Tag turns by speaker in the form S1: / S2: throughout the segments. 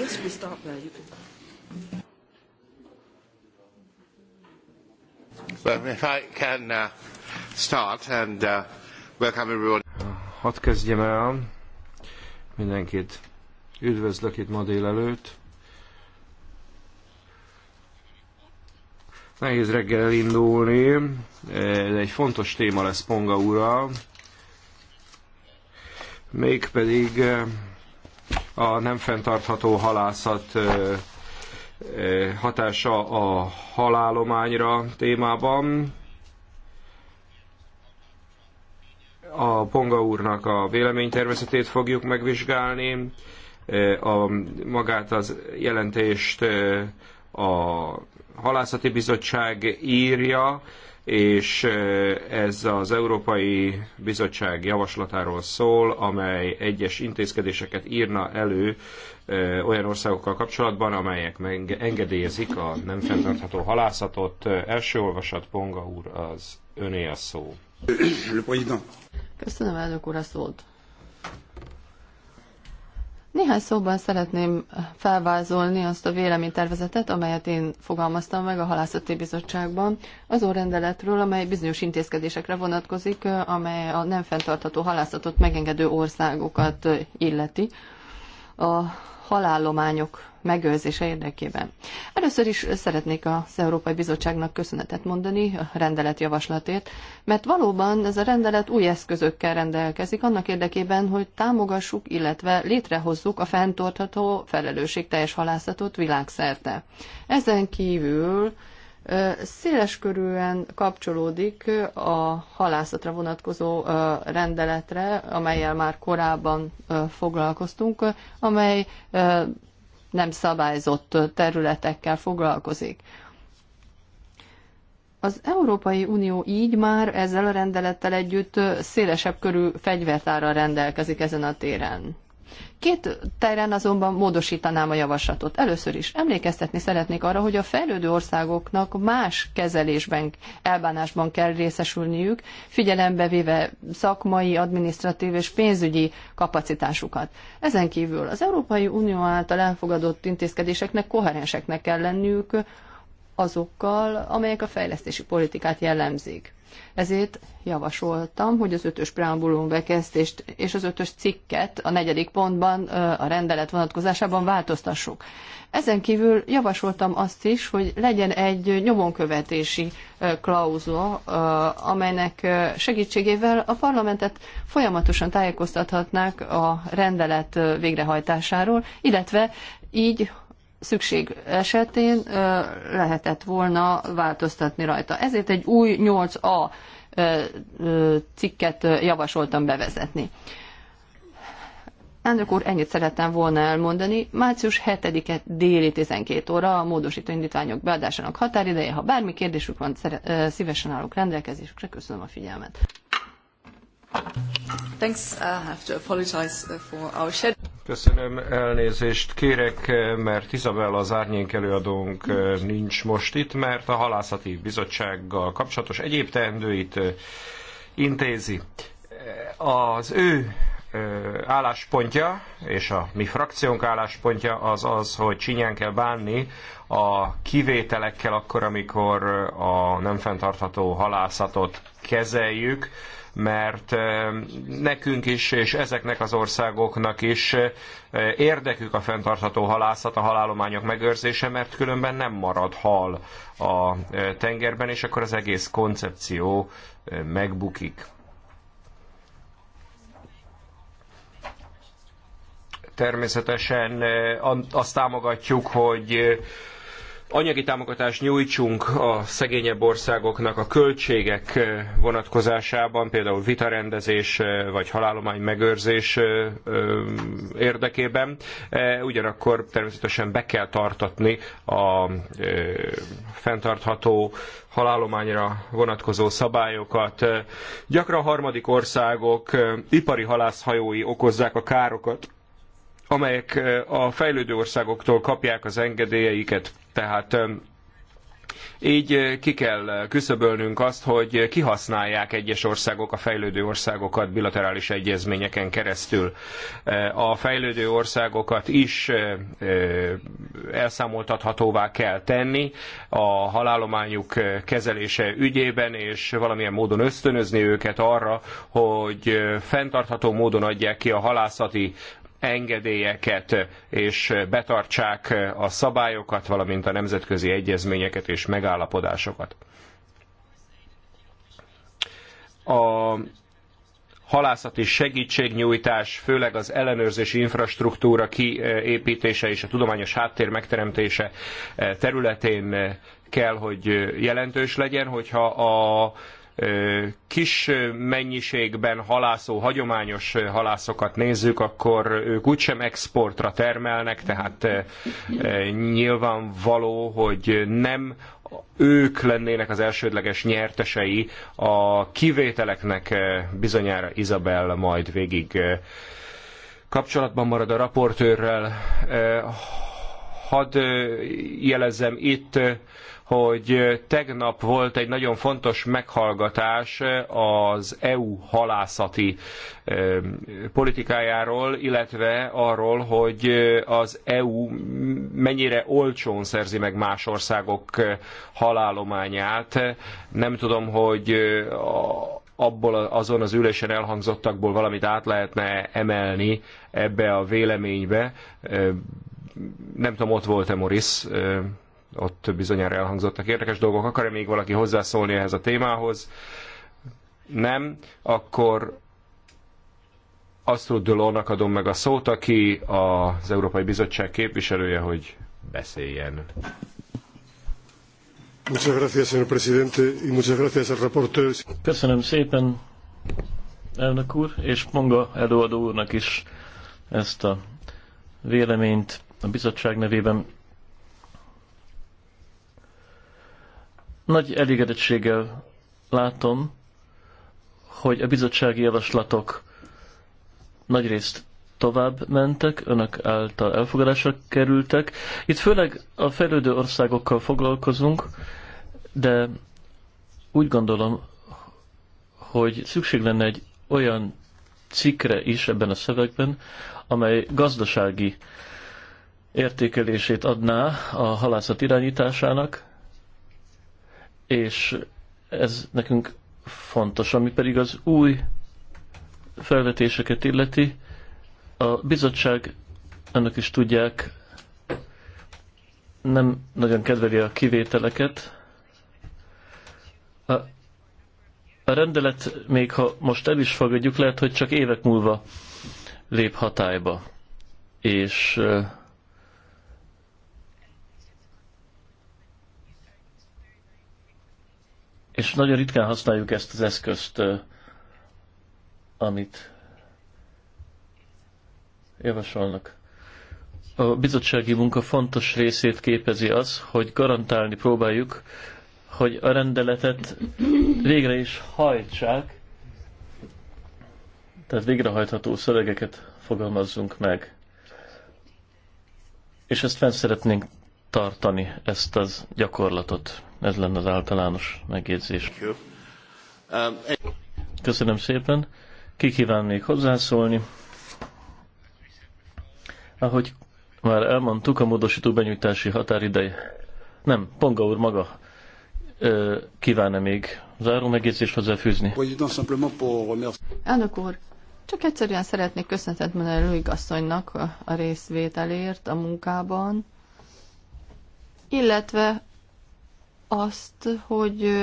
S1: Yes, we start there. You can.
S2: Well, if I can uh, start and uh, welcome everyone.
S3: Hadd kezdjem el. Mindenkit üdvözlök itt ma délelőtt. Nehéz reggel elindulni, de egy fontos téma lesz Ponga úrral. Mégpedig a nem fenntartható halászat hatása a halálományra témában. A Ponga úrnak a véleménytervezetét fogjuk megvizsgálni, a, magát az jelentést a halászati bizottság írja, és ez az Európai Bizottság javaslatáról szól, amely egyes intézkedéseket írna elő olyan országokkal kapcsolatban, amelyek engedélyezik a nem fenntartható halászatot. Első olvasat, Ponga úr, az öné a szó.
S4: Köszönöm, elnök úr, a szót. Néhány szóban szeretném felvázolni azt a véleménytervezetet, amelyet én fogalmaztam meg a Halászati Bizottságban, azon rendeletről, amely bizonyos intézkedésekre vonatkozik, amely a nem fenntartható halászatot megengedő országokat illeti. A halállományok megőrzése érdekében. Először is szeretnék az Európai Bizottságnak köszönetet mondani a rendelet javaslatért, mert valóban ez a rendelet új eszközökkel rendelkezik annak érdekében, hogy támogassuk, illetve létrehozzuk a fenntartható felelősségteljes halászatot világszerte. Ezen kívül széleskörűen kapcsolódik a halászatra vonatkozó rendeletre, amelyel már korábban foglalkoztunk, amely nem szabályzott területekkel foglalkozik. Az Európai Unió így már ezzel a rendelettel együtt szélesebb körű fegyvertára rendelkezik ezen a téren. Két téren azonban módosítanám a javaslatot. Először is emlékeztetni szeretnék arra, hogy a fejlődő országoknak más kezelésben, elbánásban kell részesülniük, figyelembe véve szakmai, adminisztratív és pénzügyi kapacitásukat. Ezen kívül az Európai Unió által elfogadott intézkedéseknek koherenseknek kell lenniük, azokkal, amelyek a fejlesztési politikát jellemzik. Ezért javasoltam, hogy az ötös preambulum bekezdést és az ötös cikket a negyedik pontban a rendelet vonatkozásában változtassuk. Ezen kívül javasoltam azt is, hogy legyen egy nyomonkövetési klauzula, amelynek segítségével a parlamentet folyamatosan tájékoztathatnák a rendelet végrehajtásáról, illetve így szükség esetén lehetett volna változtatni rajta. Ezért egy új 8A cikket javasoltam bevezetni. Elnök úr, ennyit szerettem volna elmondani. Március 7-e déli 12 óra a módosító indítványok beadásának határideje. Ha bármi kérdésük van, szívesen állok rendelkezésükre. Köszönöm a figyelmet. Thanks. I have to apologize uh, for our shed.
S3: Köszönöm, elnézést kérek, eh, mert Izabel az árnyénk előadónk eh, nincs most itt, mert a halászati bizottsággal kapcsolatos egyéb teendőit eh, intézi. Az ő álláspontja és a mi frakciónk álláspontja az az, hogy csinyán kell bánni a kivételekkel akkor, amikor a nem fenntartható halászatot kezeljük mert nekünk is, és ezeknek az országoknak is érdekük a fenntartható halászat, a halálományok megőrzése, mert különben nem marad hal a tengerben, és akkor az egész koncepció megbukik. Természetesen azt támogatjuk, hogy anyagi támogatást nyújtsunk a szegényebb országoknak a költségek eh, vonatkozásában, például vitarendezés eh, vagy halálomány megőrzés eh, érdekében. Ugyanakkor természetesen be kell tartatni a fenntartható halálományra vonatkozó szabályokat. Gyakran harmadik országok ipari halászhajói okozzák a károkat, amelyek a fejlődő országoktól kapják az engedélyeiket tehát így ki kell küszöbölnünk azt, hogy kihasználják egyes országok a fejlődő országokat bilaterális egyezményeken keresztül. A fejlődő országokat is elszámoltathatóvá kell tenni a halálományuk kezelése ügyében, és valamilyen módon ösztönözni őket arra, hogy fenntartható módon adják ki a halászati engedélyeket, és betartsák a szabályokat, valamint a nemzetközi egyezményeket és megállapodásokat. A halászati segítségnyújtás, főleg az ellenőrzési infrastruktúra kiépítése és a tudományos háttér megteremtése területén kell, hogy jelentős legyen, hogyha a kis mennyiségben halászó, hagyományos halászokat nézzük, akkor ők úgysem exportra termelnek, tehát nyilvánvaló, hogy nem ők lennének az elsődleges nyertesei a kivételeknek bizonyára Izabel majd végig kapcsolatban marad a raportőrrel. Hadd jelezzem itt, hogy tegnap volt egy nagyon fontos meghallgatás az EU halászati politikájáról, illetve arról, hogy az EU mennyire olcsón szerzi meg más országok halálományát. Nem tudom, hogy abból azon az ülésen elhangzottakból valamit át lehetne emelni ebbe a véleménybe. Nem tudom, ott volt-e Morisz? ott bizonyára elhangzottak érdekes dolgok. Akar-e még valaki hozzászólni ehhez a témához? Nem, akkor Astrid Dulónak adom meg a szót, aki az Európai Bizottság képviselője, hogy beszéljen. Muchas
S1: gracias, señor presidente, y muchas gracias al reporter. Köszönöm szépen, elnök úr, és maga előadó úrnak is ezt a véleményt a bizottság nevében Nagy elégedettséggel látom, hogy a bizottsági javaslatok nagyrészt tovább mentek, önök által elfogadásra kerültek. Itt főleg a fejlődő országokkal foglalkozunk, de úgy gondolom, hogy szükség lenne egy olyan cikkre is ebben a szövegben, amely gazdasági értékelését adná a halászat irányításának, és ez nekünk fontos. Ami pedig az új felvetéseket illeti, a bizottság, annak is tudják, nem nagyon kedveli a kivételeket. A, a rendelet, még ha most el is fogadjuk, lehet, hogy csak évek múlva lép hatályba. És És nagyon ritkán használjuk ezt az eszközt, amit javasolnak. A bizottsági munka fontos részét képezi az, hogy garantálni próbáljuk, hogy a rendeletet végre is hajtsák, tehát végrehajtható szövegeket fogalmazzunk meg. És ezt fenn szeretnénk tartani, ezt az gyakorlatot. Ez lenne az általános megjegyzés. Um, Köszönöm szépen. Ki kívánnék hozzászólni? Ahogy már elmondtuk, a módosító benyújtási határidei. Nem, Ponga úr maga kíván-e még záró megjegyzést hozzáfűzni?
S4: Elnök úr, csak egyszerűen szeretnék köszönetet mondani Lui asszonynak a részvételért a munkában, illetve azt, hogy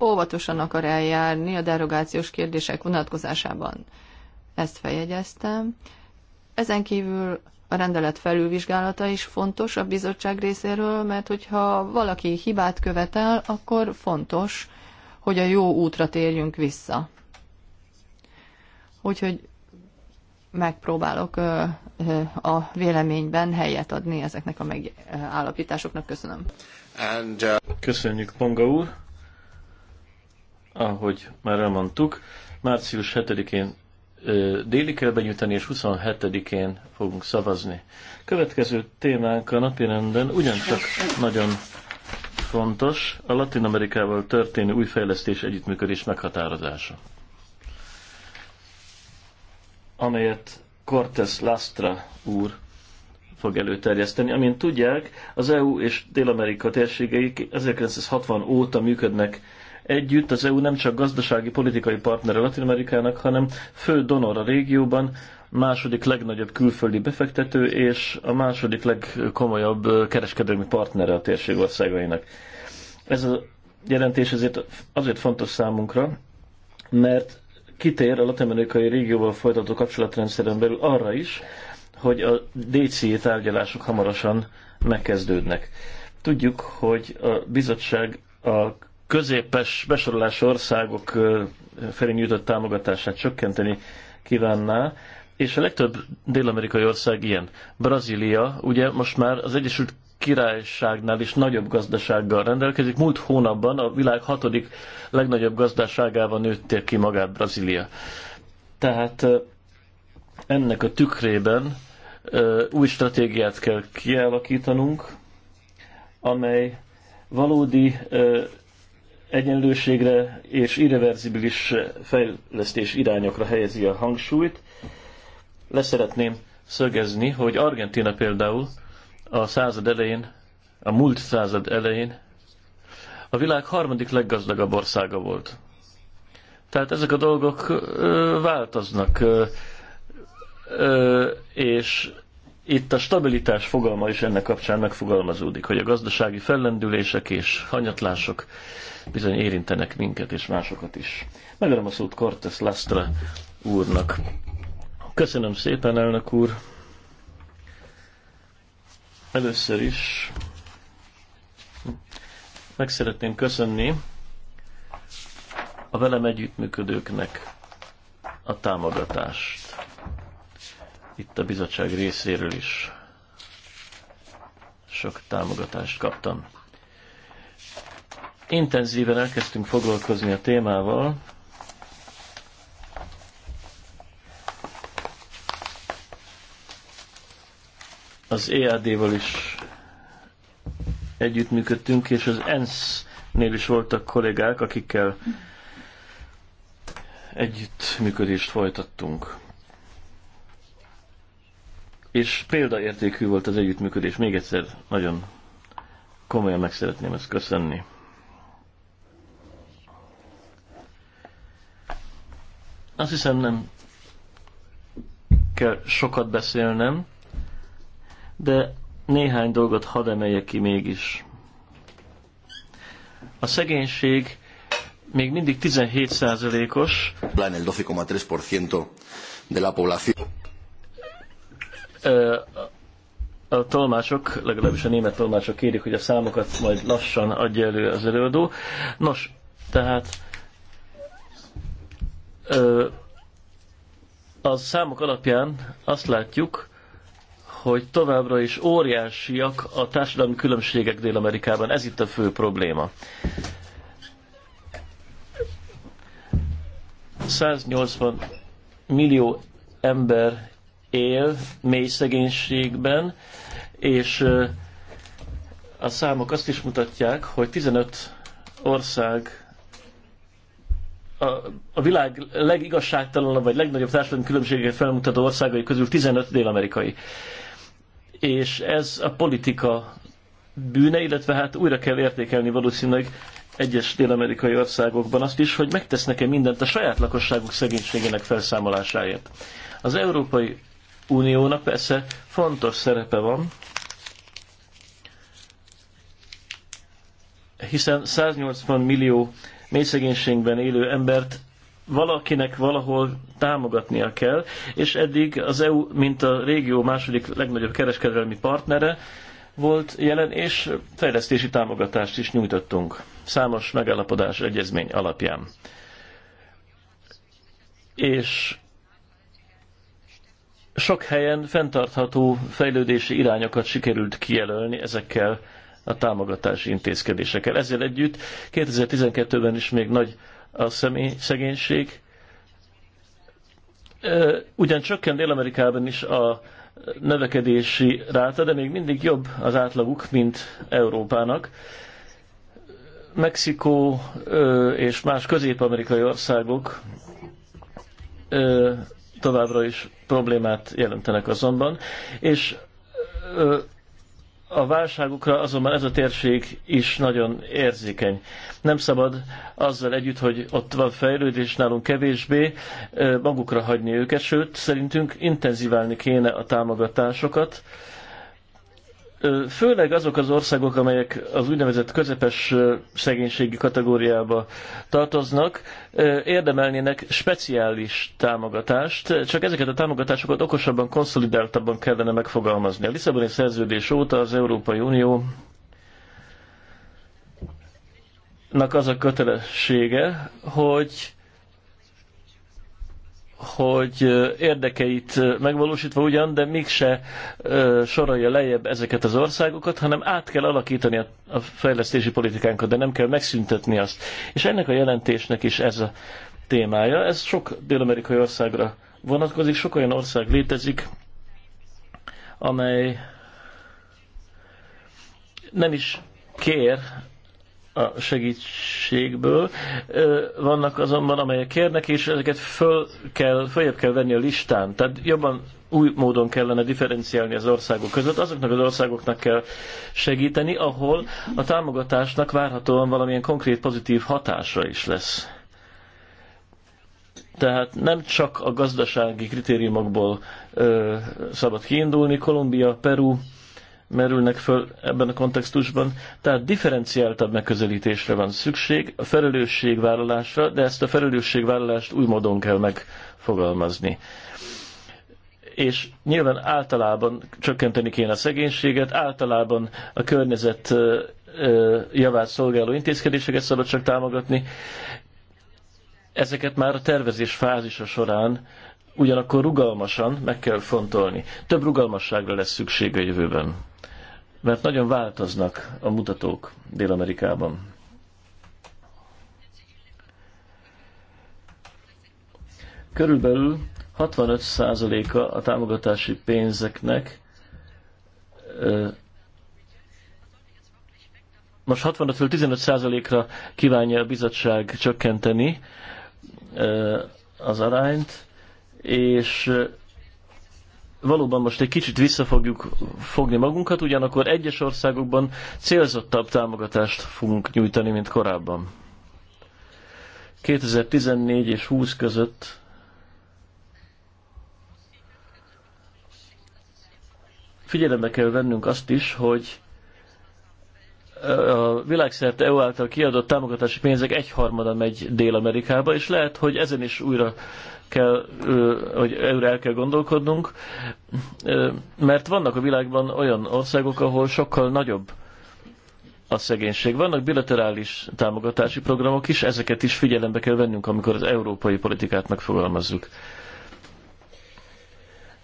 S4: óvatosan akar eljárni a derogációs kérdések vonatkozásában. Ezt feljegyeztem. Ezen kívül a rendelet felülvizsgálata is fontos a bizottság részéről, mert hogyha valaki hibát követel, akkor fontos, hogy a jó útra térjünk vissza. Úgyhogy megpróbálok a véleményben helyet adni ezeknek a megállapításoknak. Köszönöm.
S2: And, uh...
S1: Köszönjük, Ponga úr! Ahogy már elmondtuk, március 7-én déli kell benyújtani, és 27-én fogunk szavazni. Következő témánk a napirenden ugyancsak nagyon fontos, a Latin Amerikával történő új fejlesztés együttműködés meghatározása, amelyet Cortes Lastra úr fog előterjeszteni. Amint tudják, az EU és Dél-Amerika térségei 1960 óta működnek együtt. Az EU nem csak gazdasági, politikai partnere Latin-Amerikának, hanem fő donor a régióban, második legnagyobb külföldi befektető és a második legkomolyabb kereskedelmi partnere a térség országainak. Ez a jelentés azért, azért fontos számunkra, mert kitér a latin-amerikai régióval folytató kapcsolatrendszeren belül arra is, hogy a D.C. tárgyalások hamarosan megkezdődnek. Tudjuk, hogy a bizottság a középes besorolású országok felé nyújtott támogatását csökkenteni kívánná, és a legtöbb dél-amerikai ország ilyen. Brazília ugye most már az Egyesült Királyságnál is nagyobb gazdasággal rendelkezik. Múlt hónapban a világ hatodik legnagyobb gazdaságával nőtték ki magát Brazília. Tehát ennek a tükrében új stratégiát kell kialakítanunk, amely valódi egyenlőségre és irreverzibilis fejlesztés irányokra helyezi a hangsúlyt. Leszeretném szögezni, hogy Argentina például a század elején, a múlt század elején a világ harmadik leggazdagabb országa volt. Tehát ezek a dolgok változnak, és itt a stabilitás fogalma is ennek kapcsán megfogalmazódik, hogy a gazdasági fellendülések és hanyatlások bizony érintenek minket és másokat is. Megadom a szót Cortes Lastra úrnak. Köszönöm szépen, elnök úr! Először is meg szeretném köszönni a velem együttműködőknek a támogatást itt a bizottság részéről is sok támogatást kaptam. Intenzíven elkezdtünk foglalkozni a témával, az EAD-val is együttműködtünk, és az ENSZ-nél is voltak kollégák, akikkel együttműködést folytattunk és példaértékű volt az együttműködés. Még egyszer nagyon komolyan meg szeretném ezt köszönni. Azt hiszem nem kell sokat beszélnem, de néhány dolgot hadd emeljek ki mégis. A szegénység még mindig 17 százalékos.
S2: de la población
S1: a tolmácsok, legalábbis a német tolmácsok kérik, hogy a számokat majd lassan adja elő az előadó. Nos, tehát a számok alapján azt látjuk, hogy továbbra is óriásiak a társadalmi különbségek Dél-Amerikában. Ez itt a fő probléma. 180 millió ember él mély szegénységben, és a számok azt is mutatják, hogy 15 ország a, a világ legigazságtalanabb vagy legnagyobb társadalmi különbségeket felmutató országai közül 15 dél-amerikai. És ez a politika bűne, illetve hát újra kell értékelni valószínűleg egyes dél-amerikai országokban azt is, hogy megtesznek-e mindent a saját lakosságuk szegénységének felszámolásáért. Az Európai Uniónak persze fontos szerepe van, hiszen 180 millió mélyszegénységben élő embert valakinek valahol támogatnia kell, és eddig az EU, mint a régió második legnagyobb kereskedelmi partnere volt jelen, és fejlesztési támogatást is nyújtottunk számos megállapodás egyezmény alapján. És sok helyen fenntartható fejlődési irányokat sikerült kijelölni ezekkel a támogatási intézkedésekkel. Ezzel együtt 2012-ben is még nagy a személy, szegénység. Ugyan csökkent Dél-Amerikában is a növekedési ráta, de még mindig jobb az átlaguk, mint Európának. Mexikó és más közép-amerikai országok továbbra is problémát jelentenek azonban, és a válságukra azonban ez a térség is nagyon érzékeny. Nem szabad azzal együtt, hogy ott van fejlődés, nálunk kevésbé, magukra hagyni őket, sőt, szerintünk intenzíválni kéne a támogatásokat, főleg azok az országok, amelyek az úgynevezett közepes szegénységi kategóriába tartoznak, érdemelnének speciális támogatást, csak ezeket a támogatásokat okosabban, konszolidáltabban kellene megfogalmazni. A Lisszaboni szerződés óta az Európai Unió az a kötelessége, hogy hogy érdekeit megvalósítva ugyan, de mégse sorolja lejjebb ezeket az országokat, hanem át kell alakítani a fejlesztési politikánkat, de nem kell megszüntetni azt. És ennek a jelentésnek is ez a témája. Ez sok dél-amerikai országra vonatkozik, sok olyan ország létezik, amely nem is kér a segítségből. Vannak azonban, amelyek kérnek, és ezeket föl kell, följebb kell venni a listán. Tehát jobban új módon kellene differenciálni az országok között. Azoknak az országoknak kell segíteni, ahol a támogatásnak várhatóan valamilyen konkrét pozitív hatása is lesz. Tehát nem csak a gazdasági kritériumokból ö, szabad kiindulni. Kolumbia, Peru, merülnek föl ebben a kontextusban. Tehát differenciáltabb megközelítésre van szükség, a felelősségvállalásra, de ezt a felelősségvállalást új módon kell megfogalmazni. És nyilván általában csökkenteni kéne a szegénységet, általában a környezet javát szolgáló intézkedéseket szabad csak támogatni. Ezeket már a tervezés fázisa során ugyanakkor rugalmasan meg kell fontolni. Több rugalmasságra lesz szükség a jövőben mert nagyon változnak a mutatók Dél-Amerikában. Körülbelül 65%-a a támogatási pénzeknek most 65 15%-ra kívánja a bizottság csökkenteni az arányt, és valóban most egy kicsit vissza fogjuk fogni magunkat, ugyanakkor egyes országokban célzottabb támogatást fogunk nyújtani, mint korábban. 2014 és 20 között figyelembe kell vennünk azt is, hogy a világszerte EU által kiadott támogatási pénzek egyharmada megy Dél-Amerikába, és lehet, hogy ezen is újra kell, hogy előre el kell gondolkodnunk, mert vannak a világban olyan országok, ahol sokkal nagyobb a szegénység. Vannak bilaterális támogatási programok is, ezeket is figyelembe kell vennünk, amikor az európai politikát megfogalmazzuk.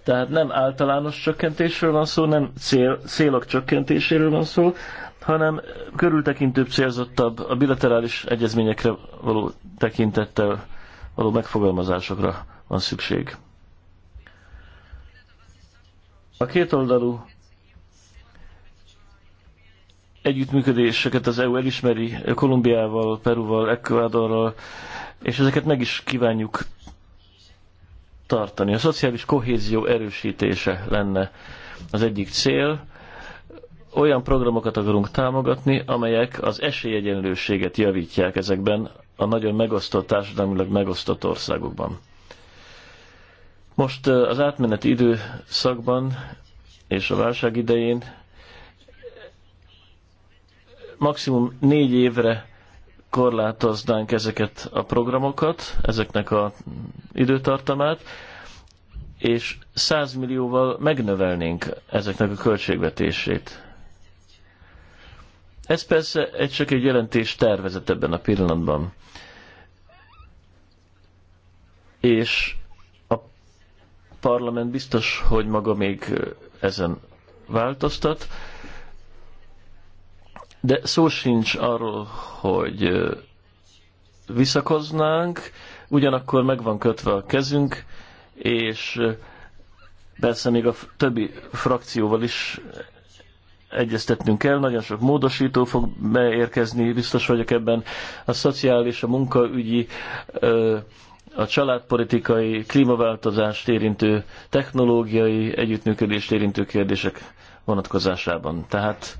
S1: Tehát nem általános csökkentésről van szó, nem cél, célok csökkentéséről van szó, hanem körültekintőbb, célzottabb a bilaterális egyezményekre való tekintettel való megfogalmazásokra van szükség. A kétoldalú együttműködéseket az EU elismeri Kolumbiával, Peruval, Ecuadorral, és ezeket meg is kívánjuk tartani. A szociális kohézió erősítése lenne az egyik cél. Olyan programokat akarunk támogatni, amelyek az esélyegyenlőséget javítják ezekben a nagyon megosztott, társadalmilag megosztott országokban. Most az átmeneti időszakban és a válság idején maximum négy évre korlátoznánk ezeket a programokat, ezeknek a időtartamát, és 100 millióval megnövelnénk ezeknek a költségvetését. Ez persze egy csak egy jelentés tervezet ebben a pillanatban. És a parlament biztos, hogy maga még ezen változtat, de szó sincs arról, hogy visszakoznánk, ugyanakkor meg van kötve a kezünk, és persze még a többi frakcióval is egyeztetnünk kell, nagyon sok módosító fog beérkezni, biztos vagyok ebben a szociális, a munkaügyi, a családpolitikai, klímaváltozást érintő, technológiai együttműködést érintő kérdések vonatkozásában. Tehát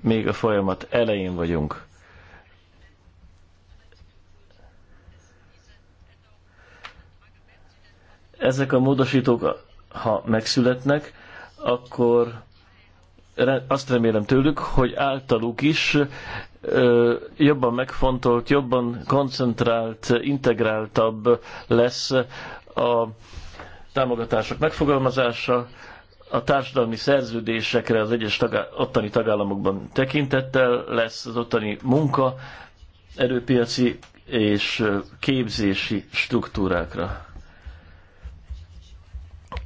S1: még a folyamat elején vagyunk. Ezek a módosítók, ha megszületnek, akkor azt remélem tőlük, hogy általuk is jobban megfontolt, jobban koncentrált, integráltabb lesz a támogatások megfogalmazása, a társadalmi szerződésekre az egyes tagá- ottani tagállamokban tekintettel lesz az ottani munka, erőpiaci és képzési struktúrákra.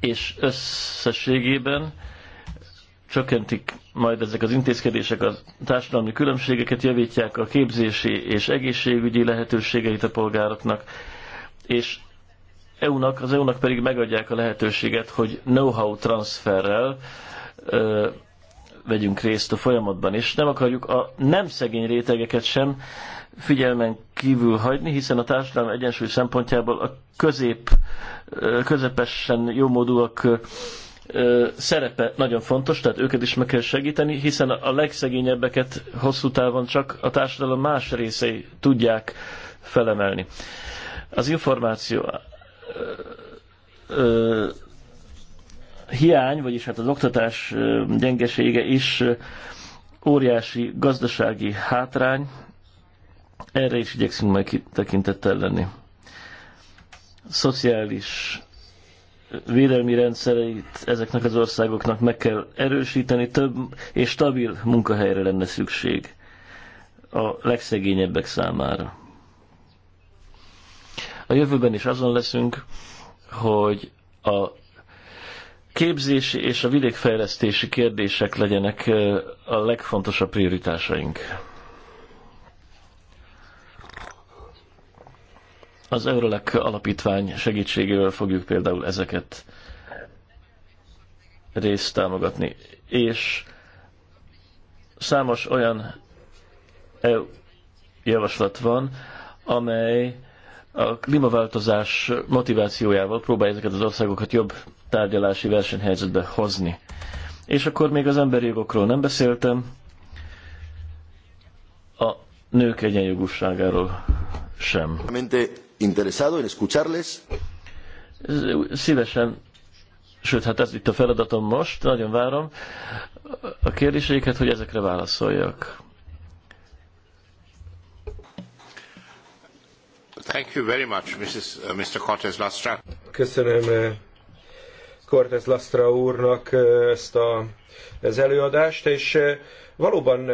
S1: És összességében csökkentik majd ezek az intézkedések a társadalmi különbségeket, javítják a képzési és egészségügyi lehetőségeit a polgároknak, és EU-nak, az EU-nak pedig megadják a lehetőséget, hogy know-how transferrel ö, vegyünk részt a folyamatban, és nem akarjuk a nem szegény rétegeket sem figyelmen kívül hagyni, hiszen a társadalom egyensúly szempontjából a közép, közepesen jó ö, szerepe nagyon fontos, tehát őket is meg kell segíteni, hiszen a legszegényebbeket hosszú távon csak a társadalom más részei tudják felemelni. Az információ hiány, vagyis hát az oktatás gyengesége is óriási gazdasági hátrány, erre is igyekszünk majd tekintettel lenni. Szociális védelmi rendszereit ezeknek az országoknak meg kell erősíteni, több és stabil munkahelyre lenne szükség a legszegényebbek számára. A jövőben is azon leszünk, hogy a képzési és a vidékfejlesztési kérdések legyenek a legfontosabb prioritásaink. Az Eurolek alapítvány segítségével fogjuk például ezeket részt támogatni. És számos olyan EU javaslat van, amely a klímaváltozás motivációjával próbálja ezeket az országokat jobb tárgyalási versenyhelyzetbe hozni. És akkor még az emberi jogokról nem beszéltem, a nők egyenjogúságáról sem
S2: interesado en escucharles.
S1: Szívesen, sőt, hát ez itt a feladatom most, nagyon várom a kérdéseiket, hogy ezekre válaszoljak.
S2: Thank you very much, Mrs. Uh, Mr. Cortez Lastra.
S3: Köszönöm eh, Cortez Lastra úrnak eh, ezt a, az előadást, és eh, Valóban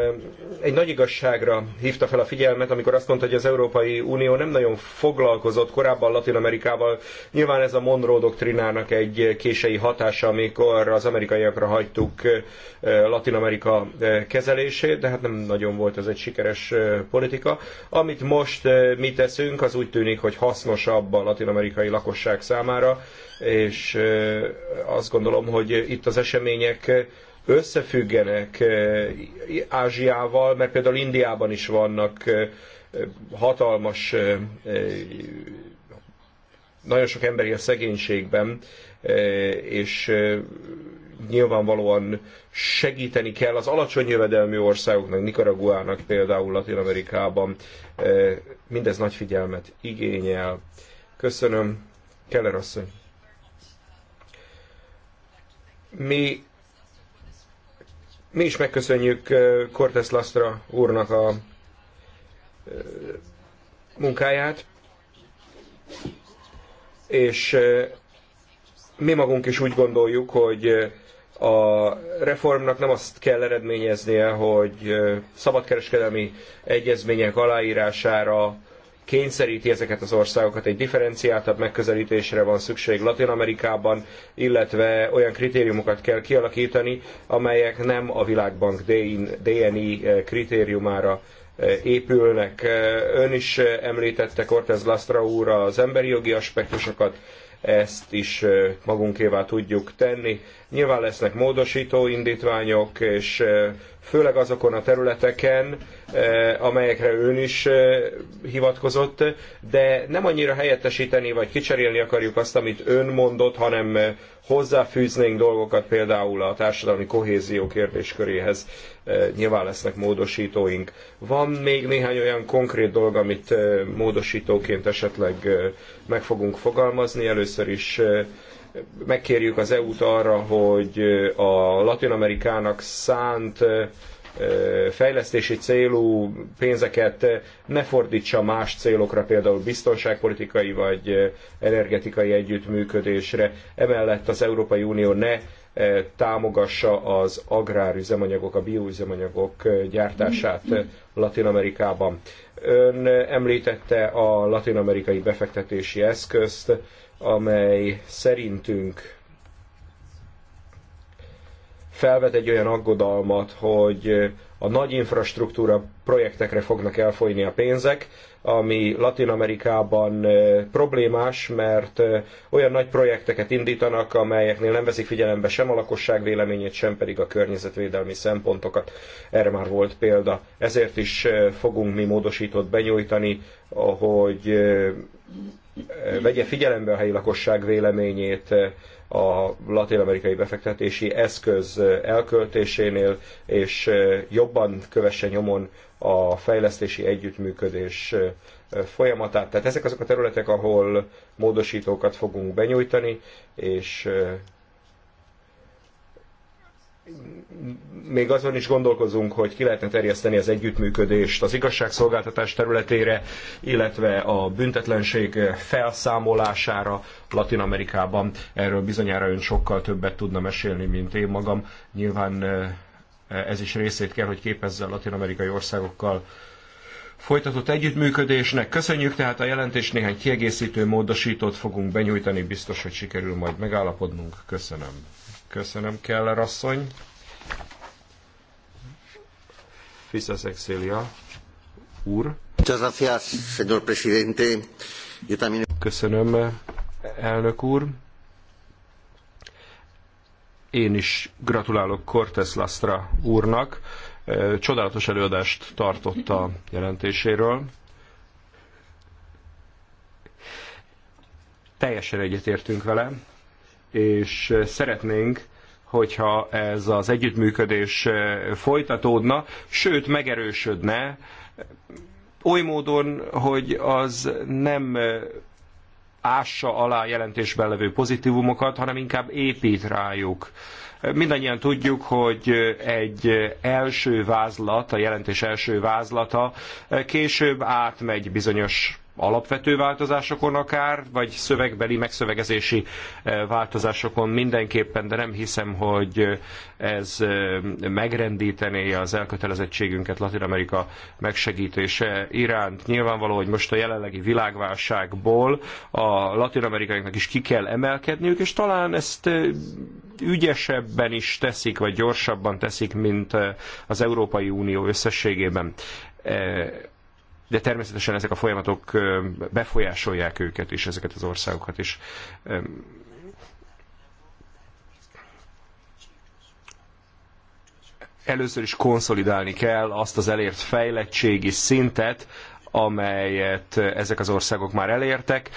S3: egy nagy igazságra hívta fel a figyelmet, amikor azt mondta, hogy az Európai Unió nem nagyon foglalkozott korábban Latin Amerikával. Nyilván ez a Monroe doktrinának egy kései hatása, amikor az amerikaiakra hagytuk Latin Amerika kezelését, de hát nem nagyon volt ez egy sikeres politika. Amit most mi teszünk, az úgy tűnik, hogy hasznosabb a latin-amerikai lakosság számára, és azt gondolom, hogy itt az események összefüggenek eh, Ázsiával, mert például Indiában is vannak eh, hatalmas, eh, nagyon sok emberi a szegénységben, és nyilvánvalóan segíteni kell az alacsony jövedelmű országoknak, Nikaraguának például Latin Amerikában. Mindez nagy figyelmet igényel. Köszönöm, Keller asszony. Mi mi is megköszönjük eh, Cortes Lastra úrnak a eh, munkáját, és eh, mi magunk is úgy gondoljuk, hogy a reformnak nem azt kell eredményeznie, hogy szabadkereskedelmi egyezmények aláírására kényszeríti ezeket az országokat. Egy differenciáltabb megközelítésre van szükség Latin Amerikában, illetve olyan kritériumokat kell kialakítani, amelyek nem a Világbank DNI eh, kritériumára eh, épülnek. Eh, ön is említette Cortez Lastra úr az emberi jogi aspektusokat, ezt is magunkévá tudjuk tenni. Nyilván lesznek módosító indítványok, és főleg azokon a területeken, eh, amelyekre ön is eh, hivatkozott, de nem annyira helyettesíteni vagy kicserélni akarjuk azt, amit ön mondott, hanem eh, hozzáfűznénk dolgokat például a társadalmi kohézió kérdésköréhez. Nyilván lesznek módosítóink. Van még néhány olyan konkrét dolog, amit módosítóként esetleg meg fogunk fogalmazni. Először is Megkérjük az EU-t arra, hogy a Latin-Amerikának szánt fejlesztési célú pénzeket ne fordítsa más célokra, például biztonságpolitikai vagy energetikai együttműködésre. Emellett az Európai Unió ne támogassa az agrárüzemanyagok, a bioüzemanyagok gyártását Latin-Amerikában. Ön említette a latin-amerikai befektetési eszközt, amely szerintünk felvet egy olyan aggodalmat, hogy a nagy infrastruktúra projektekre fognak elfolyni a pénzek, ami Latin Amerikában problémás, mert olyan nagy projekteket indítanak, amelyeknél nem veszik figyelembe sem a lakosság véleményét, sem pedig a környezetvédelmi szempontokat. Erre már volt példa. Ezért is fogunk mi módosítót benyújtani, hogy vegye figyelembe a helyi lakosság véleményét a latin-amerikai befektetési eszköz elköltésénél, és jobban kövesse nyomon a fejlesztési együttműködés folyamatát. Tehát ezek azok a területek, ahol módosítókat fogunk benyújtani, és még azon is gondolkozunk, hogy ki lehetne terjeszteni az együttműködést az igazságszolgáltatás területére, illetve a büntetlenség felszámolására Latin Amerikában. Erről bizonyára ön sokkal többet tudna mesélni, mint én magam. Nyilván eh, ez is részét kell, hogy képezze a latin-amerikai országokkal folytatott együttműködésnek. Köszönjük tehát a jelentést, néhány kiegészítő módosítót fogunk benyújtani, biztos, hogy sikerül majd megállapodnunk. Köszönöm. Köszönöm, Keller asszony. Fiszeszek úr. Köszönöm, elnök úr. Én is gratulálok Cortes Lastra úrnak. Csodálatos előadást tartott a jelentéséről. Teljesen egyetértünk vele és eh, szeretnénk, hogyha ez az együttműködés eh, folytatódna, sőt megerősödne, oly módon, hogy az nem eh, ássa alá jelentésben levő pozitívumokat, hanem inkább épít rájuk. Mindannyian tudjuk, hogy egy első vázlat, a jelentés első vázlata később átmegy bizonyos alapvető változásokon akár, vagy szövegbeli megszövegezési eh, változásokon mindenképpen, de nem hiszem, hogy ez eh, megrendítené az elkötelezettségünket Latin Amerika megsegítése iránt. Nyilvánvaló, hogy most a jelenlegi világválságból a latin amerikaiaknak is ki kell emelkedniük, és talán ezt eh, ügyesebben is teszik, vagy gyorsabban teszik, mint az Európai Unió összességében de természetesen ezek a folyamatok befolyásolják őket is, ezeket az országokat is. Először is konszolidálni kell azt az elért fejlettségi szintet, amelyet ezek az országok már elértek,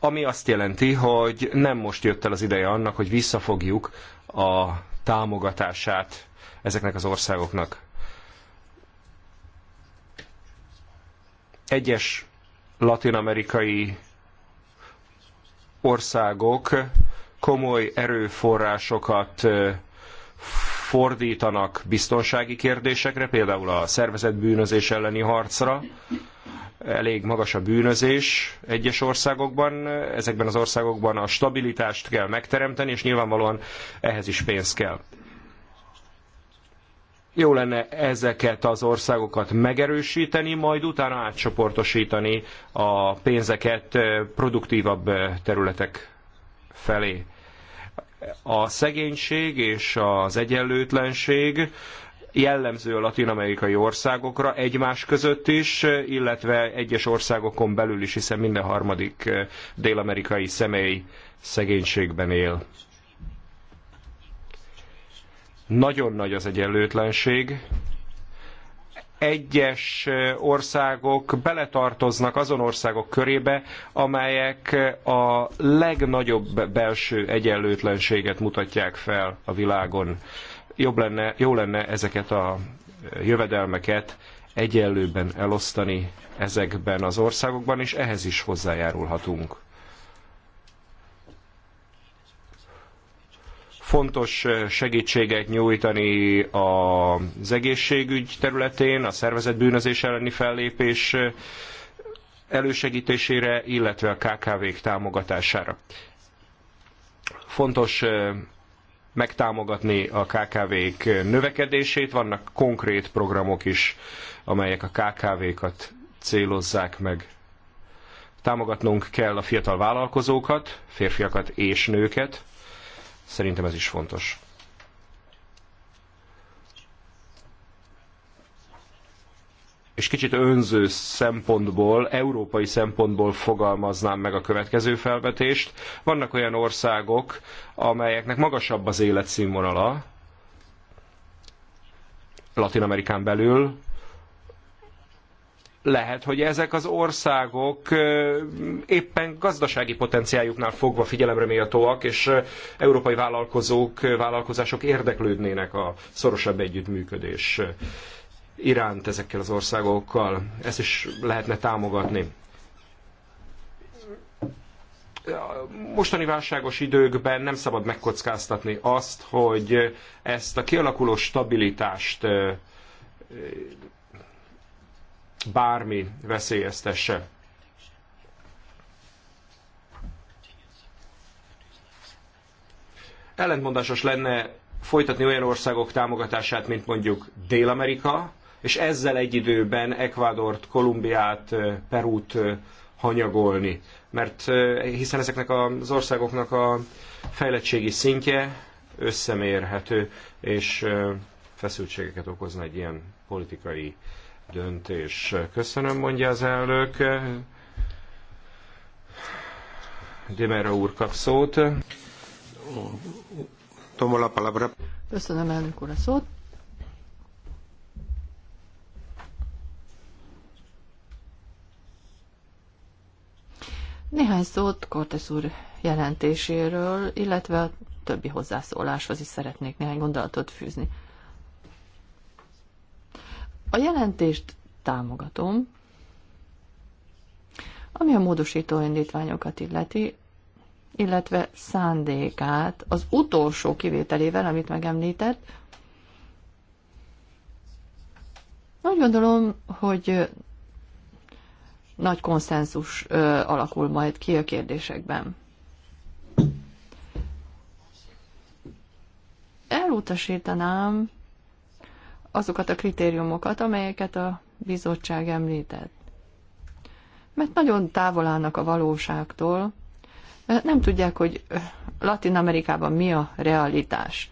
S3: ami azt jelenti, hogy nem most jött el az ideje annak, hogy visszafogjuk a támogatását ezeknek az országoknak. egyes latinamerikai országok komoly erőforrásokat fordítanak biztonsági kérdésekre, például a szervezett bűnözés elleni harcra. Elég magas a bűnözés egyes országokban, ezekben az országokban a stabilitást kell megteremteni, és nyilvánvalóan ehhez is pénz kell. Jó lenne ezeket az országokat megerősíteni, majd utána átcsoportosítani a pénzeket produktívabb területek felé. A szegénység és az egyenlőtlenség jellemző a latin-amerikai országokra egymás között is, illetve egyes országokon belül is, hiszen minden harmadik dél-amerikai személy szegénységben él. Nagyon nagy az egyenlőtlenség, egyes országok beletartoznak azon országok körébe, amelyek a legnagyobb belső egyenlőtlenséget mutatják fel a világon. Jobb lenne, jó lenne ezeket a jövedelmeket egyenlőben elosztani ezekben az országokban, és ehhez is hozzájárulhatunk. fontos segítséget nyújtani az egészségügy területén, a szervezetbűnözés elleni fellépés elősegítésére, illetve a KKV-k támogatására. Fontos megtámogatni a KKV-k növekedését, vannak konkrét programok is, amelyek a KKV-kat célozzák meg. Támogatnunk kell a fiatal vállalkozókat, férfiakat és nőket, Szerintem ez is fontos. és kicsit önző szempontból, európai szempontból fogalmaznám meg a következő felvetést. Vannak olyan országok, amelyeknek magasabb az életszínvonala, Latin Amerikán belül, lehet, hogy ezek az országok éppen gazdasági potenciáljuknál fogva figyelemre méltóak, és európai vállalkozók, vállalkozások érdeklődnének a szorosabb együttműködés iránt ezekkel az országokkal. Ezt is lehetne támogatni. A mostani válságos időkben nem szabad megkockáztatni azt, hogy ezt a kialakuló stabilitást bármi veszélyeztesse. Ellentmondásos lenne folytatni olyan országok támogatását, mint mondjuk Dél-Amerika, és ezzel egy időben Ekvádort, Kolumbiát, Perút hanyagolni. Mert hiszen ezeknek az országoknak a fejlettségi szintje összemérhető, és feszültségeket okozna egy ilyen politikai döntés. Köszönöm, mondja az elnök. Dimera úr kap szót. la palabra.
S4: Köszönöm, elnök úr, a szót. Néhány szót Cortez úr jelentéséről, illetve a többi hozzászóláshoz is szeretnék néhány gondolatot fűzni. A jelentést támogatom, ami a módosító indítványokat illeti, illetve szándékát az utolsó kivételével, amit megemlített. Úgy gondolom, hogy nagy konszenzus alakul majd ki a kérdésekben. Elutasítanám azokat a kritériumokat, amelyeket a bizottság említett. Mert nagyon távol állnak a valóságtól, nem tudják, hogy Latin Amerikában mi a realitás.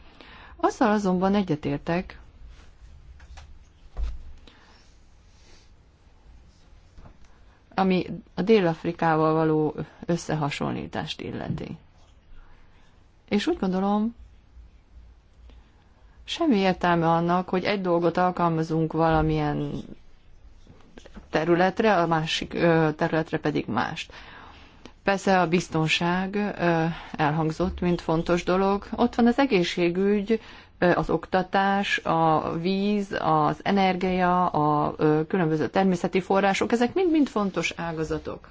S4: Azzal azonban egyetértek, ami a Dél-Afrikával való összehasonlítást illeti. És úgy gondolom, semmi értelme annak, hogy egy dolgot alkalmazunk valamilyen területre, a másik területre pedig mást. Persze a biztonság elhangzott, mint fontos dolog. Ott van az egészségügy, az oktatás, a víz, az energia, a különböző természeti források, ezek mind-mind fontos ágazatok.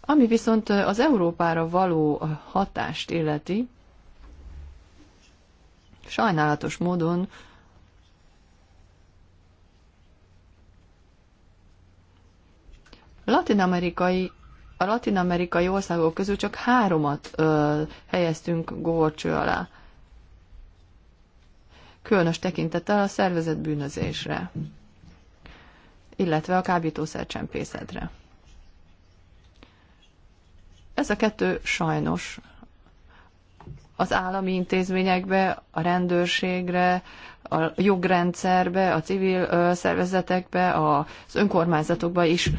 S4: Ami viszont az Európára való hatást illeti, sajnálatos módon latinamerikai a latinamerikai országok közül csak háromat ö, helyeztünk górcső alá. Különös tekintettel a szervezet bűnözésre, illetve a kábítószercsempészetre. Ez a kettő sajnos az állami intézményekbe, a rendőrségre, a jogrendszerbe, a civil szervezetekbe, az önkormányzatokba is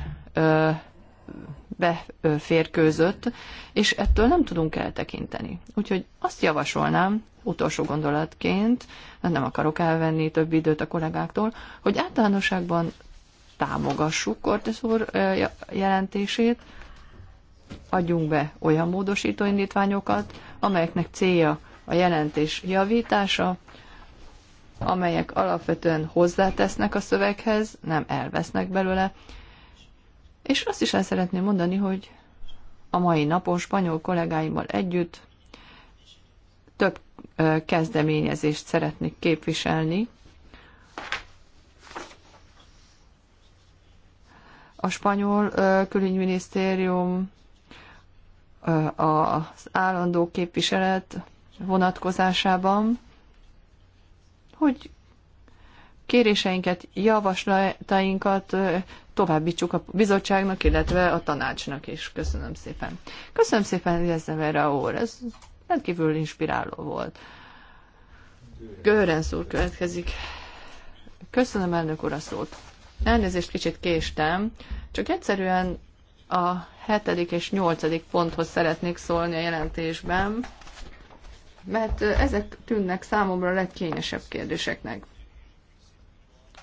S4: beférkőzött, és ettől nem tudunk eltekinteni. Úgyhogy azt javasolnám, utolsó gondolatként, nem akarok elvenni több időt a kollégáktól, hogy általánosságban támogassuk Kortesz úr jelentését, adjunk be olyan módosító indítványokat, amelyeknek célja a jelentés javítása, amelyek alapvetően hozzátesznek a szöveghez, nem elvesznek belőle. És azt is el szeretném mondani, hogy a mai napon spanyol kollégáimmal együtt több kezdeményezést szeretnék képviselni. A spanyol külügyminisztérium az állandó képviselet vonatkozásában, hogy kéréseinket, javaslatainkat továbbítsuk a bizottságnak, illetve a tanácsnak is. Köszönöm szépen. Köszönöm szépen, Jezdem erre óra. Ez rendkívül inspiráló volt. Görenc úr következik. Köszönöm, elnök úr, a szót. Elnézést kicsit késtem, csak egyszerűen a hetedik és nyolcadik ponthoz szeretnék szólni a jelentésben, mert ezek tűnnek számomra legkényesebb kérdéseknek.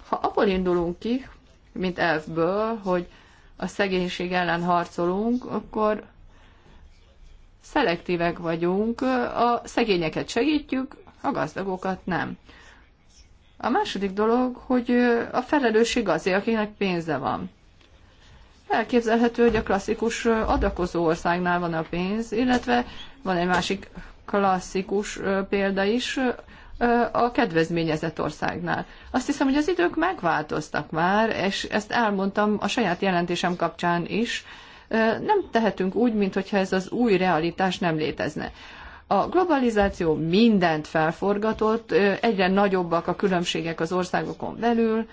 S4: Ha abból indulunk ki, mint elfből, hogy a szegénység ellen harcolunk, akkor szelektívek vagyunk, a szegényeket segítjük, a gazdagokat nem. A második dolog, hogy a felelősség azért, akinek pénze van. Elképzelhető, hogy a klasszikus adakozó országnál van a pénz, illetve van egy másik klasszikus példa is a kedvezményezett országnál. Azt hiszem, hogy az idők megváltoztak már, és ezt elmondtam a saját jelentésem kapcsán is. Nem tehetünk úgy, mintha ez az új realitás nem létezne. A globalizáció mindent felforgatott, egyre nagyobbak a különbségek az országokon belül,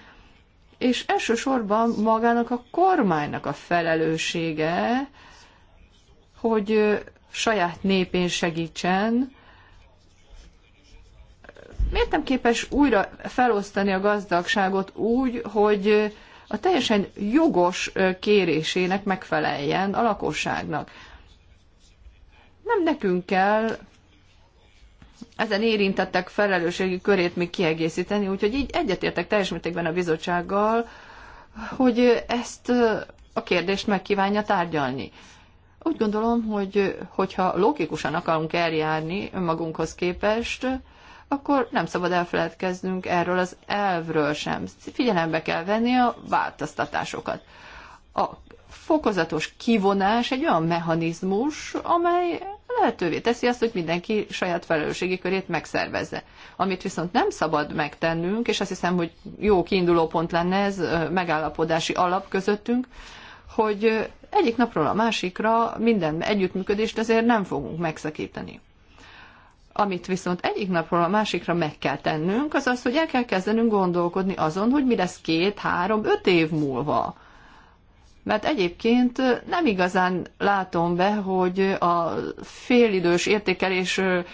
S4: és elsősorban magának a kormánynak a felelőssége, hogy saját népén segítsen, miért nem képes újra felosztani a gazdagságot úgy, hogy a teljesen jogos kérésének megfeleljen a lakosságnak? Nem nekünk kell ezen érintettek felelősségi körét még kiegészíteni, úgyhogy így egyetértek teljes mértékben a bizottsággal, hogy ezt a kérdést megkívánja tárgyalni. Úgy gondolom, hogy hogyha logikusan akarunk eljárni önmagunkhoz képest, akkor nem szabad elfeledkeznünk erről az elvről sem. Figyelembe kell venni a változtatásokat. A fokozatos kivonás egy olyan mechanizmus, amely lehetővé teszi azt, hogy mindenki saját felelősségi körét megszervezze. Amit viszont nem szabad megtennünk, és azt hiszem, hogy jó kiinduló pont lenne ez megállapodási alap közöttünk, hogy egyik napról a másikra minden együttműködést azért nem fogunk megszakítani. Amit viszont egyik napról a másikra meg kell tennünk, az az, hogy el kell kezdenünk gondolkodni azon, hogy mi lesz két, három, öt év múlva mert egyébként nem igazán látom be, hogy a félidős értékelésre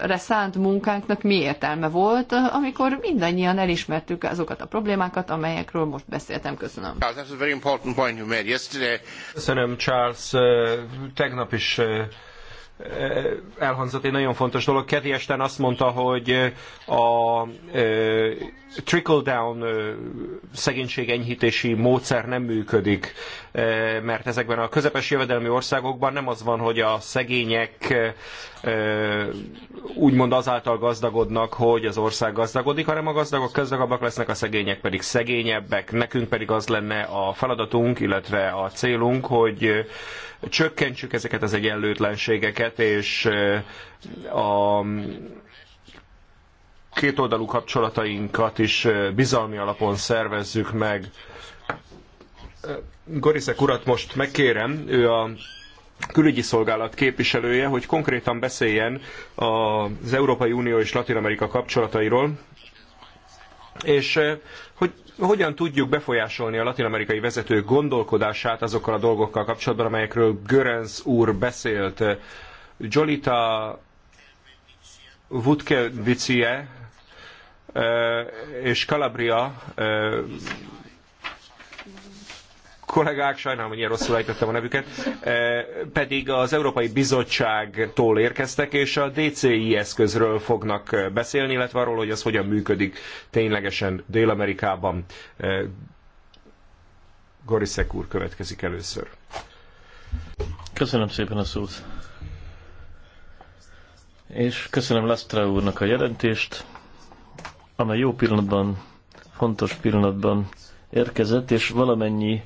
S4: szánt munkánknak mi értelme volt, amikor mindannyian elismertük azokat a problémákat, amelyekről most beszéltem. Köszönöm.
S3: Köszönöm, Charles. Tegnap is Eh, elhangzott egy nagyon fontos dolog. Keti Esten azt mondta, hogy eh, a eh, trickle-down szegénység enyhítési módszer nem működik, mert ezekben a közepes jövedelmi országokban nem az van, hogy a szegények úgymond azáltal gazdagodnak, hogy az ország gazdagodik, hanem a gazdagok gazdagabbak lesznek, a szegények pedig szegényebbek. Nekünk pedig az lenne a feladatunk, illetve a célunk, hogy csökkentsük ezeket az egyenlőtlenségeket, és eh, a kétoldalú kapcsolatainkat is eh, bizalmi alapon szervezzük meg. Eh, Gorizek urat most megkérem, ő a külügyi szolgálat képviselője, hogy konkrétan beszéljen az Európai Unió és Latin Amerika kapcsolatairól, és eh, hogy hogyan tudjuk befolyásolni a latin-amerikai vezetők gondolkodását azokkal a dolgokkal kapcsolatban, amelyekről Görens úr beszélt. Jolita Vutkevicie eh, és Calabria eh, kollégák, sajnálom, hogy ilyen rosszul ejtettem a nevüket, eh, pedig az Európai Bizottságtól érkeztek, és a DCI eszközről fognak eh, beszélni, illetve arról, hogy az hogyan működik ténylegesen Dél-Amerikában. Eh, Gorisek úr következik először. Köszönöm szépen a szót.
S1: És köszönöm Lastra úrnak a jelentést, amely jó pillanatban, fontos pillanatban érkezett, és valamennyi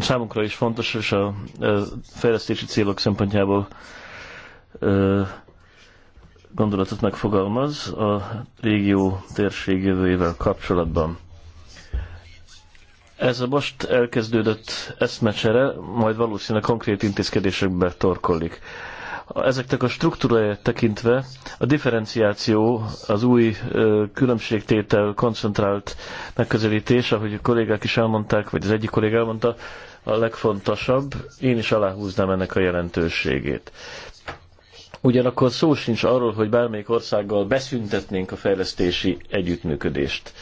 S1: számunkra is fontos, és a fejlesztési célok szempontjából gondolatot megfogalmaz a régió térség jövőjével kapcsolatban. Ez a most elkezdődött eszmecsere majd valószínűleg konkrét intézkedésekbe torkollik ezeknek a struktúrája tekintve a differenciáció, az új különbségtétel, koncentrált megközelítés, ahogy a kollégák is elmondták, vagy az egyik kollég elmondta, a legfontosabb. Én is aláhúznám ennek a jelentőségét. Ugyanakkor szó sincs arról, hogy bármelyik országgal beszüntetnénk a fejlesztési együttműködést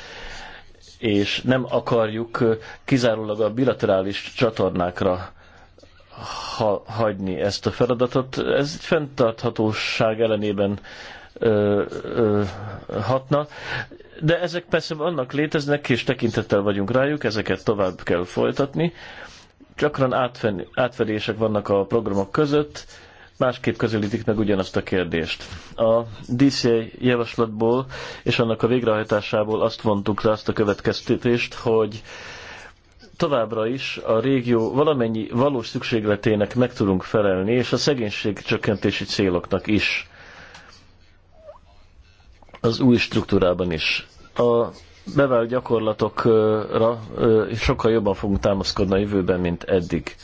S1: és nem akarjuk kizárólag a bilaterális csatornákra ha, hagyni ezt a feladatot. Ez egy fenntarthatóság ellenében ö, ö, hatna, de ezek persze annak léteznek, és tekintettel vagyunk rájuk, ezeket tovább kell folytatni. Gyakran átfen, átfedések vannak a programok között, másképp közelítik meg ugyanazt a kérdést. A DCA javaslatból és annak a végrehajtásából azt vontuk le azt a következtetést, hogy továbbra is a régió valamennyi valós szükségletének meg tudunk felelni, és a szegénység csökkentési céloknak is az új struktúrában is. A bevált gyakorlatokra sokkal jobban fogunk támaszkodni a jövőben, mint eddig.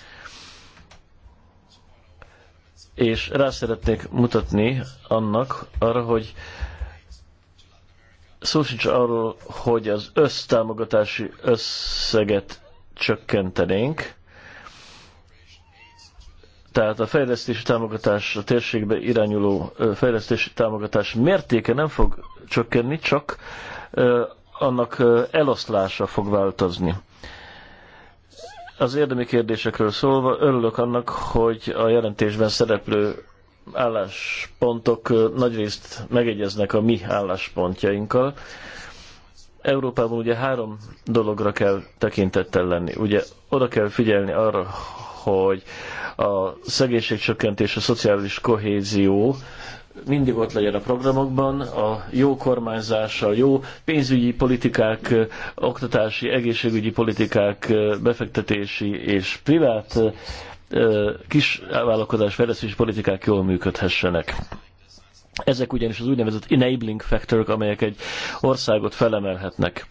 S1: És rá szeretnék mutatni annak arra, hogy szó sincs arról, hogy az össztámogatási összeget csökkentenénk. Tehát a fejlesztési támogatás, a térségbe irányuló fejlesztési támogatás mértéke nem fog csökkenni, csak annak eloszlása fog változni. Az érdemi kérdésekről szólva örülök annak, hogy a jelentésben szereplő álláspontok nagyrészt megegyeznek a mi álláspontjainkkal. Európában ugye három dologra kell tekintettel lenni. Ugye oda kell figyelni arra, hogy a szegénységcsökkentés, a szociális kohézió mindig ott legyen a programokban, a jó kormányzás, a jó pénzügyi politikák, oktatási, egészségügyi politikák, befektetési és privát vállalkozás fejlesztési politikák jól működhessenek. Ezek ugyanis az úgynevezett enabling factorok, amelyek egy országot felemelhetnek.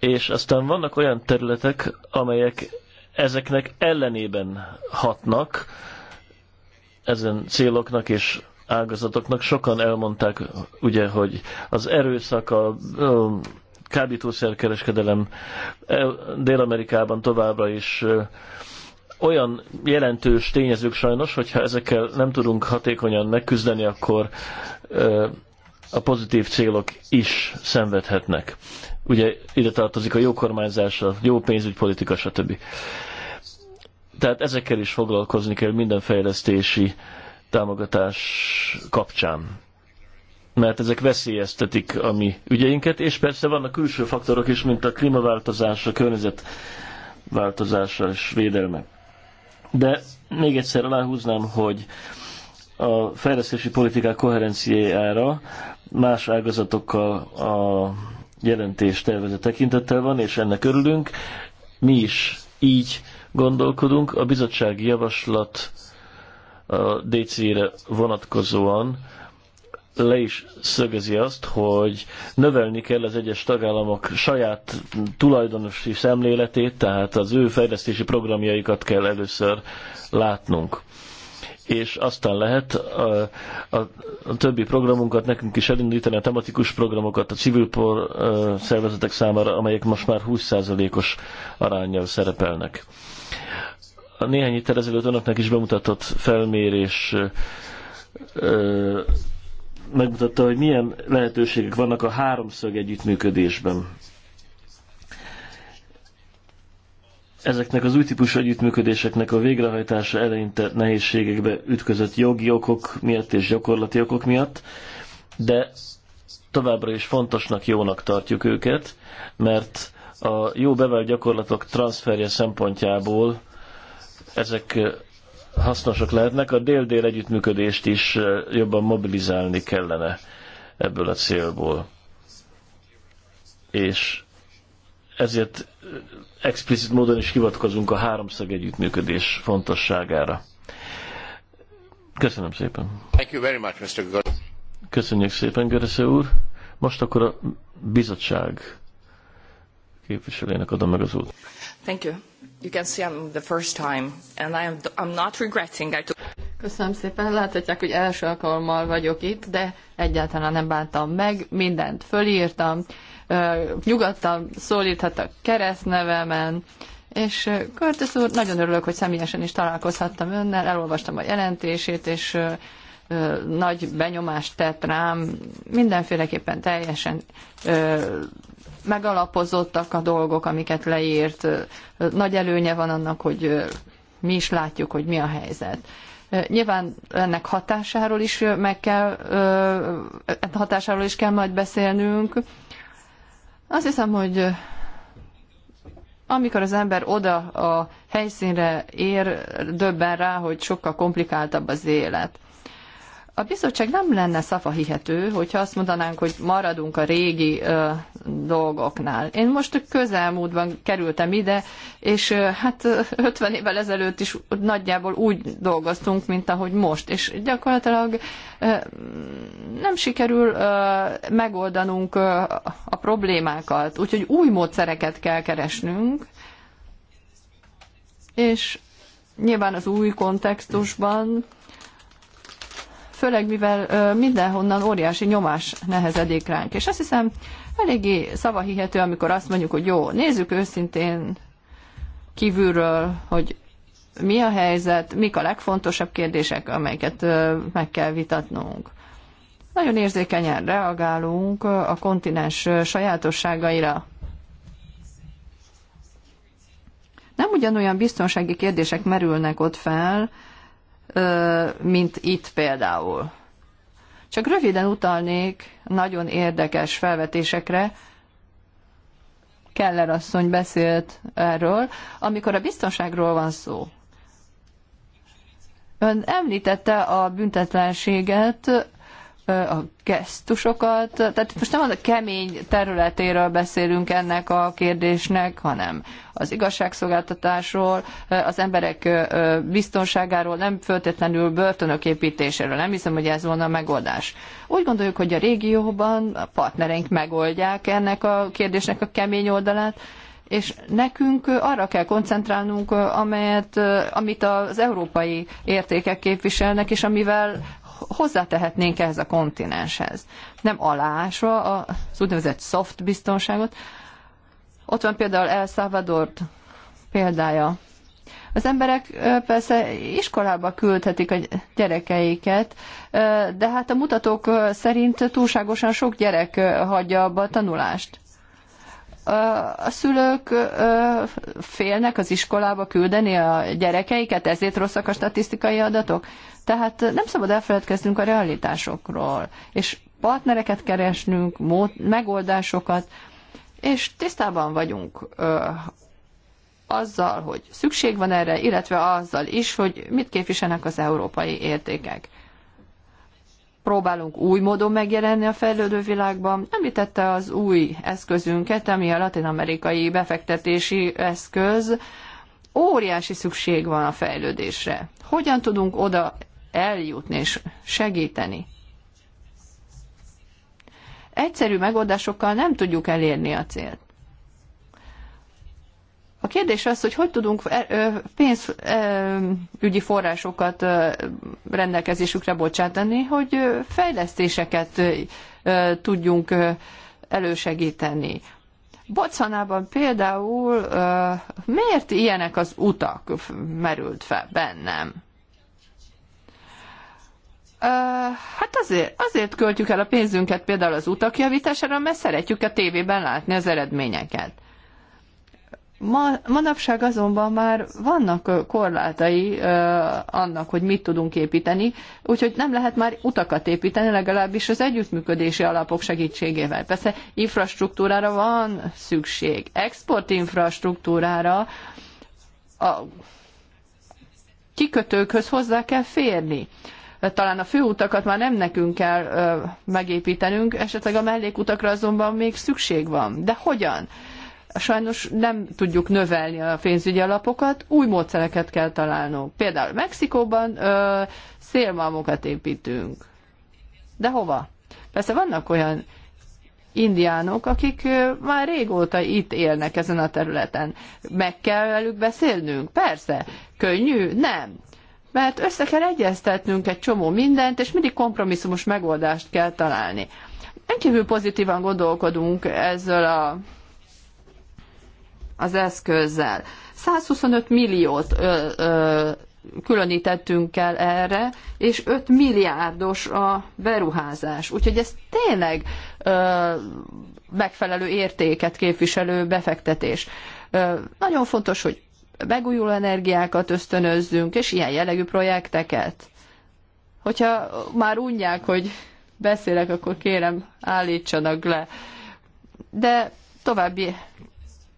S1: És aztán vannak olyan területek, amelyek ezeknek ellenében hatnak, ezen céloknak és ágazatoknak. Sokan elmondták, ugye, hogy az erőszak, a kábítószerkereskedelem Dél-Amerikában továbbra is olyan jelentős tényezők sajnos, hogyha ezekkel nem tudunk hatékonyan megküzdeni, akkor a pozitív célok is szenvedhetnek. Ugye ide tartozik a jó kormányzás, a jó pénzügypolitika, stb. Tehát ezekkel is foglalkozni kell minden fejlesztési támogatás kapcsán. Mert ezek veszélyeztetik a mi ügyeinket, és persze vannak külső faktorok is, mint a klímaváltozás, a környezet változása és védelme. De még egyszer aláhúznám, hogy a fejlesztési politikák koherenciájára más ágazatokkal a jelentés tervezet tekintettel van, és ennek örülünk. Mi is így gondolkodunk. A bizottsági javaslat a DC-re vonatkozóan le is szögezi azt, hogy növelni kell az egyes tagállamok saját tulajdonosi szemléletét, tehát az ő fejlesztési programjaikat kell először látnunk. És aztán lehet a, a, a többi programunkat nekünk is elindítani, a tematikus programokat a civil por, ö, szervezetek számára, amelyek most már 20%-os arányjal szerepelnek. A néhány héttel ezelőtt önöknek is bemutatott felmérés ö, megmutatta, hogy milyen lehetőségek vannak a háromszög együttműködésben. Ezeknek az új típusú együttműködéseknek a végrehajtása eleinte nehézségekbe ütközött jogi okok miatt és gyakorlati okok miatt, de továbbra is fontosnak, jónak tartjuk őket, mert a jó bevált gyakorlatok transferje szempontjából ezek hasznosak lehetnek. A dél-dél együttműködést is jobban mobilizálni kellene ebből a célból. És ezért explicit módon is hivatkozunk a háromszög együttműködés fontosságára. Köszönöm szépen.
S2: Thank you very much, Mr. God.
S1: Köszönjük szépen, Görösze úr. Most akkor a bizottság képviselőjének adom meg az út.
S4: Thank you. You can see I'm the first time, and I'm, I'm not regretting. I took... Köszönöm szépen, láthatják, hogy első alkalommal vagyok itt, de egyáltalán nem bántam meg, mindent fölírtam, nyugodtan szólíthattak keresztnevemen, és Körtesz úr, nagyon örülök, hogy személyesen is találkozhattam önnel, elolvastam a jelentését, és nagy benyomást tett rám, mindenféleképpen teljesen megalapozottak a dolgok, amiket leírt. Nagy előnye van annak, hogy mi is látjuk, hogy mi a helyzet. Nyilván ennek hatásáról is meg kell, hatásáról is kell majd beszélnünk. Azt hiszem, hogy amikor az ember oda a helyszínre ér, döbben rá, hogy sokkal komplikáltabb az élet a bizottság nem lenne szafahihető, hogyha azt mondanánk, hogy maradunk a régi ö, dolgoknál. Én most közelmúltban kerültem ide, és ö, hát 50 évvel ezelőtt is nagyjából úgy dolgoztunk, mint ahogy most, és gyakorlatilag ö, nem sikerül ö, megoldanunk ö, a problémákat, úgyhogy új módszereket kell keresnünk, és nyilván az új kontextusban főleg mivel mindenhonnan óriási nyomás nehezedik ránk. És azt hiszem, eléggé szavahihető, amikor azt mondjuk, hogy jó, nézzük őszintén kívülről, hogy mi a helyzet, mik a legfontosabb kérdések, amelyeket meg kell vitatnunk. Nagyon érzékenyen reagálunk a kontinens sajátosságaira. Nem ugyanolyan biztonsági kérdések merülnek ott fel, mint itt például. Csak röviden utalnék nagyon érdekes felvetésekre, Keller asszony beszélt erről, amikor a biztonságról van szó. Ön említette a büntetlenséget, a gesztusokat. Tehát most nem az a kemény területéről beszélünk ennek a kérdésnek, hanem az igazságszolgáltatásról, az emberek biztonságáról, nem föltétlenül börtönök építéséről. Nem hiszem, hogy ez volna a megoldás. Úgy gondoljuk, hogy a régióban a partnereink megoldják ennek a kérdésnek a kemény oldalát, és nekünk arra kell koncentrálnunk, amelyet, amit az európai értékek képviselnek, és amivel hozzátehetnénk ehhez a kontinenshez. Nem alásva az úgynevezett soft biztonságot. Ott van például El Salvador példája. Az emberek persze iskolába küldhetik a gyerekeiket, de hát a mutatók szerint túlságosan sok gyerek hagyja abba a tanulást a szülők félnek az iskolába küldeni a gyerekeiket, ezért rosszak a statisztikai adatok. Tehát nem szabad elfeledkeznünk a realitásokról, és partnereket keresnünk, mód, megoldásokat, és tisztában vagyunk ö, azzal, hogy szükség van erre, illetve azzal is, hogy mit képviselnek az európai értékek próbálunk új módon megjelenni a fejlődő világban. Említette az új eszközünket, ami a latin amerikai befektetési eszköz. Óriási szükség van a fejlődésre. Hogyan tudunk oda eljutni és segíteni? Egyszerű megoldásokkal nem tudjuk elérni a célt. A kérdés az, hogy hogy tudunk e, pénzügyi e, forrásokat rendelkezésükre bocsátani, hogy fejlesztéseket tudjunk elősegíteni. Bocsánában például miért ilyenek az utak merült fel bennem? hát azért, azért költjük el a pénzünket például az utak javítására, mert szeretjük a tévében látni az eredményeket. Ma, manapság azonban már vannak korlátai annak, hogy mit tudunk építeni, úgyhogy nem lehet már utakat építeni, legalábbis az együttműködési alapok segítségével. Persze infrastruktúrára van szükség, export infrastruktúrára, a kikötőkhöz hozzá kell férni. Talán a főutakat már nem nekünk kell megépítenünk, esetleg a mellékutakra azonban még szükség van. De hogyan? sajnos nem tudjuk növelni a pénzügyi alapokat, új módszereket kell találnunk. Például Mexikóban ö, szélmalmokat építünk. De hova? Persze vannak olyan indiánok, akik már régóta itt élnek ezen a területen. Meg kell velük beszélnünk? Persze. Könnyű? Nem. Mert össze kell egyeztetnünk egy csomó mindent, és mindig kompromisszumos megoldást kell találni. Enkívül pozitívan gondolkodunk ezzel a az eszközzel. 125 milliót ö, ö, különítettünk el erre, és 5 milliárdos a beruházás. Úgyhogy ez tényleg ö, megfelelő értéket képviselő befektetés. Ö, nagyon fontos, hogy megújuló energiákat ösztönözzünk, és ilyen jellegű projekteket. Hogyha már unják, hogy beszélek, akkor kérem, állítsanak le. De további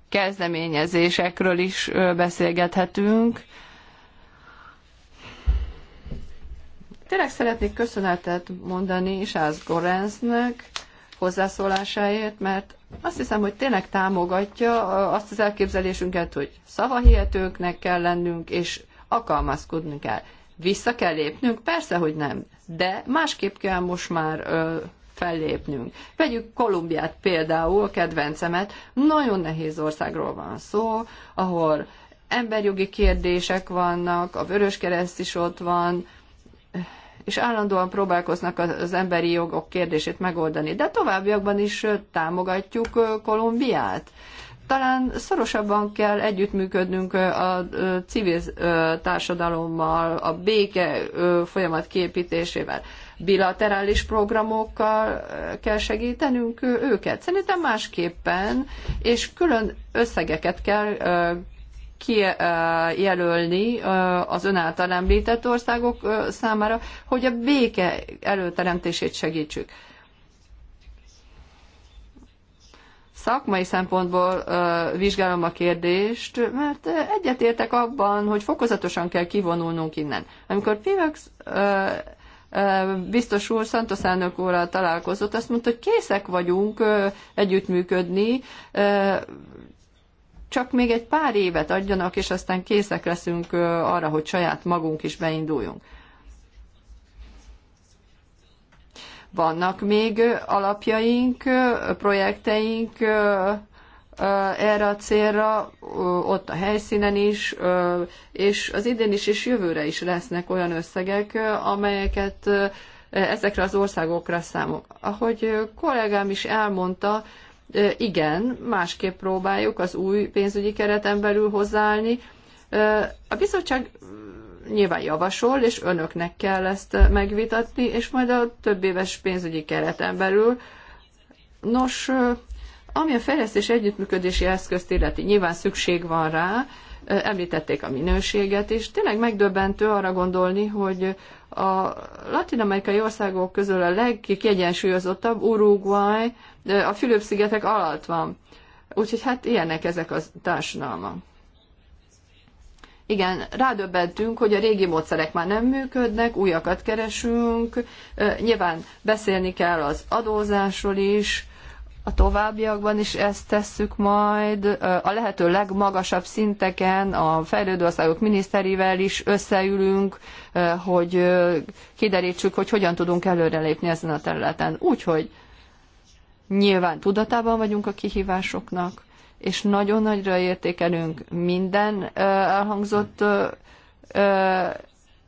S4: kezdeményezésekről is beszélgethetünk. Tényleg szeretnék köszönetet mondani Sász Gorenznek hozzászólásáért, mert azt hiszem, hogy tényleg támogatja azt az elképzelésünket, hogy szavahihetőknek kell lennünk, és alkalmazkodnunk kell. Vissza kell lépnünk? Persze, hogy nem. De másképp kell most már fellépnünk. Vegyük Kolumbiát például, a kedvencemet. Nagyon nehéz országról van szó, ahol emberjogi kérdések vannak, a Kereszt is ott van, és állandóan próbálkoznak az emberi jogok kérdését megoldani. De továbbiakban is támogatjuk Kolumbiát. Talán szorosabban kell együttműködnünk a civil társadalommal, a béke folyamat képítésével bilaterális programokkal kell segítenünk őket. Szerintem másképpen, és külön összegeket kell kijelölni az ön által említett országok számára, hogy a béke előteremtését segítsük. szakmai szempontból vizsgálom a kérdést, mert egyetértek abban, hogy fokozatosan kell kivonulnunk innen. Amikor Pivax biztos úr, Szantos elnök úrral találkozott, azt mondta, hogy készek vagyunk együttműködni, csak még egy pár évet adjanak, és aztán készek leszünk arra, hogy saját magunk is beinduljunk. Vannak még alapjaink, projekteink, erre a célra, ott a helyszínen is, és az idén is és jövőre is lesznek olyan összegek, amelyeket ezekre az országokra számok. Ahogy kollégám is elmondta, igen, másképp próbáljuk az új pénzügyi kereten belül hozzáállni. A bizottság nyilván javasol, és önöknek kell ezt megvitatni, és majd a több éves pénzügyi kereten belül. Nos, ami a fejlesztés együttműködési eszközt illeti, nyilván szükség van rá, említették a minőséget, és tényleg megdöbbentő arra gondolni, hogy a latin-amerikai országok közül a legkiegyensúlyozottabb Uruguay a Fülöp-szigetek alatt van. Úgyhogy hát ilyenek ezek a társadalma. Igen, rádöbbentünk, hogy a régi módszerek már nem működnek, újakat keresünk, nyilván beszélni kell az adózásról is, a továbbiakban is ezt tesszük majd, a lehető legmagasabb szinteken, a fejlődő országok miniszterivel is összeülünk, hogy kiderítsük, hogy hogyan tudunk előrelépni ezen a területen. Úgyhogy nyilván tudatában vagyunk a kihívásoknak, és nagyon nagyra értékelünk minden elhangzott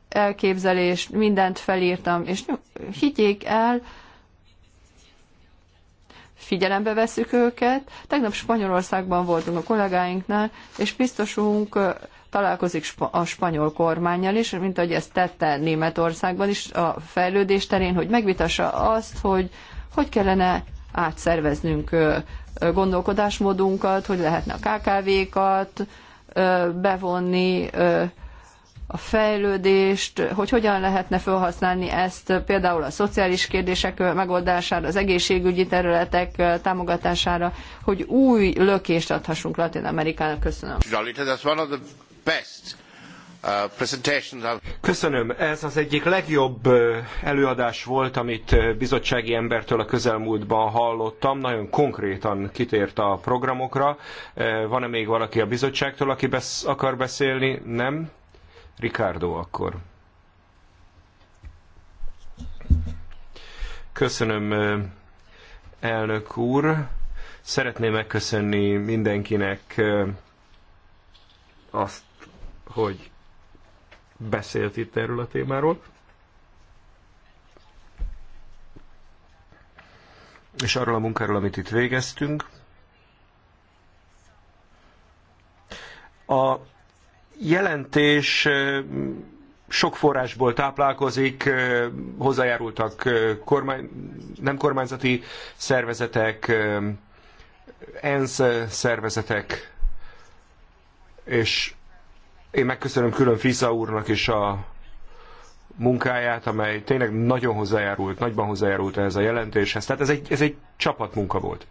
S4: elképzelést, mindent felírtam, és higgyék el, figyelembe veszük őket. Tegnap Spanyolországban voltunk a kollégáinknál, és biztosunk találkozik a spanyol kormányjal is, mint ahogy ezt tette Németországban is a fejlődés terén, hogy megvitassa azt, hogy hogy kellene átszerveznünk gondolkodásmódunkat, hogy lehetne a KKV-kat bevonni, a fejlődést, hogy hogyan lehetne felhasználni ezt például a szociális kérdések megoldására, az egészségügyi területek támogatására, hogy új lökést adhassunk Latin Amerikának. Köszönöm.
S3: Köszönöm. Ez az egyik legjobb előadás volt, amit bizottsági embertől a közelmúltban hallottam. Nagyon konkrétan kitért a programokra. Van-e még valaki a bizottságtól, aki besz- akar beszélni? Nem? Ricardo akkor. Köszönöm, elnök úr. Szeretném megköszönni mindenkinek azt, hogy beszélt itt erről a témáról. És arról a munkáról, amit itt végeztünk. A jelentés sok forrásból táplálkozik, hozzájárultak kormány, nem kormányzati szervezetek, ENSZ szervezetek, és én megköszönöm külön Fisza úrnak is a munkáját, amely tényleg nagyon hozzájárult, nagyban hozzájárult ehhez a jelentéshez. Tehát ez egy, ez egy csapatmunka volt.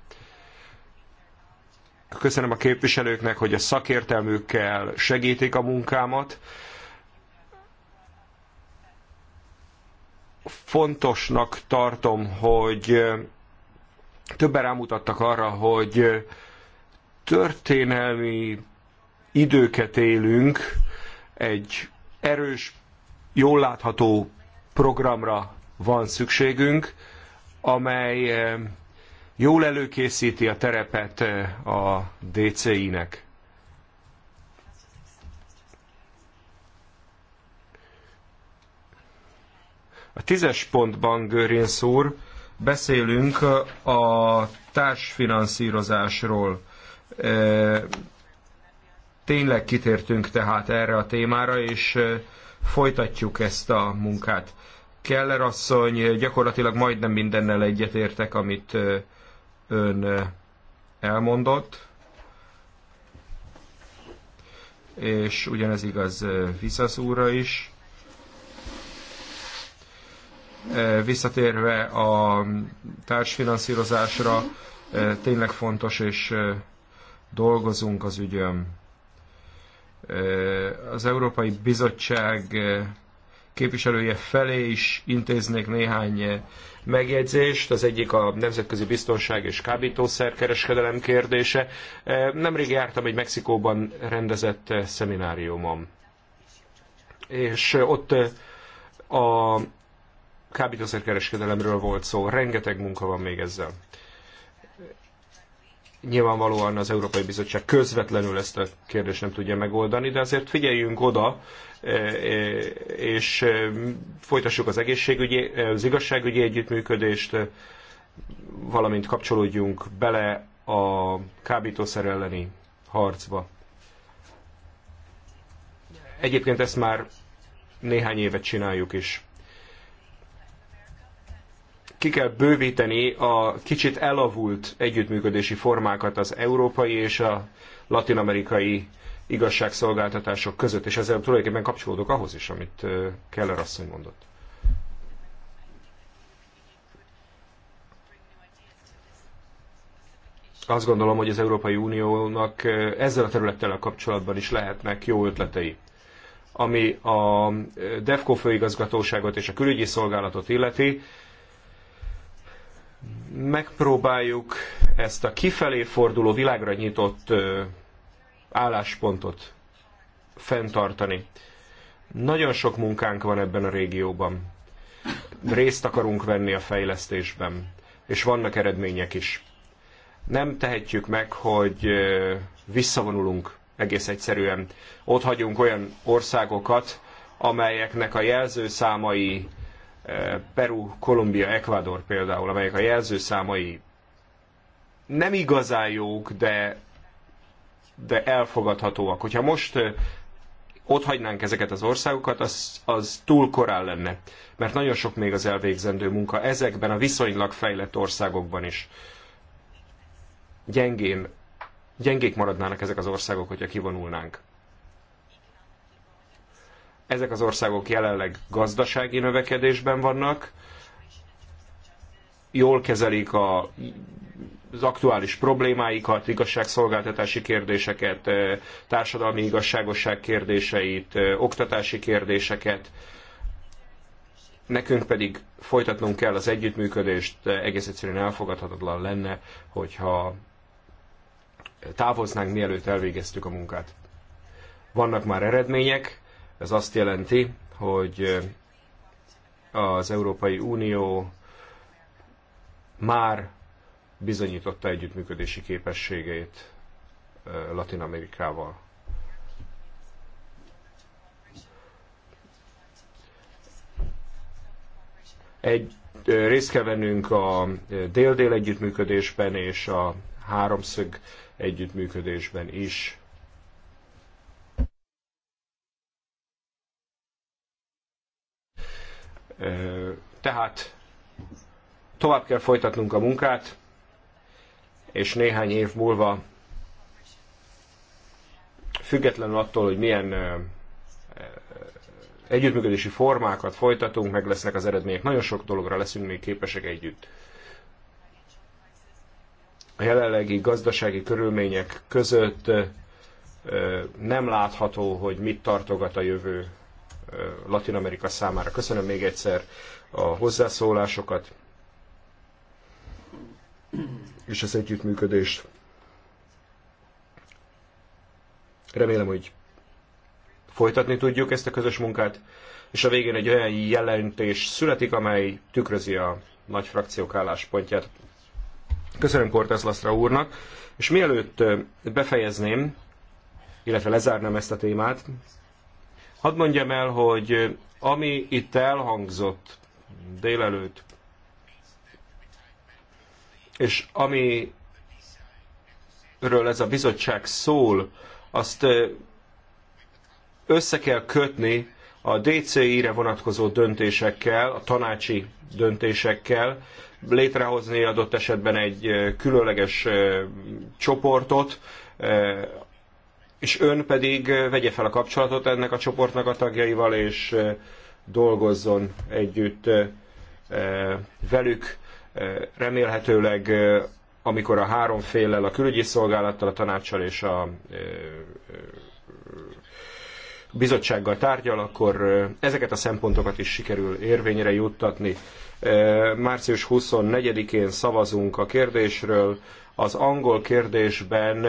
S3: Köszönöm a képviselőknek, hogy a szakértelmükkel segítik a munkámat. Fontosnak tartom, hogy többen rámutattak arra, hogy történelmi időket élünk, egy erős, jól látható programra van szükségünk, amely eh, jól előkészíti a terepet eh, a DCI-nek. A tízes pontban, Görinsz úr, beszélünk eh, a társfinanszírozásról. Eh, tényleg kitértünk tehát erre a témára, és folytatjuk ezt a munkát. Keller asszony, gyakorlatilag majdnem mindennel egyetértek, amit ön elmondott, és ugyanez igaz Viszasz úrra is. Visszatérve a társfinanszírozásra, tényleg fontos, és dolgozunk az ügyön. Az Európai Bizottság képviselője felé is intéznék néhány megjegyzést. Az egyik a nemzetközi biztonság és kereskedelem kérdése. E, nemrég jártam egy Mexikóban rendezett e, szemináriumon, és e, ott a kábítószerkereskedelemről volt szó. Rengeteg munka van még ezzel. Nyilvánvalóan az Európai Bizottság közvetlenül ezt a kérdést nem tudja megoldani, de azért figyeljünk oda, e, e, és e, folytassuk az egészségügyi, az igazságügyi együttműködést, valamint kapcsolódjunk bele a kábítószer elleni harcba. Egyébként ezt már néhány évet csináljuk is ki kell bővíteni a kicsit elavult együttműködési formákat az európai és a latinamerikai igazságszolgáltatások között, és ezzel tulajdonképpen kapcsolódok ahhoz is, amit Keller asszony mondott. Azt gondolom, hogy az Európai Uniónak ezzel a területtel a kapcsolatban is lehetnek jó ötletei ami a DEFCO főigazgatóságot és a külügyi szolgálatot illeti megpróbáljuk ezt a kifelé forduló, világra nyitott álláspontot fenntartani. Nagyon sok munkánk van ebben a régióban. Részt akarunk venni a fejlesztésben, és vannak eredmények is. Nem tehetjük meg, hogy visszavonulunk egész egyszerűen. Ott hagyunk olyan országokat, amelyeknek a jelzőszámai Eh, Peru, Kolumbia, Ecuador például, amelyek a jelzőszámai nem igazán jók, de, de elfogadhatóak. Hogyha most eh, ott hagynánk ezeket az országokat, az, az túl korán lenne, mert nagyon sok még az elvégzendő munka ezekben a viszonylag fejlett országokban is. Gyengén, gyengék maradnának ezek az országok, hogyha kivonulnánk. Ezek az országok jelenleg gazdasági növekedésben vannak, jól kezelik a, az aktuális problémáikat, igazságszolgáltatási kérdéseket, társadalmi igazságosság kérdéseit, oktatási kérdéseket. Nekünk pedig folytatnunk kell az együttműködést, egész egyszerűen elfogadhatatlan lenne, hogyha távoznánk, mielőtt elvégeztük a munkát. Vannak már eredmények, ez azt jelenti, hogy az Európai Unió már bizonyította együttműködési képességét Latin Amerikával. Egy részt kell vennünk a dél-dél együttműködésben és a háromszög együttműködésben is. Tehát tovább kell folytatnunk a munkát, és néhány év múlva, függetlenül attól, hogy milyen együttműködési formákat folytatunk, meg lesznek az eredmények. Nagyon sok dologra leszünk még képesek együtt. A jelenlegi gazdasági körülmények között nem látható, hogy mit tartogat a jövő. Latin Amerika számára. Köszönöm még egyszer a hozzászólásokat és az együttműködést. Remélem, hogy folytatni tudjuk ezt a közös munkát, és a végén egy olyan jelentés születik, amely tükrözi a nagy frakciók álláspontját. Köszönöm Cortez Lasztra úrnak, és mielőtt befejezném, illetve lezárnám ezt a témát, Hadd mondjam el, hogy ami itt elhangzott délelőtt, és amiről ez a bizottság szól, azt össze kell kötni a DCI-re vonatkozó döntésekkel, a tanácsi döntésekkel, létrehozni adott esetben egy különleges csoportot, és ön pedig vegye fel a kapcsolatot ennek a csoportnak a tagjaival, és dolgozzon együtt velük, remélhetőleg amikor a három féllel, a külügyi szolgálattal, a tanácssal és a bizottsággal tárgyal, akkor ezeket a szempontokat is sikerül érvényre juttatni. Március 24-én szavazunk a kérdésről. Az angol kérdésben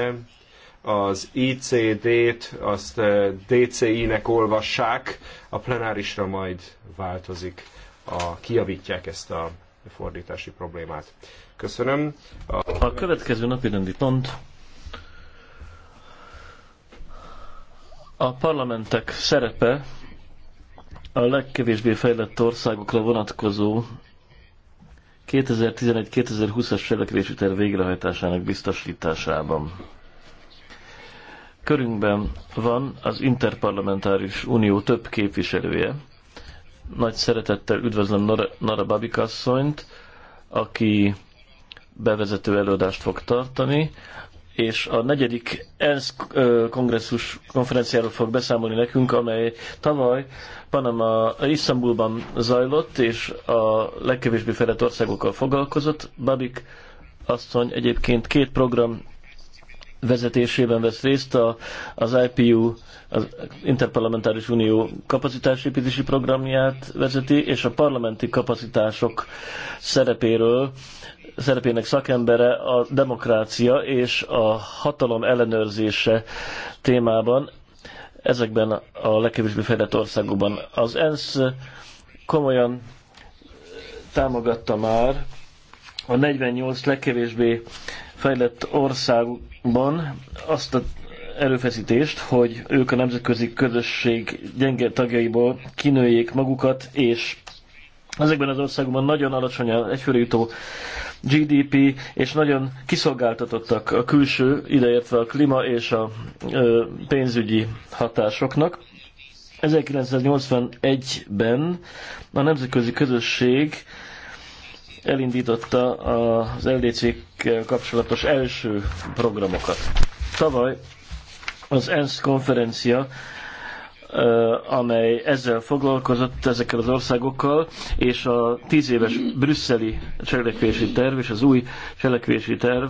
S3: az ICD-t, azt eh, DCI-nek olvassák, a plenárisra majd változik, a, kiavítják ezt a fordítási problémát. Köszönöm. A, a következő napi rendi pont
S1: a parlamentek szerepe a legkevésbé fejlett országokra vonatkozó 2011-2020-as cselekvési terv végrehajtásának biztosításában. Körünkben van az Interparlamentáris Unió több képviselője. Nagy szeretettel üdvözlöm Nora, Babikasszonyt, aki bevezető előadást fog tartani, és a negyedik ENSZ kongresszus konferenciáról fog beszámolni nekünk, amely tavaly Panama, Isztambulban zajlott, és a legkevésbé felett országokkal foglalkozott. Babik asszony egyébként két program vezetésében vesz részt a, az IPU, az Interparlamentáris Unió kapacitásépítési programját vezeti, és a parlamenti kapacitások szerepéről, szerepének szakembere a demokrácia és a hatalom ellenőrzése témában, ezekben a legkevésbé fejlett országokban. Az ENSZ komolyan támogatta már a 48 legkevésbé fejlett ország ban azt a erőfeszítést, hogy ők a nemzetközi közösség gyenge tagjaiból kinőjék magukat, és ezekben az országokban nagyon alacsony a egyfőre jutó GDP, és nagyon kiszolgáltatottak a külső, ideértve a klíma és a ö, pénzügyi hatásoknak. 1981-ben a nemzetközi közösség elindította az ldc kapcsolatos első programokat. Tavaly az ENSZ konferencia, amely ezzel foglalkozott ezekkel az országokkal, és a tíz éves brüsszeli cselekvési terv és az új cselekvési terv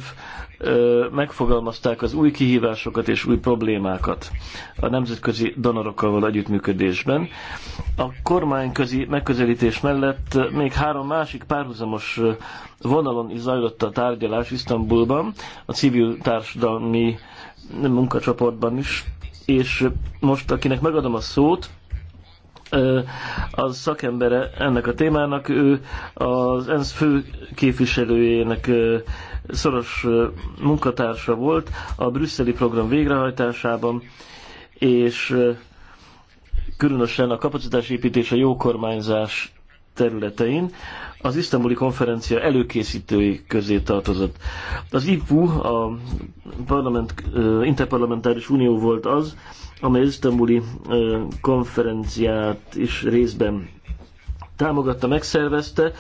S1: megfogalmazták az új kihívásokat és új problémákat a nemzetközi donorokkal való együttműködésben. A kormányközi megközelítés mellett még három másik párhuzamos vonalon is zajlott a tárgyalás Isztambulban, a civil társadalmi munkacsoportban is, és most akinek megadom a szót, az szakembere ennek a témának, ő az ENSZ fő képviselőjének szoros munkatársa volt a brüsszeli program végrehajtásában, és különösen a kapacitásépítés a jó kormányzás területein az isztambuli konferencia előkészítői közé tartozott. Az IPU, a Parlament, Interparlamentáris Unió volt az, amely az isztambuli konferenciát is részben támogatta, megszervezte,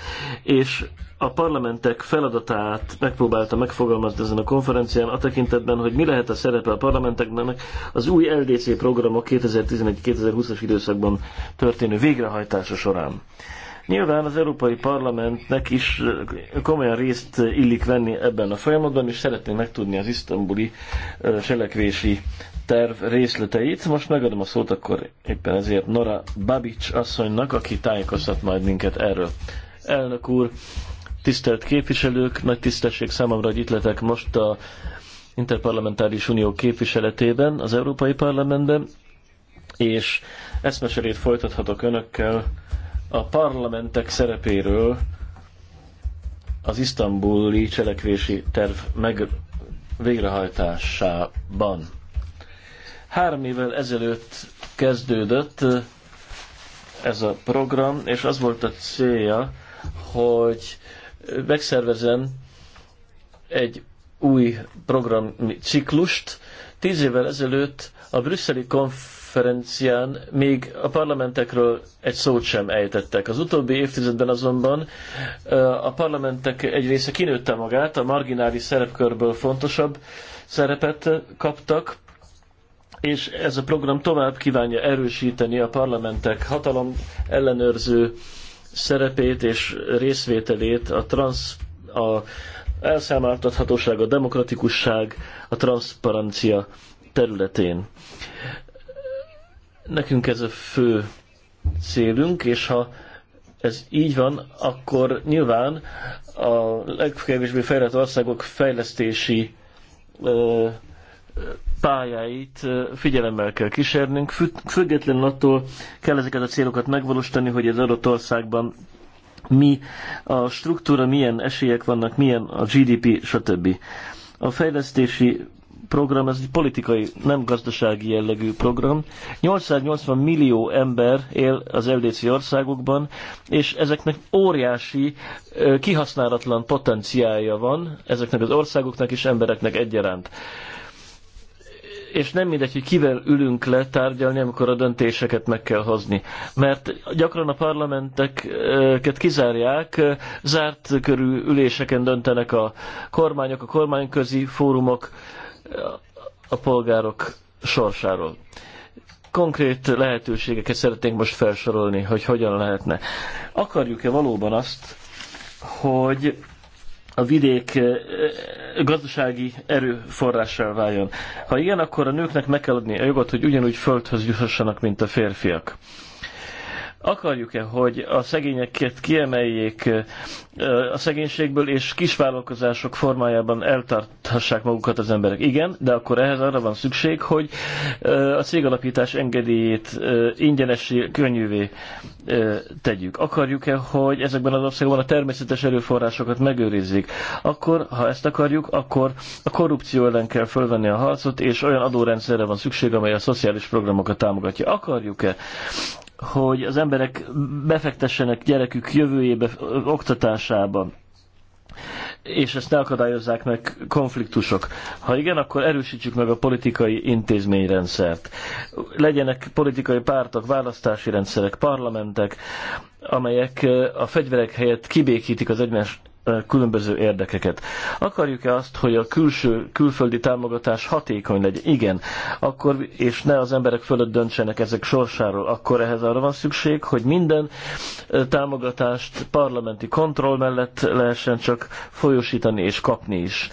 S1: és a parlamentek feladatát megpróbálta megfogalmazni ezen a konferencián a tekintetben, hogy mi lehet a szerepe a parlamenteknek az új LDC programok 2011-2020-as időszakban történő végrehajtása során. Nyilván az Európai Parlamentnek is komolyan részt illik venni ebben a folyamatban, és szeretnénk megtudni az isztambuli selekvési terv részleteit. Most megadom a szót akkor éppen ezért Nora Babics asszonynak, aki tájékoztat majd minket erről. Elnök úr, Tisztelt képviselők, nagy tisztesség számomra, hogy itt letek most a Interparlamentáris Unió képviseletében, az Európai Parlamentben, és eszmeserét folytathatok önökkel a parlamentek szerepéről az isztambuli cselekvési terv meg végrehajtásában. Három évvel ezelőtt kezdődött ez a program, és az volt a célja, hogy megszervezem egy új ciklust Tíz évvel ezelőtt a brüsszeli konferencián még a parlamentekről egy szót sem ejtettek. Az utóbbi évtizedben azonban a parlamentek egy része kinőtte magát, a marginális szerepkörből fontosabb szerepet kaptak, és ez a program tovább kívánja erősíteni a parlamentek hatalom ellenőrző szerepét és részvételét a, transz, a elszámáltathatóság, a demokratikusság, a transzparencia területén. Nekünk ez a fő célunk, és ha ez így van, akkor nyilván a legkevésbé fejlett országok fejlesztési ö, pályáit figyelemmel kell kísérnünk, függetlenül attól kell ezeket a célokat megvalósítani, hogy az adott országban mi a struktúra, milyen esélyek vannak, milyen a GDP, stb. A fejlesztési program, ez egy politikai, nem gazdasági jellegű program. 880 millió ember él az LDC országokban, és ezeknek óriási, kihasználatlan potenciálja van, ezeknek az országoknak és embereknek egyaránt és nem mindegy, hogy kivel ülünk le tárgyalni, amikor a döntéseket meg kell hozni. Mert gyakran a parlamenteket kizárják, zárt körű üléseken döntenek a kormányok, a kormányközi fórumok a polgárok sorsáról. Konkrét lehetőségeket szeretnénk most felsorolni, hogy hogyan lehetne. Akarjuk-e valóban azt, hogy a vidék eh, eh, gazdasági erőforrással váljon. Ha igen, akkor a nőknek meg kell adni a jogot, hogy ugyanúgy földhöz jussanak, mint a férfiak akarjuk-e, hogy a szegényeket kiemeljék a szegénységből, és kisvállalkozások formájában eltarthassák magukat az emberek? Igen, de akkor ehhez arra van szükség, hogy a cégalapítás engedélyét ingyenesi könnyűvé tegyük. Akarjuk-e, hogy ezekben az országokban a természetes erőforrásokat megőrizzék? Akkor, ha ezt akarjuk, akkor a korrupció ellen kell fölvenni a harcot, és olyan adórendszerre van szükség, amely a szociális programokat támogatja. Akarjuk-e, hogy az emberek befektessenek gyerekük jövőjébe, oktatásába, és ezt ne akadályozzák meg konfliktusok. Ha igen, akkor erősítsük meg a politikai intézményrendszert. Legyenek politikai pártok, választási rendszerek, parlamentek, amelyek eh, a fegyverek helyett kibékítik az egymás különböző érdekeket. Akarjuk-e azt, hogy a külső, külföldi támogatás hatékony legyen? Igen. Akkor, és ne az emberek fölött döntsenek ezek sorsáról, akkor ehhez arra van szükség, hogy minden támogatást parlamenti kontroll mellett lehessen csak folyosítani és kapni is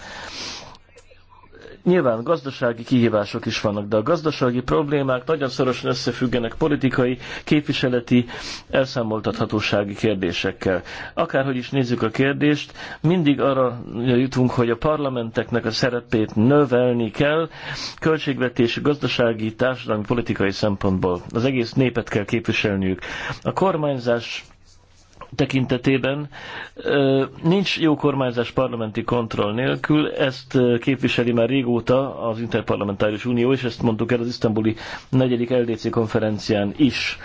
S1: Nyilván gazdasági kihívások is vannak, de a gazdasági problémák nagyon szorosan összefüggenek politikai, képviseleti, elszámoltathatósági kérdésekkel. Akárhogy is nézzük a kérdést, mindig arra jutunk, hogy a parlamenteknek a szerepét növelni kell, költségvetési, gazdasági, társadalmi, politikai szempontból. Az egész népet kell képviselniük. A kormányzás tekintetében. Nincs jó kormányzás parlamenti kontroll nélkül, ezt képviseli már régóta az Interparlamentáris Unió, és ezt mondtuk el az isztambuli negyedik LDC konferencián is.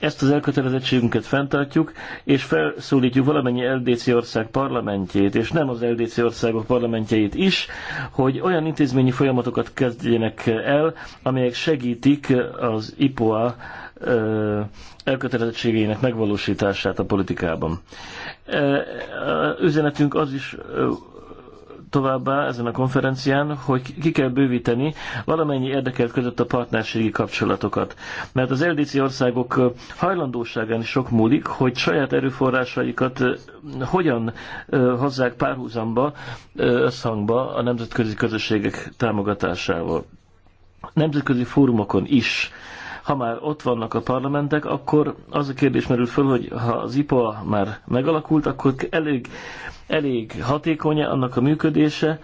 S1: Ezt az elkötelezettségünket fenntartjuk, és felszólítjuk valamennyi LDC ország parlamentjét, és nem az LDC országok parlamentjeit is, hogy olyan intézményi folyamatokat kezdjenek el, amelyek segítik az IPOA elkötelezettségeinek megvalósítását a politikában. Üzenetünk az is továbbá ezen a konferencián, hogy ki kell bővíteni valamennyi érdekelt között a partnerségi kapcsolatokat. Mert az LDC országok hajlandóságán is sok múlik, hogy saját erőforrásaikat hogyan hozzák párhuzamba, összhangba a nemzetközi közösségek támogatásával. Nemzetközi fórumokon is ha már ott vannak a parlamentek, akkor az a kérdés merül föl, hogy ha az IPA már megalakult, akkor elég, elég hatékony annak a működése,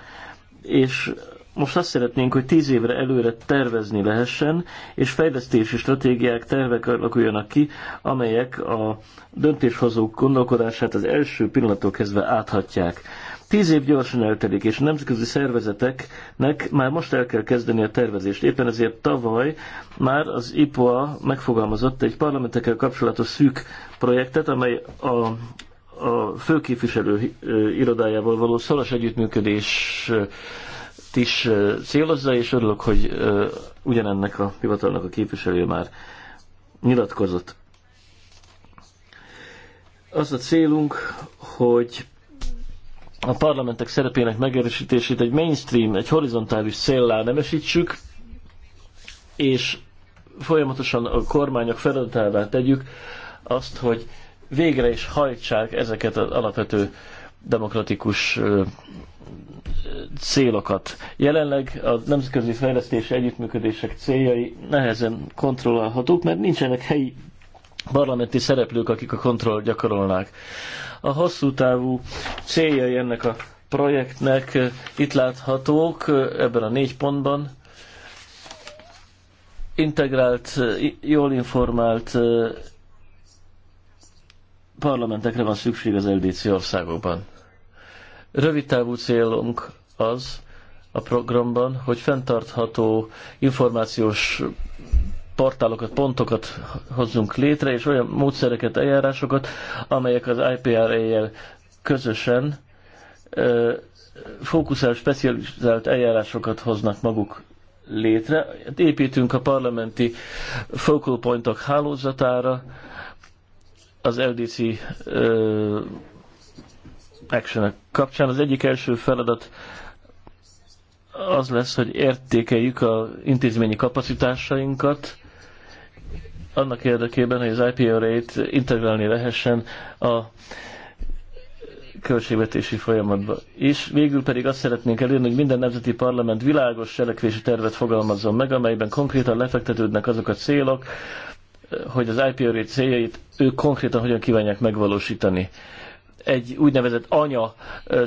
S1: és most azt szeretnénk, hogy tíz évre előre tervezni lehessen, és fejlesztési stratégiák, tervek alakuljanak ki, amelyek a döntéshozók gondolkodását az első pillanattól kezdve áthatják. Tíz év gyorsan eltelik, és a nemzetközi szervezeteknek már most el kell kezdeni a tervezést. Éppen ezért tavaly már az IPOA megfogalmazott egy parlamentekkel kapcsolatos szűk projektet, amely a a főképviselő irodájával való szoros együttműködés is célozza, és örülök, hogy ugyanennek a hivatalnak a képviselője már nyilatkozott. Az a célunk, hogy a parlamentek szerepének megerősítését egy mainstream, egy horizontális céllá nemesítsük, és folyamatosan a kormányok feladatává tegyük azt, hogy végre is hajtsák ezeket az alapvető demokratikus célokat. Jelenleg a nemzetközi fejlesztési együttműködések céljai nehezen kontrollálhatók, mert nincsenek helyi parlamenti szereplők, akik a kontroll gyakorolnák. A hosszú távú céljai ennek a projektnek eh, itt láthatók eh, ebben a négy pontban. Integrált, eh, jól informált parlamentekre van szükség az LDC országokban. Rövid távú célunk az a programban, hogy fenntartható információs portálokat, pontokat hozzunk létre, és olyan módszereket, eljárásokat, amelyek az IPRA-jel közösen fókuszál, specializált eljárásokat hoznak maguk létre. Hát építünk a parlamenti focal pointok hálózatára, az LDC action kapcsán. Az egyik első feladat az lesz, hogy értékeljük az intézményi kapacitásainkat, annak érdekében, hogy az IPO rate integrálni lehessen a költségvetési folyamatba. És végül pedig azt szeretnénk elérni, hogy minden nemzeti parlament világos cselekvési tervet fogalmazzon meg, amelyben konkrétan lefektetődnek azok a célok, hogy az IPO rate céljait ők konkrétan hogyan kívánják megvalósítani egy úgynevezett anya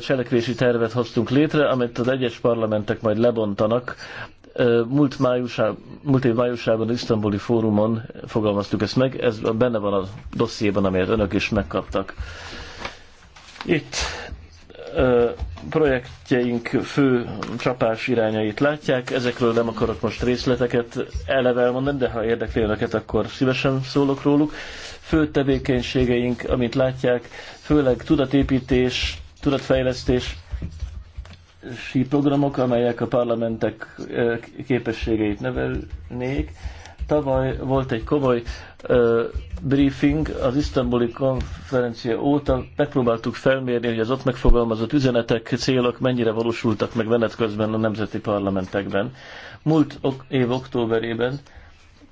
S1: cselekvési tervet hoztunk létre, amit az egyes parlamentek majd lebontanak Múlt, májusában, múlt év májusában isztambuli fórumon fogalmaztuk ezt meg, ez benne van a dossziéban, amelyet önök is megkaptak. Itt projektjeink fő csapás irányait látják, ezekről nem akarok most részleteket eleve elmondani, de ha érdekli önöket, akkor szívesen szólok róluk. Fő tevékenységeink, amit látják, főleg tudatépítés, tudatfejlesztés, si programok, amelyek a parlamentek képességeit nevelnék. Tavaly volt egy komoly briefing az isztambuli konferencia óta. Megpróbáltuk felmérni, hogy az ott megfogalmazott üzenetek, célok mennyire valósultak meg menet közben a nemzeti parlamentekben. Múlt év októberében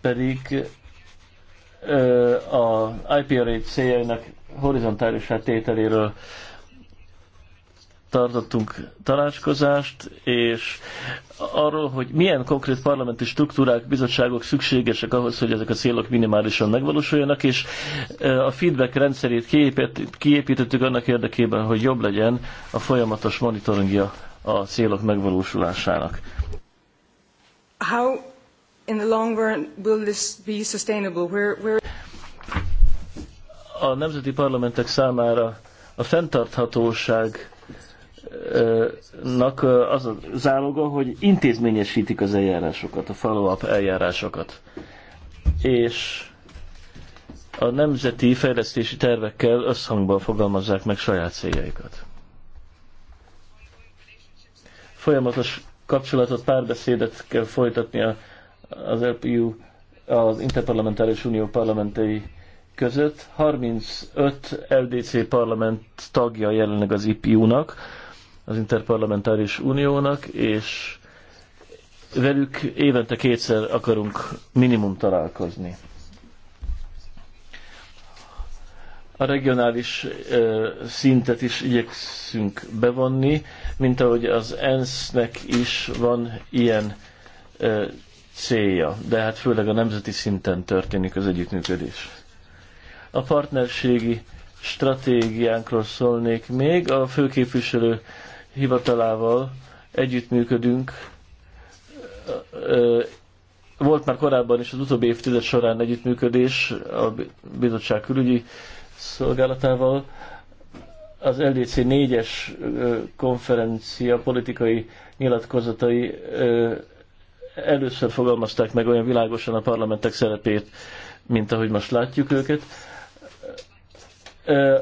S1: pedig a IPRA céljainak horizontális tételéről tartottunk tanácskozást, és arról, hogy milyen konkrét parlamenti struktúrák, bizottságok szükségesek ahhoz, hogy ezek a célok minimálisan megvalósuljanak, és a feedback rendszerét kiépítettük annak érdekében, hogy jobb legyen a folyamatos monitoringja a célok megvalósulásának.
S2: How in the long run will this be sustainable? Where, where...
S1: A nemzeti parlamentek számára a fenntarthatóság nak az a záloga, hogy intézményesítik az eljárásokat, a follow-up eljárásokat. És a nemzeti fejlesztési tervekkel összhangban fogalmazzák meg saját céljaikat. Folyamatos kapcsolatot, párbeszédet kell folytatni az LPU, az Interparlamentáris Unió parlamentei között. 35 LDC parlament tagja jelenleg az IPU-nak, az Interparlamentáris Uniónak, és velük évente kétszer akarunk minimum találkozni. A regionális ö, szintet is igyekszünk bevonni, mint ahogy az ENSZ-nek is van ilyen ö, célja, de hát főleg a nemzeti szinten történik az együttműködés. A partnerségi stratégiánkról szólnék még. A főképviselő hivatalával együttműködünk. Volt már korábban is az utóbbi évtized során együttműködés a bizottság külügyi szolgálatával. Az LDC 4-es konferencia politikai nyilatkozatai először fogalmazták meg olyan világosan a parlamentek szerepét, mint ahogy most látjuk őket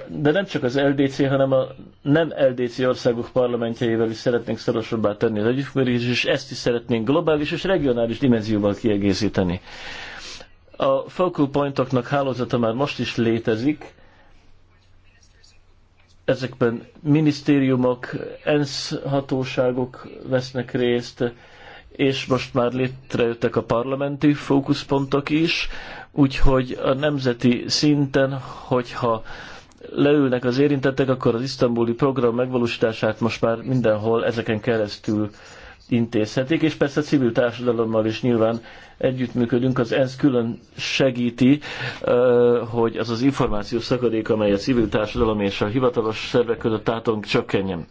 S1: de nem csak az LDC, hanem a nem LDC országok parlamentjeivel is szeretnénk szorosabbá tenni az együttműködést, és ezt is szeretnénk globális és regionális dimenzióval kiegészíteni. A focal pointoknak hálózata már most is létezik, ezekben minisztériumok, ENSZ hatóságok vesznek részt, és most már létrejöttek a parlamenti fókuszpontok is, úgyhogy a nemzeti szinten, hogyha leülnek az érintettek, akkor az isztambuli program megvalósítását most már mindenhol ezeken keresztül intézhetik, és persze a civil társadalommal is nyilván együttműködünk, az ENSZ külön segíti, hogy az az információs szakadék, amely a civil társadalom és a hivatalos szervek között átunk csökkenjen.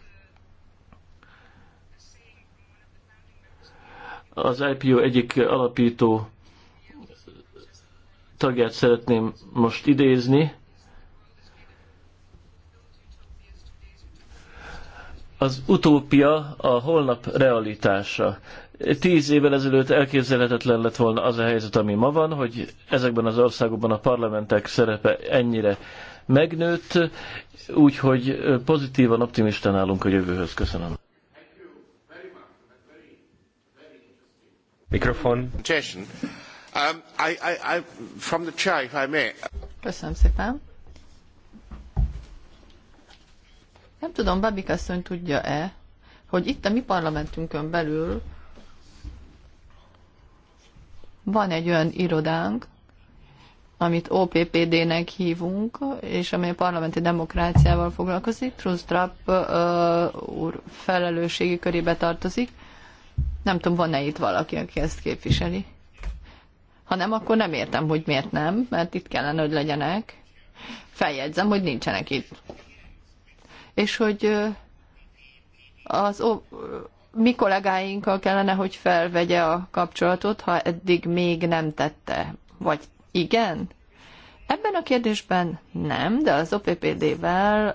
S1: Az IPO egyik alapító tagját szeretném most idézni, az utópia a holnap realitása. Tíz évvel ezelőtt elképzelhetetlen lett volna az a helyzet, ami ma van, hogy ezekben az országokban a parlamentek szerepe ennyire megnőtt, úgyhogy pozitívan optimistán állunk a jövőhöz. Köszönöm.
S2: Mikrofon.
S4: Köszönöm szépen. Nem tudom, Babik asszony tudja-e, hogy itt a mi parlamentünkön belül van egy olyan irodánk, amit OPPD-nek hívunk, és amely a parlamenti demokráciával foglalkozik, uh, úr felelősségi körébe tartozik. Nem tudom, van-e itt valaki, aki ezt képviseli? Ha nem, akkor nem értem, hogy miért nem, mert itt kellene, hogy legyenek. Feljegyzem, hogy nincsenek itt és hogy az ó, mi kollégáinkkal kellene, hogy felvegye a kapcsolatot, ha eddig még nem tette. Vagy igen? Ebben a kérdésben nem, de az OPPD-vel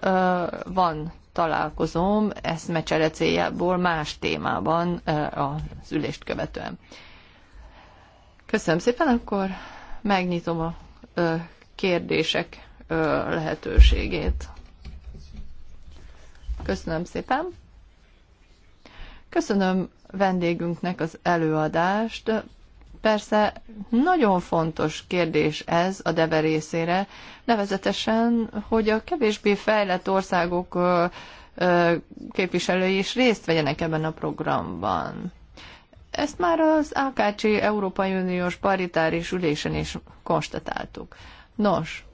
S4: van találkozom eszmecsere céljából más témában ö, az ülést követően. Köszönöm szépen, akkor megnyitom a ö, kérdések lehetőségét. Köszönöm szépen. Köszönöm vendégünknek az előadást. Persze nagyon fontos kérdés ez a Debe részére, nevezetesen, hogy a kevésbé fejlett országok képviselői is részt vegyenek ebben a programban. Ezt már az AKC Európai Uniós paritáris ülésen is konstatáltuk. Nos,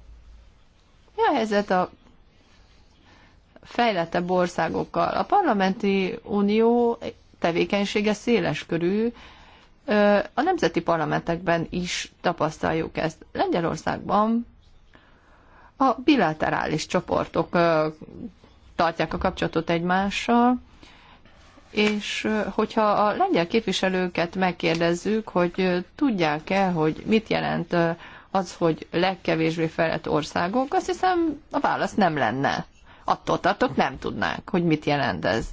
S4: mi a helyzet a fejlettebb országokkal. A parlamenti unió tevékenysége széles körű, a nemzeti parlamentekben is tapasztaljuk ezt. Lengyelországban a bilaterális csoportok tartják a kapcsolatot egymással, és hogyha a lengyel képviselőket megkérdezzük, hogy tudják-e, hogy mit jelent az, hogy legkevésbé fejlett országok, azt hiszem a válasz nem lenne attól tartok, nem tudnák, hogy mit jelent ez.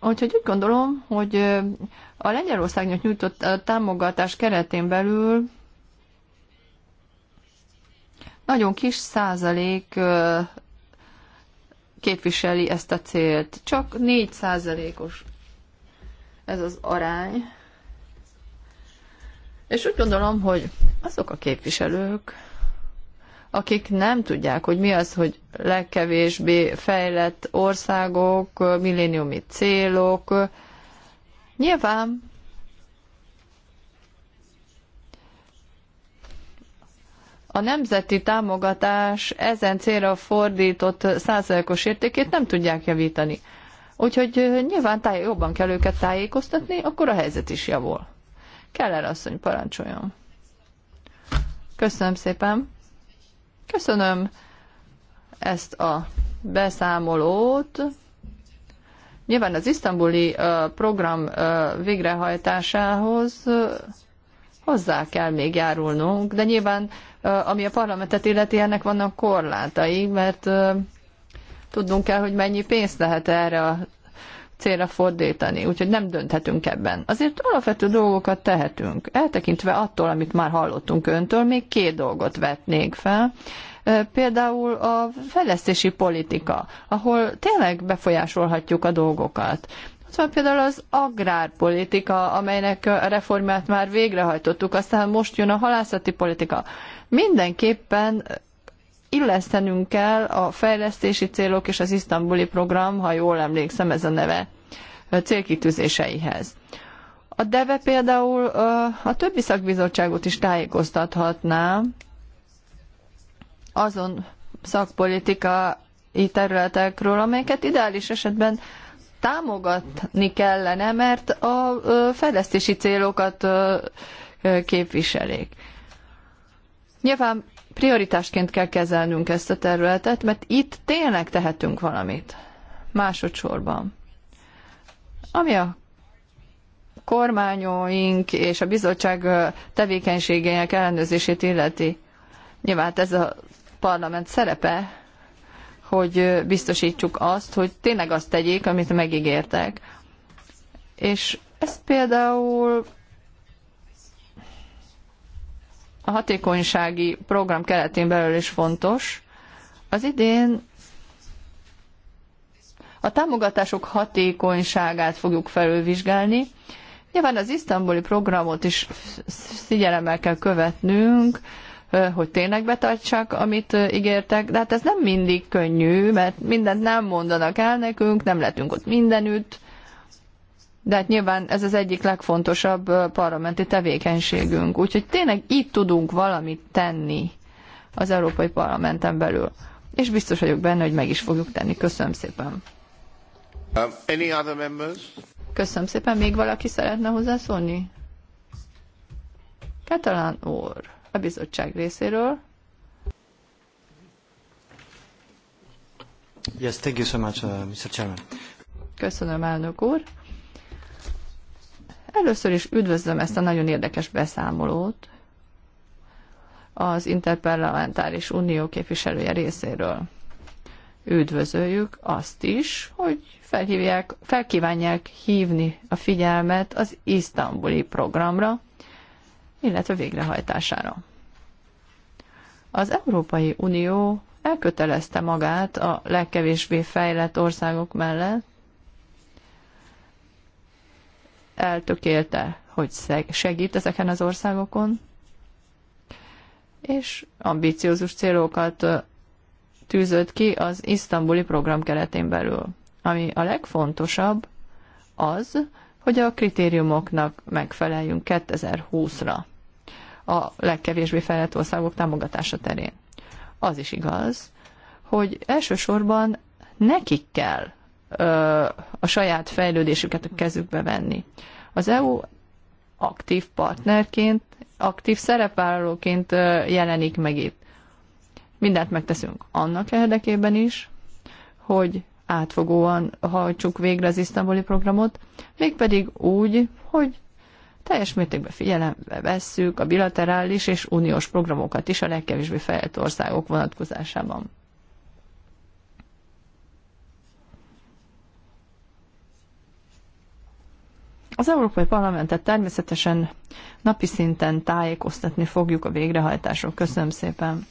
S4: Úgyhogy úgy gondolom, hogy a Lengyelországnak nyújtott támogatás keretén belül nagyon kis százalék képviseli ezt a célt. Csak 4 százalékos ez az arány. És úgy gondolom, hogy azok a képviselők, akik nem tudják, hogy mi az, hogy legkevésbé fejlett országok, milléniumi célok. Nyilván a nemzeti támogatás ezen célra fordított százalékos értékét nem tudják javítani. Úgyhogy nyilván táj, jobban kell őket tájékoztatni, akkor a helyzet is javul. Keller asszony, parancsoljon. Köszönöm szépen. Köszönöm ezt a beszámolót. Nyilván az isztambuli program végrehajtásához hozzá kell még járulnunk, de nyilván ami a parlamentet illeti, ennek vannak korlátai, mert tudnunk kell, hogy mennyi pénzt lehet erre a célra fordítani, úgyhogy nem dönthetünk ebben. Azért alapvető dolgokat tehetünk. Eltekintve attól, amit már hallottunk öntől, még két dolgot vetnék fel. Például a fejlesztési politika, ahol tényleg befolyásolhatjuk a dolgokat. Ott van például az agrárpolitika, amelynek a reformját már végrehajtottuk, aztán most jön a halászati politika. Mindenképpen illesztenünk kell a fejlesztési célok és az isztambuli program, ha jól emlékszem ez a neve, célkitűzéseihez. A DEVE például a többi szakbizottságot is tájékoztathatná azon szakpolitikai területekről, amelyeket ideális esetben támogatni kellene, mert a fejlesztési célokat képviselik. Nyilván Prioritásként kell kezelnünk ezt a területet, mert itt tényleg tehetünk valamit. Másodszorban. Ami a kormányoink és a bizottság tevékenységének ellenőrzését illeti. Nyilván hát ez a parlament szerepe, hogy biztosítsuk azt, hogy tényleg azt tegyék, amit megígértek. És ez például a hatékonysági program keretén belül is fontos. Az idén a támogatások hatékonyságát fogjuk felülvizsgálni. Nyilván az isztambuli programot is figyelemmel kell követnünk, hogy tényleg betartsák, amit ígértek, de hát ez nem mindig könnyű, mert mindent nem mondanak el nekünk, nem letünk ott mindenütt, de hát nyilván ez az egyik legfontosabb parlamenti tevékenységünk. Úgyhogy tényleg itt tudunk valamit tenni az Európai Parlamenten belül. És biztos vagyok benne, hogy meg is fogjuk tenni. Köszönöm szépen.
S2: Um, any other members?
S4: Köszönöm szépen. Még valaki szeretne hozzászólni? Katalán úr, a bizottság részéről. Yes, thank you so much, uh, Mr. Chairman. Köszönöm, elnök úr. Először is üdvözlöm ezt a nagyon érdekes beszámolót az Interparlamentáris Unió képviselője részéről. Üdvözöljük azt is, hogy felhívják, felkívánják hívni a figyelmet az isztambuli programra, illetve végrehajtására. Az Európai Unió elkötelezte magát a legkevésbé fejlett országok mellett, eltökélte, hogy segít ezeken az országokon, és ambiciózus célokat tűzött ki az isztambuli program keretén belül. Ami a legfontosabb az, hogy a kritériumoknak megfeleljünk 2020-ra a legkevésbé fejlett országok támogatása terén. Az is igaz, hogy elsősorban nekik kell a saját fejlődésüket a kezükbe venni. Az EU aktív partnerként, aktív szerepvállalóként jelenik meg itt. Mindent megteszünk annak érdekében is, hogy átfogóan hajtsuk végre az isztambuli programot, mégpedig úgy, hogy teljes mértékben figyelembe vesszük a bilaterális és uniós programokat is a legkevésbé fejlett országok vonatkozásában. Az Európai Parlamentet természetesen napi szinten tájékoztatni fogjuk a végrehajtásról. Köszönöm szépen.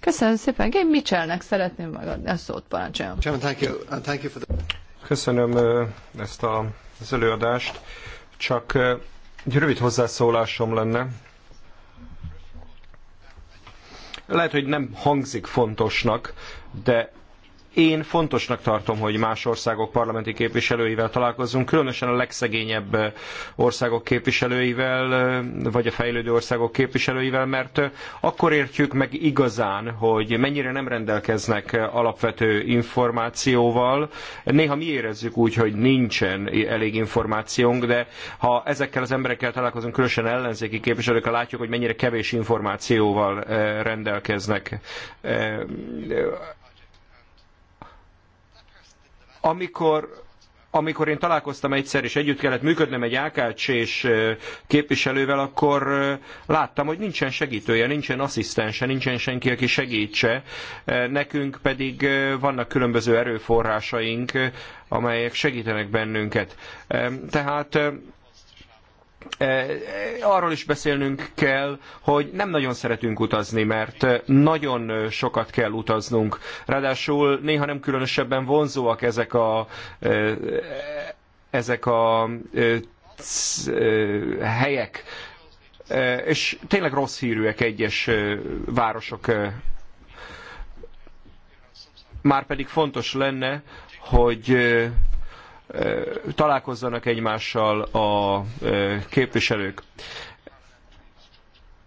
S4: Köszönöm szépen. Gabe Mitchellnek szeretném megadni a szót, parancsoljon. Uh,
S3: Köszönöm uh, ezt a, az előadást. Csak uh, egy rövid hozzászólásom lenne. Lehet, hogy nem hangzik fontosnak, de én fontosnak tartom, hogy más országok parlamenti képviselőivel találkozzunk, különösen a legszegényebb eh, országok képviselőivel, eh, vagy a fejlődő országok képviselőivel, mert eh, akkor értjük meg igazán, hogy mennyire nem rendelkeznek alapvető információval. Néha mi érezzük úgy, hogy nincsen elég információnk, de ha ezekkel az emberekkel találkozunk, különösen ellenzéki képviselőkkel, látjuk, hogy mennyire kevés információval rendelkeznek amikor amikor én találkoztam egyszer, és együtt kellett működnem egy akc és képviselővel, akkor láttam, hogy nincsen segítője, nincsen asszisztense, nincsen senki, aki segítse. Nekünk pedig vannak különböző erőforrásaink, amelyek segítenek bennünket. Tehát Eh, eh, arról is beszélnünk kell, hogy nem nagyon szeretünk utazni, mert eh, nagyon sokat kell utaznunk. Ráadásul néha nem különösebben vonzóak ezek a ezek a helyek, és tényleg rossz hírűek egyes városok. Márpedig fontos lenne, hogy találkozzanak egymással a képviselők.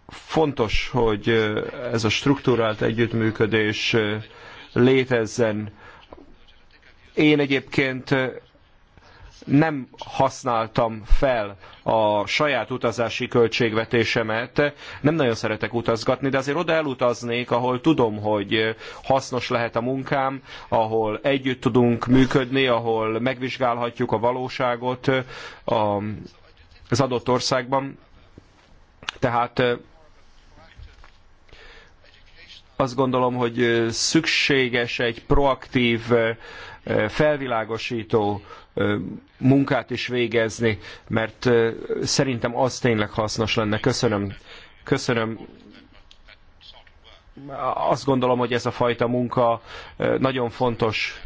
S3: Fontos, hogy ez a struktúrált együttműködés létezzen. Én egyébként nem használtam fel a saját utazási költségvetésemet, nem nagyon szeretek utazgatni, de azért oda elutaznék, ahol tudom, hogy hasznos lehet a munkám, ahol együtt tudunk működni, ahol megvizsgálhatjuk a valóságot az adott országban. Tehát azt gondolom, hogy szükséges egy proaktív, felvilágosító munkát is végezni, mert szerintem az tényleg hasznos lenne. Köszönöm. Köszönöm. Azt gondolom, hogy ez a fajta munka nagyon fontos.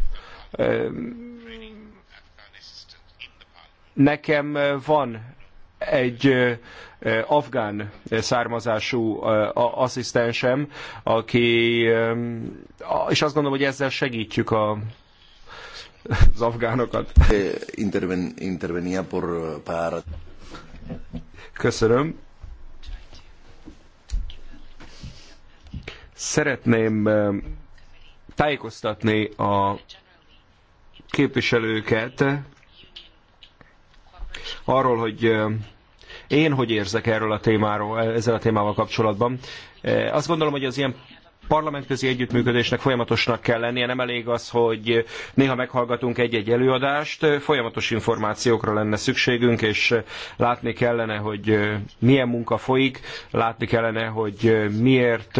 S3: Nekem van egy afgán származású asszisztensem, aki, és azt gondolom, hogy ezzel segítjük a, az afgánokat. Interven, intervenia por para. Köszönöm. Szeretném tájékoztatni a képviselőket arról, hogy én hogy érzek erről a témáról, ezzel a témával kapcsolatban. Azt gondolom, hogy az ilyen parlamentközi együttműködésnek folyamatosnak kell lennie, nem elég az, hogy néha meghallgatunk egy-egy előadást, folyamatos információkra lenne szükségünk, és látni kellene, hogy milyen munka folyik, látni kellene, hogy miért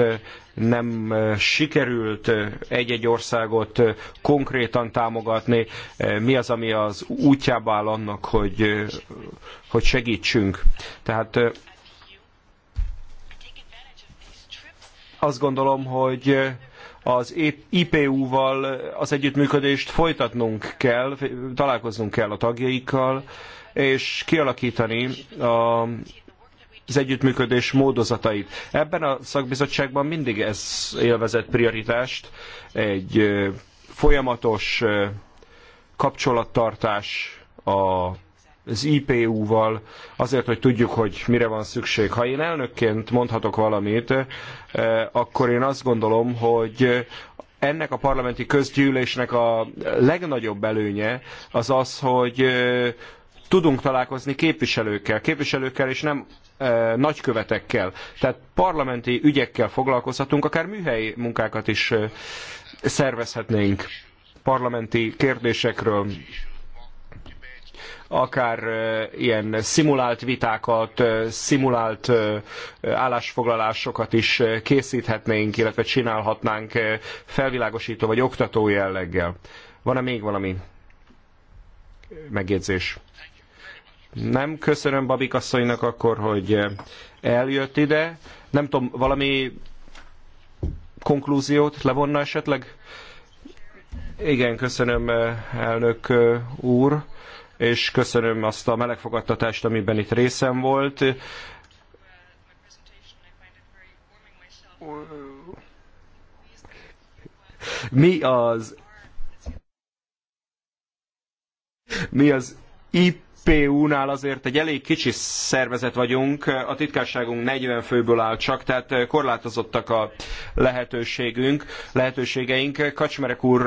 S3: nem sikerült egy-egy országot konkrétan támogatni, mi az, ami az útjába áll annak, hogy, hogy segítsünk. Tehát azt gondolom, hogy az IPU-val az együttműködést folytatnunk kell, találkoznunk kell a tagjaikkal, és kialakítani a az együttműködés módozatait. Ebben a szakbizottságban mindig ez élvezett prioritást, egy folyamatos kapcsolattartás a az IPU-val, azért, hogy tudjuk, hogy mire van szükség. Ha én elnökként mondhatok valamit, eh, akkor én azt gondolom, hogy ennek a parlamenti közgyűlésnek a legnagyobb előnye az az, hogy eh, tudunk találkozni képviselőkkel, képviselőkkel és nem e, nagykövetekkel. Tehát parlamenti ügyekkel foglalkozhatunk, akár műhelyi munkákat is e, szervezhetnénk parlamenti kérdésekről akár ilyen szimulált vitákat, szimulált állásfoglalásokat is készíthetnénk, illetve csinálhatnánk felvilágosító vagy oktató jelleggel. Van-e még valami megjegyzés? Nem köszönöm Babik asszonynak akkor, hogy eljött ide. Nem tudom, valami konklúziót levonna esetleg? Igen, köszönöm elnök úr és köszönöm azt a melegfogadtatást, amiben itt részem volt. Mi az mi az IPU-nál azért egy elég kicsi szervezet vagyunk, a titkárságunk 40 főből áll csak, tehát korlátozottak a lehetőségünk, lehetőségeink. Kacsmerek úr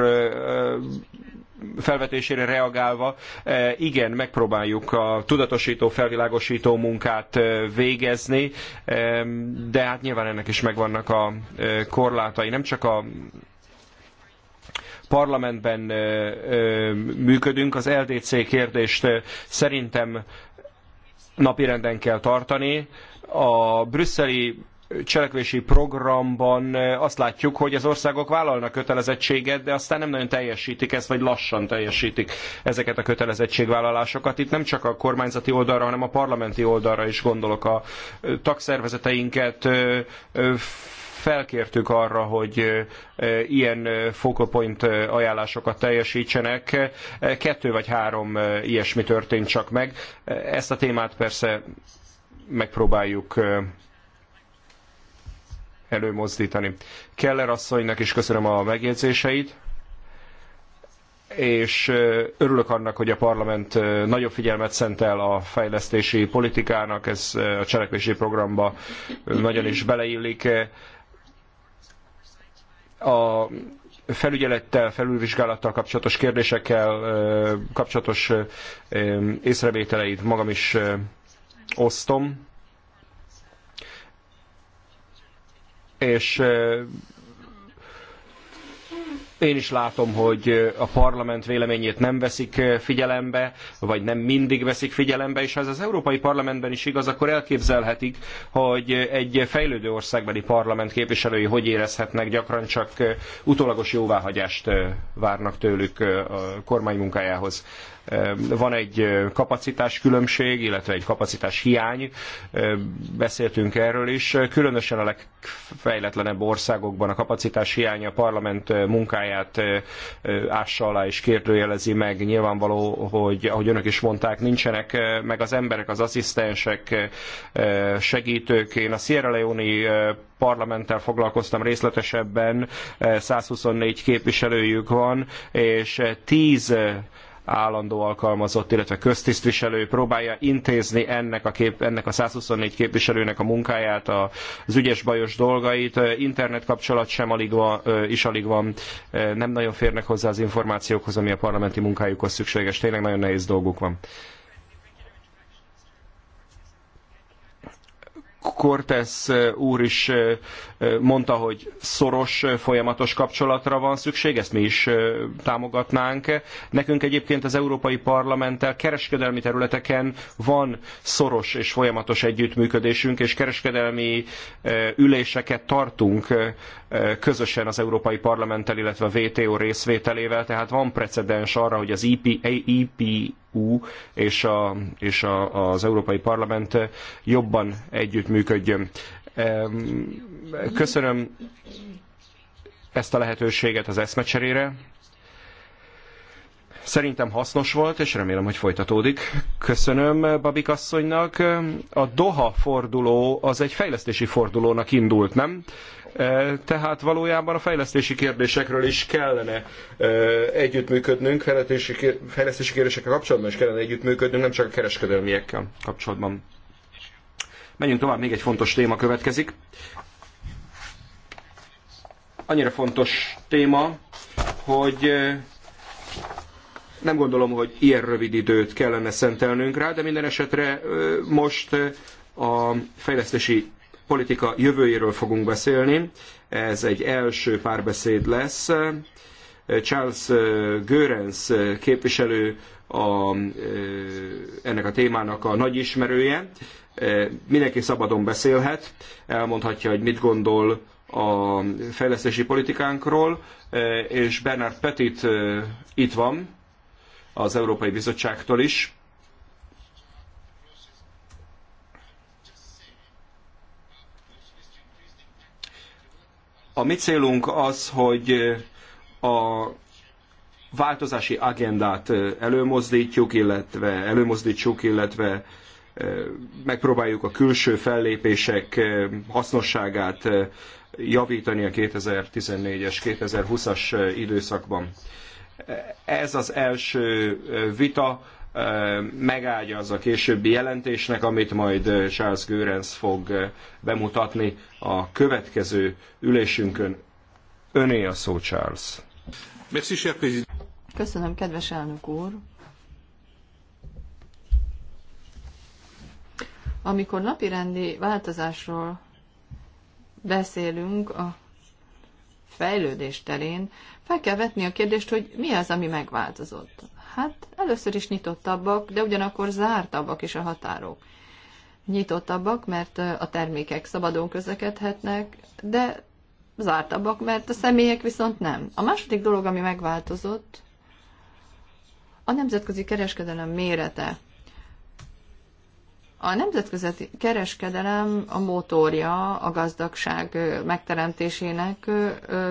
S3: felvetésére reagálva, e, igen, megpróbáljuk a tudatosító, felvilágosító munkát e, végezni, e, de hát nyilván ennek is megvannak a korlátai. Nem csak a parlamentben működünk, az LDC kérdést szerintem napirenden kell tartani. A brüsszeli cselekvési programban azt látjuk, hogy az országok vállalnak kötelezettséget, de aztán nem nagyon teljesítik ezt, vagy lassan teljesítik ezeket a kötelezettségvállalásokat. Itt nem csak a kormányzati oldalra, hanem a parlamenti oldalra is gondolok. A tagszervezeteinket felkértük arra, hogy ilyen focal point ajánlásokat teljesítsenek. Kettő vagy három ilyesmi történt csak meg. Ezt a témát persze megpróbáljuk előmozdítani. Keller asszonynak is köszönöm a megjegyzéseit, és örülök annak, hogy a parlament nagyobb figyelmet szentel a fejlesztési politikának, ez a cselekvési programba nagyon is beleillik. A felügyelettel, felülvizsgálattal kapcsolatos kérdésekkel kapcsolatos észrevételeit magam is osztom. és én is látom, hogy a parlament véleményét nem veszik figyelembe, vagy nem mindig veszik figyelembe, és ha ez az Európai Parlamentben is igaz, akkor elképzelhetik, hogy egy fejlődő országbeli parlament képviselői hogy érezhetnek, gyakran csak utólagos jóváhagyást várnak tőlük a kormány munkájához van egy kapacitás különbség, illetve egy kapacitás hiány, beszéltünk erről is, különösen a legfejletlenebb országokban a kapacitás hiánya a parlament munkája munkáját ássa alá és kérdőjelezi meg. Nyilvánvaló, hogy ahogy önök is mondták, nincsenek meg az emberek, az asszisztensek, segítők. Én a Sierra Leone parlamenttel foglalkoztam részletesebben, 124 képviselőjük van, és 10 állandó alkalmazott, illetve köztisztviselő próbálja intézni ennek a, kép, ennek a 124 képviselőnek a munkáját, az ügyes bajos dolgait. Internet kapcsolat sem alig van, is alig van, nem nagyon férnek hozzá az információkhoz, ami a parlamenti munkájukhoz szükséges. Tényleg nagyon nehéz dolguk van. Cortez úr is mondta, hogy szoros, folyamatos kapcsolatra van szükség, ezt mi is támogatnánk. Nekünk egyébként az Európai Parlamenttel kereskedelmi területeken van szoros és folyamatos együttműködésünk, és kereskedelmi üléseket tartunk közösen az Európai Parlamenttel, illetve a VTO részvételével, tehát van precedens arra, hogy az EP, EP és, a, és a, az Európai Parlament jobban együttműködjön. Köszönöm ezt a lehetőséget az eszmecserére. Szerintem hasznos volt, és remélem, hogy folytatódik. Köszönöm Babik asszonynak. A Doha forduló az egy fejlesztési fordulónak indult, nem? E, tehát valójában a fejlesztési kérdésekről is kellene e, együttműködnünk, fejlesztési kérdésekkel kapcsolatban is kellene együttműködnünk, nem csak a kereskedelmiekkel kapcsolatban. Menjünk tovább, még egy fontos téma következik. Annyira fontos téma, hogy nem gondolom, hogy ilyen rövid időt kellene szentelnünk rá, de minden esetre most a fejlesztési politika jövőjéről fogunk beszélni. Ez egy első párbeszéd lesz. Charles Görens képviselő a, ennek a témának a nagy ismerője, Eh, mindenki szabadon beszélhet, elmondhatja, hogy mit gondol a fejlesztési politikánkról, eh, és Bernard Petit eh, itt van, az Európai Bizottságtól is. A mi célunk az, hogy a változási agendát előmozdítjuk, illetve előmozdítsuk, illetve megpróbáljuk a külső fellépések hasznosságát javítani a 2014-es, 2020-as időszakban. Ez az első vita megágya az a későbbi jelentésnek, amit majd Charles Görens fog bemutatni a következő ülésünkön. Öné a szó, Charles.
S4: Köszönöm, kedves elnök úr. Amikor napirendi változásról beszélünk a fejlődés terén, fel kell vetni a kérdést, hogy mi az, ami megváltozott. Hát először is nyitottabbak, de ugyanakkor zártabbak is a határok. Nyitottabbak, mert a termékek szabadon közlekedhetnek, de zártabbak, mert a személyek viszont nem. A második dolog, ami megváltozott, a nemzetközi kereskedelem mérete. A nemzetközi kereskedelem a motorja a gazdagság megteremtésének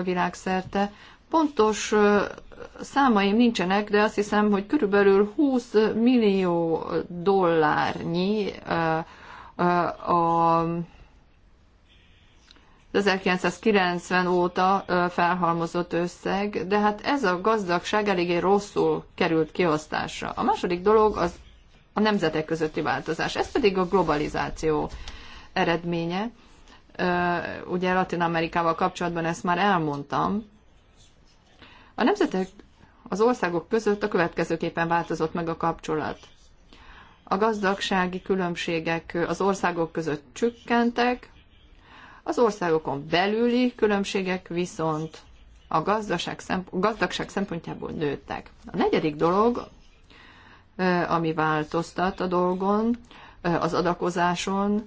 S4: világszerte. Pontos számaim nincsenek, de azt hiszem, hogy körülbelül 20 millió dollárnyi a 1990 óta felhalmozott összeg, de hát ez a gazdagság eléggé rosszul került kiosztásra. A második dolog az a nemzetek közötti változás. Ez pedig a globalizáció eredménye. Ugye Latin Amerikával kapcsolatban ezt már elmondtam. A nemzetek az országok között a következőképpen változott meg a kapcsolat. A gazdagsági különbségek az országok között csökkentek, az országokon belüli különbségek viszont a gazdaság, gazdagság szempontjából nőttek. A negyedik dolog ami változtat a dolgon, az adakozáson,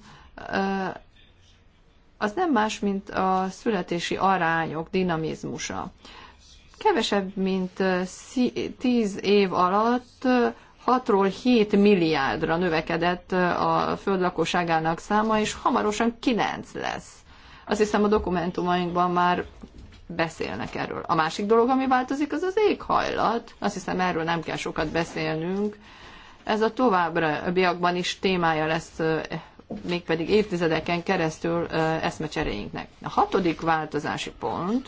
S4: az nem más, mint a születési arányok dinamizmusa. Kevesebb, mint 10 év alatt 6-ról 7 milliárdra növekedett a föld lakosságának száma, és hamarosan 9 lesz. Azt hiszem a dokumentumainkban már beszélnek erről. A másik dolog, ami változik, az az éghajlat. Azt hiszem, erről nem kell sokat beszélnünk. Ez a továbbiakban is témája lesz mégpedig évtizedeken keresztül eszmecseréinknek. A hatodik változási pont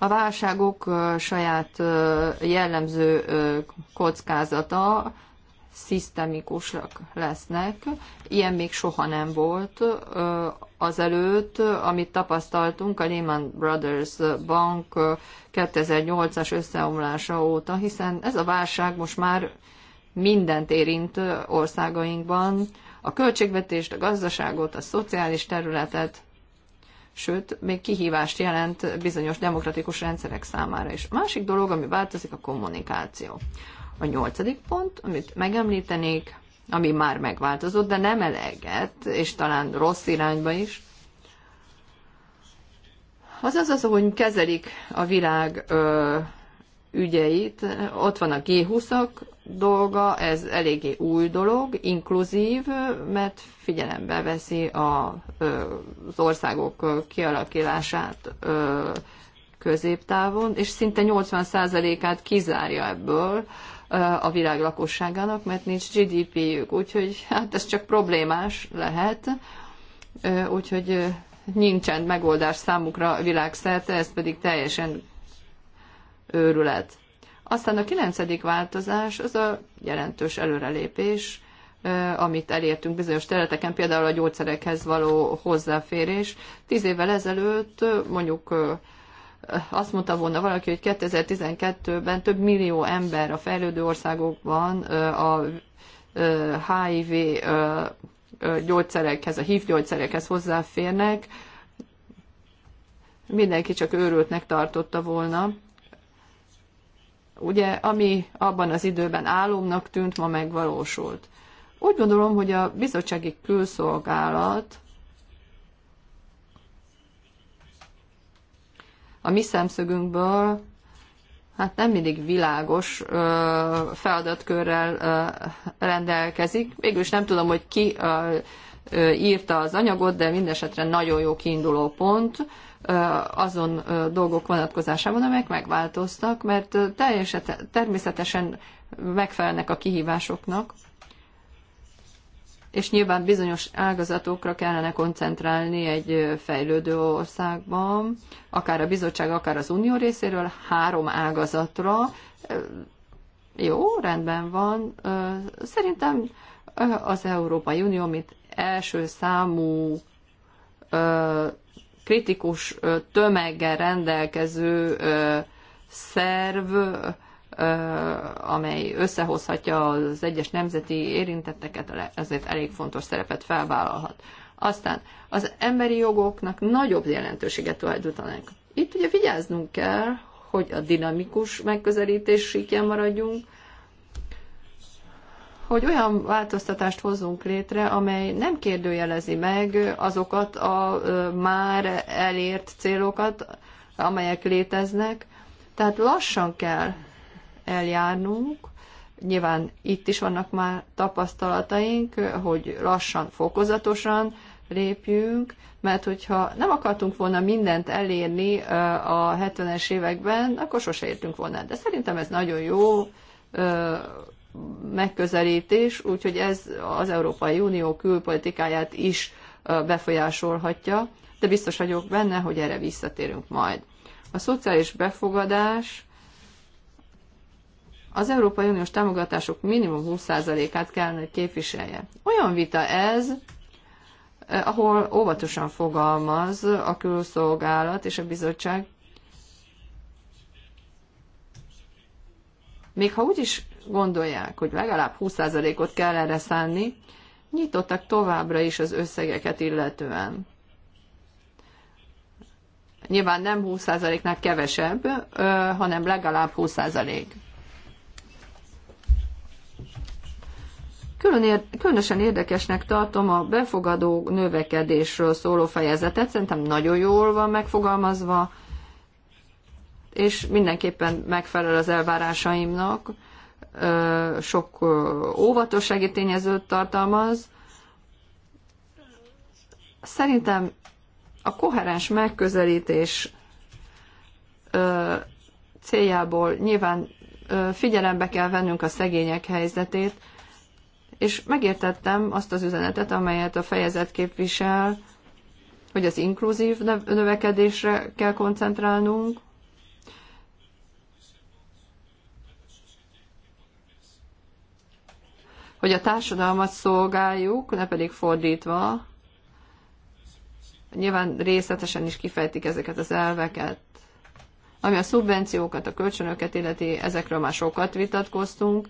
S4: a válságok saját jellemző kockázata, szisztemikusak lesznek. Ilyen még soha nem volt azelőtt, amit tapasztaltunk a Lehman Brothers bank 2008-as összeomlása óta, hiszen ez a válság most már mindent érint országainkban, a költségvetést, a gazdaságot, a szociális területet, sőt, még kihívást jelent bizonyos demokratikus rendszerek számára is. Másik dolog, ami változik, a kommunikáció. A nyolcadik pont, amit megemlítenék, ami már megváltozott, de nem eleget, és talán rossz irányba is, az az, az hogy kezelik a világ ö, ügyeit. Ott van a G20-ak dolga, ez eléggé új dolog, inkluzív, mert figyelembe veszi a, ö, az országok kialakulását középtávon, és szinte 80%-át kizárja ebből. Ö, a világ lakosságának, mert nincs GDP-jük, úgyhogy hát ez csak problémás lehet, úgyhogy nincsen megoldás számukra világszerte, ez pedig teljesen őrület. Aztán a kilencedik változás az a jelentős előrelépés, amit elértünk bizonyos területeken, például a gyógyszerekhez való hozzáférés. Tíz évvel ezelőtt mondjuk azt mondta volna valaki, hogy 2012-ben több millió ember a fejlődő országokban a HIV gyógyszerekhez, a HIV gyógyszerekhez hozzáférnek, mindenki csak őrültnek tartotta volna. Ugye, ami abban az időben álomnak tűnt, ma megvalósult. Úgy gondolom, hogy a bizottsági külszolgálat a mi szemszögünkből hát nem mindig világos ö, feladatkörrel ö, rendelkezik. Végülis nem tudom, hogy ki ö, ö, írta az anyagot, de mindesetre nagyon jó kiinduló pont ö, azon ö, dolgok vonatkozásában, amelyek megváltoztak, mert teljesen, természetesen megfelelnek a kihívásoknak és nyilván bizonyos ágazatokra kellene koncentrálni egy fejlődő országban, akár a bizottság, akár az unió részéről, három ágazatra. Jó, rendben van. Szerintem az Európai Unió, mint első számú kritikus tömeggel rendelkező szerv, amely összehozhatja az egyes nemzeti érintetteket, ezért elég fontos szerepet felvállalhat. Aztán az emberi jogoknak nagyobb jelentőséget tulajdonítanak. Itt ugye vigyáznunk kell, hogy a dinamikus megközelítés síkján maradjunk, hogy olyan változtatást hozzunk létre, amely nem kérdőjelezi meg azokat a már elért célokat, amelyek léteznek. Tehát lassan kell eljárnunk. Nyilván itt is vannak már tapasztalataink, hogy lassan, fokozatosan lépjünk, mert hogyha nem akartunk volna mindent elérni a 70-es években, akkor sose értünk volna. De szerintem ez nagyon jó megközelítés, úgyhogy ez az Európai Unió külpolitikáját is befolyásolhatja, de biztos vagyok benne, hogy erre visszatérünk majd. A szociális befogadás az Európai Uniós támogatások minimum 20%-át kellene, hogy képviselje. Olyan vita ez, eh, ahol óvatosan fogalmaz a külszolgálat és a bizottság, még ha úgy is gondolják, hogy legalább 20%-ot kell erre szánni, nyitottak továbbra is az összegeket illetően. Nyilván nem 20%-nál kevesebb, eh, hanem legalább 20%. Külön ér, különösen érdekesnek tartom a befogadó növekedésről szóló fejezetet, szerintem nagyon jól van megfogalmazva, és mindenképpen megfelel az elvárásaimnak, sok óvatossági tényezőt tartalmaz. Szerintem a koherens megközelítés céljából nyilván figyelembe kell vennünk a szegények helyzetét, és megértettem azt az üzenetet, amelyet a fejezet képvisel, hogy az inkluzív növekedésre kell koncentrálnunk, hogy a társadalmat szolgáljuk, ne pedig fordítva. Nyilván részletesen is kifejtik ezeket az elveket. Ami a szubvenciókat, a kölcsönöket illeti, ezekről már sokat vitatkoztunk,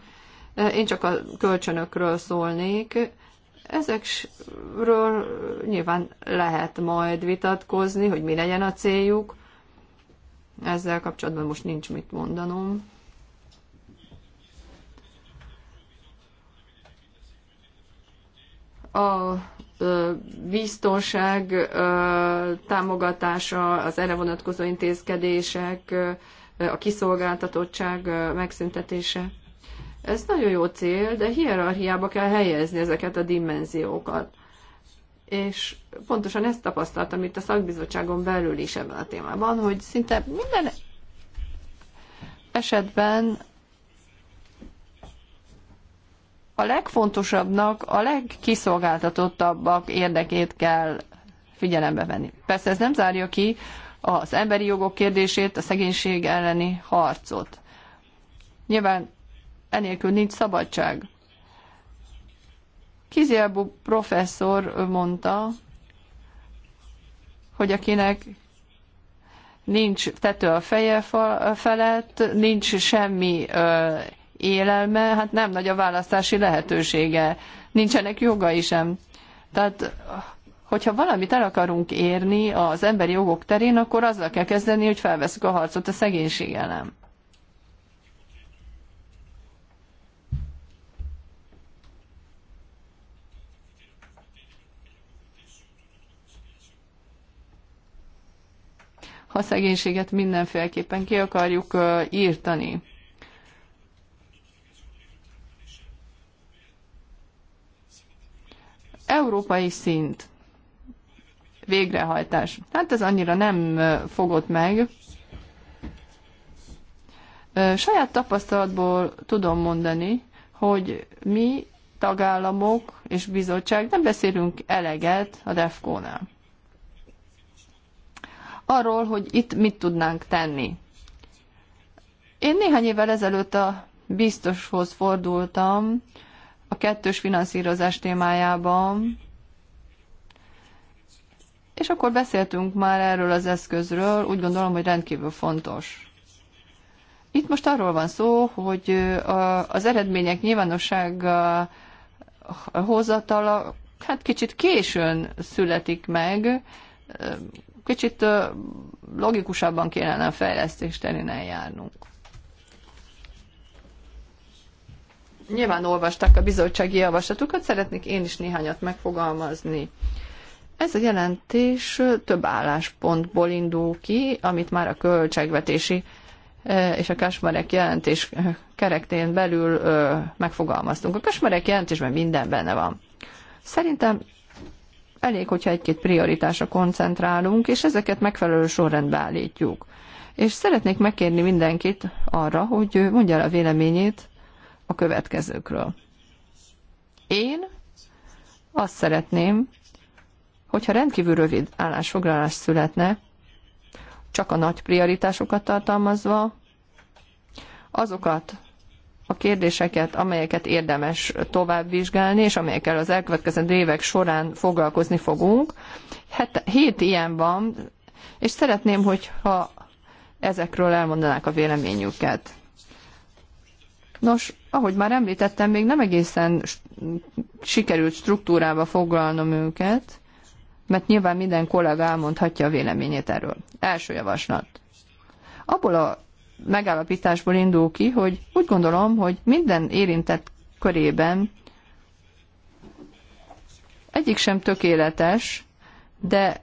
S4: én csak a kölcsönökről szólnék. Ezekről nyilván lehet majd vitatkozni, hogy mi legyen a céljuk. Ezzel kapcsolatban most nincs mit mondanom. A biztonság támogatása, az erre vonatkozó intézkedések, a kiszolgáltatottság megszüntetése. Ez nagyon jó cél, de hierarchiába kell helyezni ezeket a dimenziókat. És pontosan ezt tapasztaltam itt a szakbizottságon belül is ebben a témában, hogy szinte minden esetben a legfontosabbnak a legkiszolgáltatottabbak érdekét kell figyelembe venni. Persze ez nem zárja ki az emberi jogok kérdését, a szegénység elleni harcot. Nyilván enélkül nincs szabadság. Kizielbu professzor mondta, hogy akinek nincs tető a feje felett, nincs semmi ö, élelme, hát nem nagy a választási lehetősége, nincsenek jogai sem. Tehát, hogyha valamit el akarunk érni az emberi jogok terén, akkor azzal kell kezdeni, hogy felveszük a harcot a szegénység ellen. ha szegénységet mindenféleképpen ki akarjuk írtani. Európai szint végrehajtás. Hát ez annyira nem fogott meg. Saját tapasztalatból tudom mondani, hogy mi tagállamok és bizottság nem beszélünk eleget a DEFCO-nál arról, hogy itt mit tudnánk tenni. Én néhány évvel ezelőtt a biztoshoz fordultam a kettős finanszírozás témájában, és akkor beszéltünk már erről az eszközről, úgy gondolom, hogy rendkívül fontos. Itt most arról van szó, hogy az eredmények nyilvánossága hozatala hát kicsit későn születik meg, kicsit logikusabban kellene a fejlesztés terén eljárnunk. Nyilván olvasták a bizottsági javaslatukat, szeretnék én is néhányat megfogalmazni. Ez a jelentés több álláspontból indul ki, amit már a költségvetési és a kasmerek jelentés kerektén belül megfogalmaztunk. A kasmerek jelentésben minden benne van. Szerintem Elég, hogyha egy-két prioritásra koncentrálunk, és ezeket megfelelő sorrendbe állítjuk. És szeretnék megkérni mindenkit arra, hogy mondja el a véleményét a következőkről. Én azt szeretném, hogyha rendkívül rövid állásfoglalás születne, csak a nagy prioritásokat tartalmazva, azokat a kérdéseket, amelyeket érdemes tovább vizsgálni és amelyekkel az elkövetkezendő évek során foglalkozni fogunk. Het, hét ilyen van, és szeretném, hogyha ezekről elmondanák a véleményüket. Nos, ahogy már említettem, még nem egészen sikerült struktúrába foglalnom őket, mert nyilván minden kollega elmondhatja a véleményét erről. Első javaslat. Abból a megállapításból indul ki, hogy úgy gondolom, hogy minden érintett körében egyik sem tökéletes, de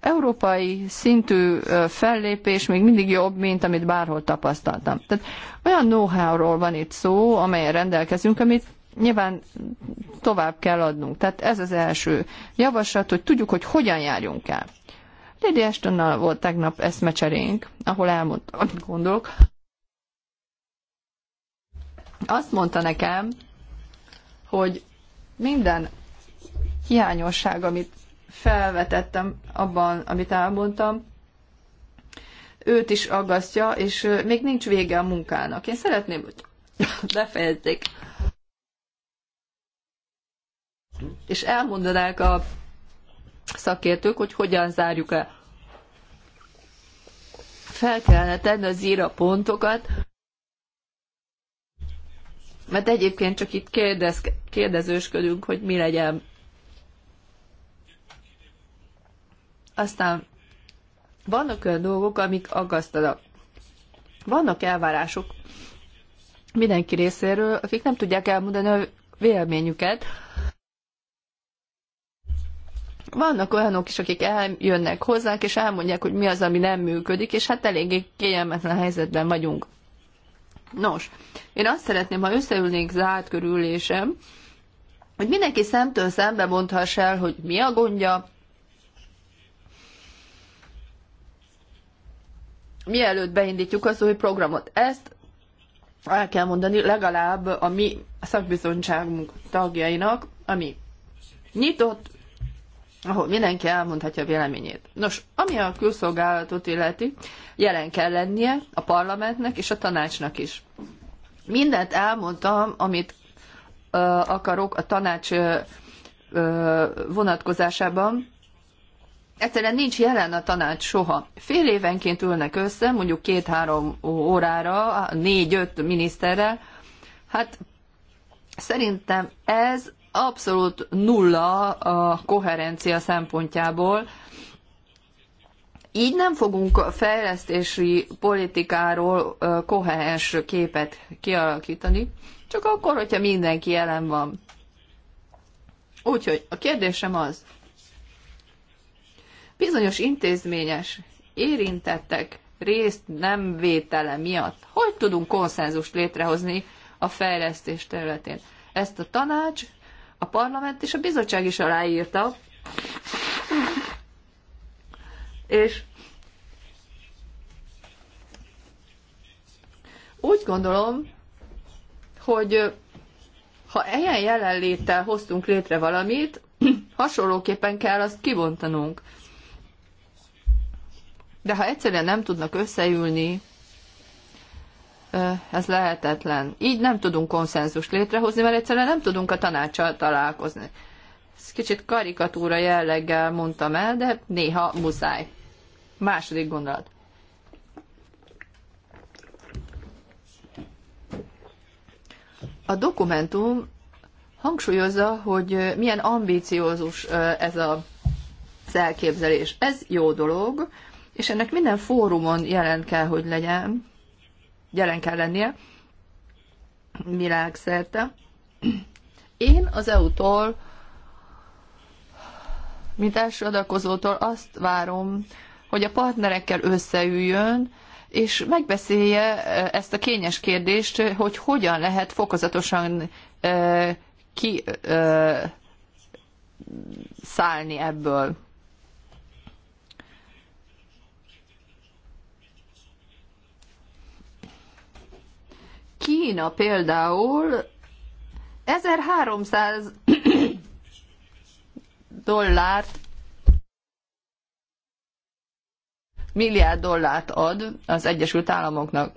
S4: európai szintű fellépés még mindig jobb, mint amit bárhol tapasztaltam. Tehát olyan know-how-ról van itt szó, amelyen rendelkezünk, amit nyilván tovább kell adnunk. Tehát ez az első javaslat, hogy tudjuk, hogy hogyan járjunk el. Lady Ashtonnal volt tegnap eszmecserénk, ahol elmondta, amit gondolok. Azt mondta nekem, hogy minden hiányosság, amit felvetettem abban, amit elmondtam, őt is aggasztja, és még nincs vége a munkának. Én szeretném, hogy befejezzék. És elmondanák a szakértők, hogy hogyan zárjuk el. Fel kellene tenni az íra pontokat, mert egyébként csak itt kérdez, kérdezősködünk, hogy mi legyen. Aztán vannak olyan dolgok, amik aggasztanak. Vannak elvárások mindenki részéről, akik nem tudják elmondani a véleményüket, vannak olyanok is, akik eljönnek hozzánk, és elmondják, hogy mi az, ami nem működik, és hát eléggé kényelmetlen helyzetben vagyunk. Nos, én azt szeretném, ha összeülnénk zárt körülésem, hogy mindenki szemtől szembe mondhass el, hogy mi a gondja, mielőtt beindítjuk az új programot. Ezt el kell mondani legalább a mi szakbizottságunk tagjainak, ami nyitott, ahol mindenki elmondhatja a véleményét. Nos, ami a külszolgálatot illeti, jelen kell lennie a parlamentnek és a tanácsnak is. Mindent elmondtam, amit ö, akarok a tanács ö, vonatkozásában. Egyszerűen nincs jelen a tanács soha. Fél évenként ülnek össze, mondjuk két-három órára, négy-öt miniszterrel. Hát szerintem ez abszolút nulla a koherencia szempontjából. Így nem fogunk fejlesztési politikáról koherens képet kialakítani, csak akkor, hogyha mindenki jelen van. Úgyhogy a kérdésem az, bizonyos intézményes érintettek részt nem vétele miatt, hogy tudunk konszenzust létrehozni a fejlesztés területén? Ezt a tanács a parlament és a bizottság is aláírta. És úgy gondolom, hogy ha ilyen jelenléttel hoztunk létre valamit, hasonlóképpen kell azt kivontanunk. De ha egyszerűen nem tudnak összeülni, ez lehetetlen. Így nem tudunk konszenzust létrehozni, mert egyszerűen nem tudunk a tanácssal találkozni. Ezt kicsit karikatúra jelleggel mondtam el, de néha muszáj. Második gondolat. A dokumentum hangsúlyozza, hogy milyen ambíciózus ez a elképzelés. Ez jó dolog, és ennek minden fórumon jelent kell, hogy legyen jelen kell lennie világszerte. Én az EU-tól, mint első adakozótól azt várom, hogy a partnerekkel összeüljön, és megbeszélje eh, ezt a kényes kérdést, hogy hogyan lehet fokozatosan eh, ki eh, szállni ebből. Kína például 1300 dollárt, milliárd dollárt ad az Egyesült Államoknak.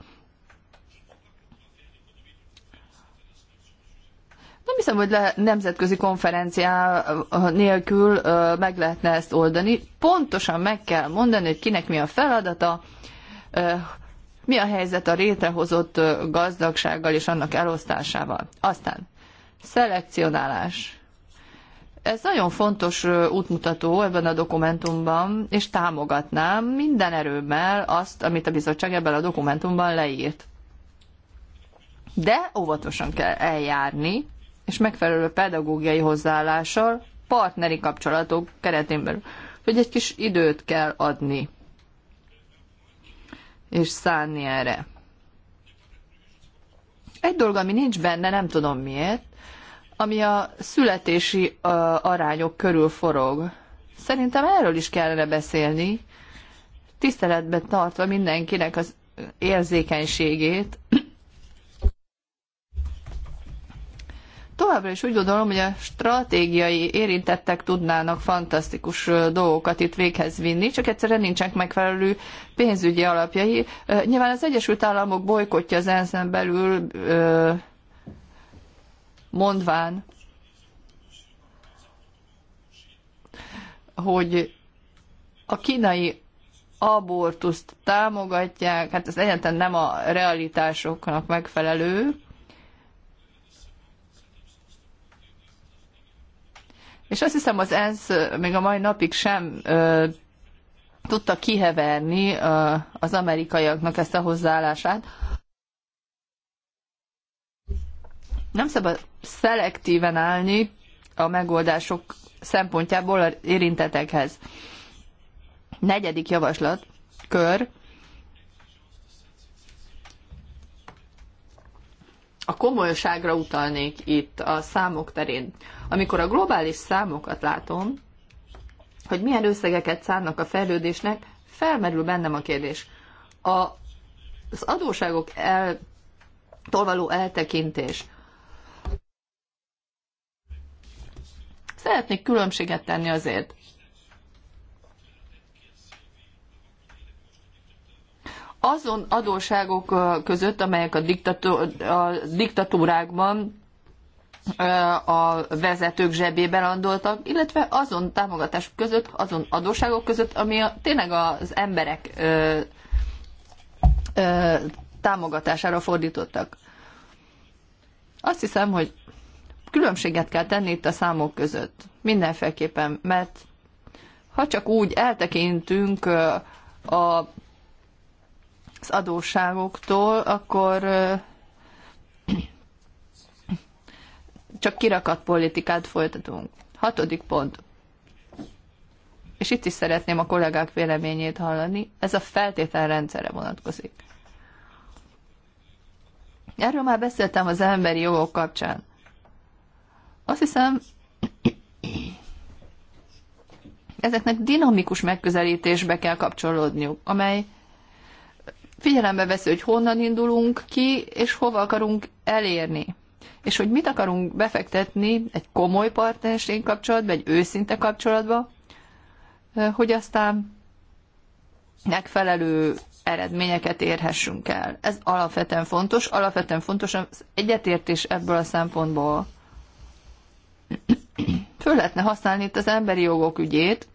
S4: Nem hiszem, hogy le, nemzetközi konferenciá nélkül ö, meg lehetne ezt oldani. Pontosan meg kell mondani, hogy kinek mi a feladata, ö, mi a helyzet a létrehozott gazdagsággal és annak elosztásával. Aztán szelekcionálás. Ez nagyon fontos útmutató ebben a dokumentumban, és támogatnám minden erőmmel azt, amit a bizottság ebben a dokumentumban leírt. De óvatosan kell eljárni, és megfelelő pedagógiai hozzáállással, partneri kapcsolatok keretén belül, hogy egy kis időt kell adni és szánni erre. Egy dolog, ami nincs benne, nem tudom miért, ami a születési arányok körül forog. Szerintem erről is kellene beszélni, tiszteletben tartva mindenkinek az érzékenységét, Továbbra is úgy gondolom, hogy a stratégiai érintettek tudnának fantasztikus dolgokat itt véghez vinni, csak egyszerűen nincsenek megfelelő pénzügyi alapjai. Nyilván az Egyesült Államok bolykotja az ensz belül, mondván, hogy a kínai abortuszt támogatják, hát ez egyáltalán nem a realitásoknak megfelelő, És azt hiszem az ENSZ még a mai napig sem ö, tudta kiheverni ö, az amerikaiaknak ezt a hozzáállását. Nem szabad szelektíven állni a megoldások szempontjából az érintetekhez. Negyedik javaslat, kör, a komolyságra utalnék itt a számok terén. Amikor a globális számokat látom, hogy milyen összegeket szánnak a fejlődésnek, felmerül bennem a kérdés. A, az adóságok el, való eltekintés. Szeretnék különbséget tenni azért azon adóságok között, amelyek a, diktató, a diktatúrákban a vezetők zsebébe landoltak, illetve azon támogatások között, azon adóságok között, ami a, tényleg az emberek ö, ö, támogatására fordítottak. Azt hiszem, hogy különbséget kell tenni itt a számok között. Mindenféleképpen, mert ha csak úgy eltekintünk a az adóságoktól, akkor csak kirakat politikát folytatunk. Hatodik pont. És itt is szeretném a kollégák véleményét hallani. Ez a feltételrendszerre vonatkozik. Erről már beszéltem az emberi jogok kapcsán. Azt hiszem, ezeknek dinamikus megközelítésbe kell kapcsolódniuk, amely figyelembe veszi, hogy honnan indulunk ki, és hova akarunk elérni. És hogy mit akarunk befektetni egy komoly partnerség kapcsolatba, egy őszinte kapcsolatba, eh, hogy aztán megfelelő eredményeket érhessünk el. Ez alapvetően fontos, alapvetően fontos az egyetértés ebből a szempontból. Föl lehetne használni itt az emberi jogok ügyét,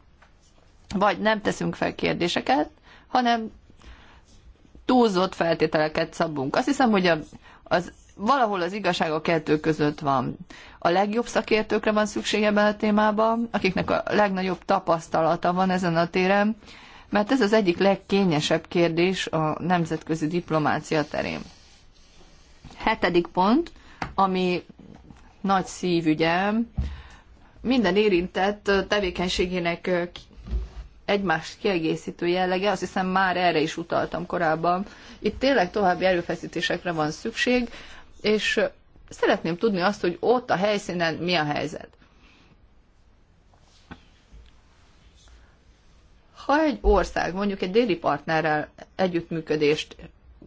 S4: vagy nem teszünk fel kérdéseket, hanem túlzott feltételeket szabunk. Azt hiszem, hogy a, az, valahol az igazság a kettő között van. A legjobb szakértőkre van szüksége ebben a témában, akiknek a legnagyobb tapasztalata van ezen a téren, mert ez az egyik legkényesebb kérdés a nemzetközi diplomácia terén. Hetedik pont, ami nagy szívügyem, minden érintett tevékenységének egymást kiegészítő jellege, azt hiszem már erre is utaltam korábban. Itt tényleg további erőfeszítésekre van szükség, és szeretném tudni azt, hogy ott a helyszínen mi a helyzet. Ha egy ország mondjuk egy déli partnerrel együttműködést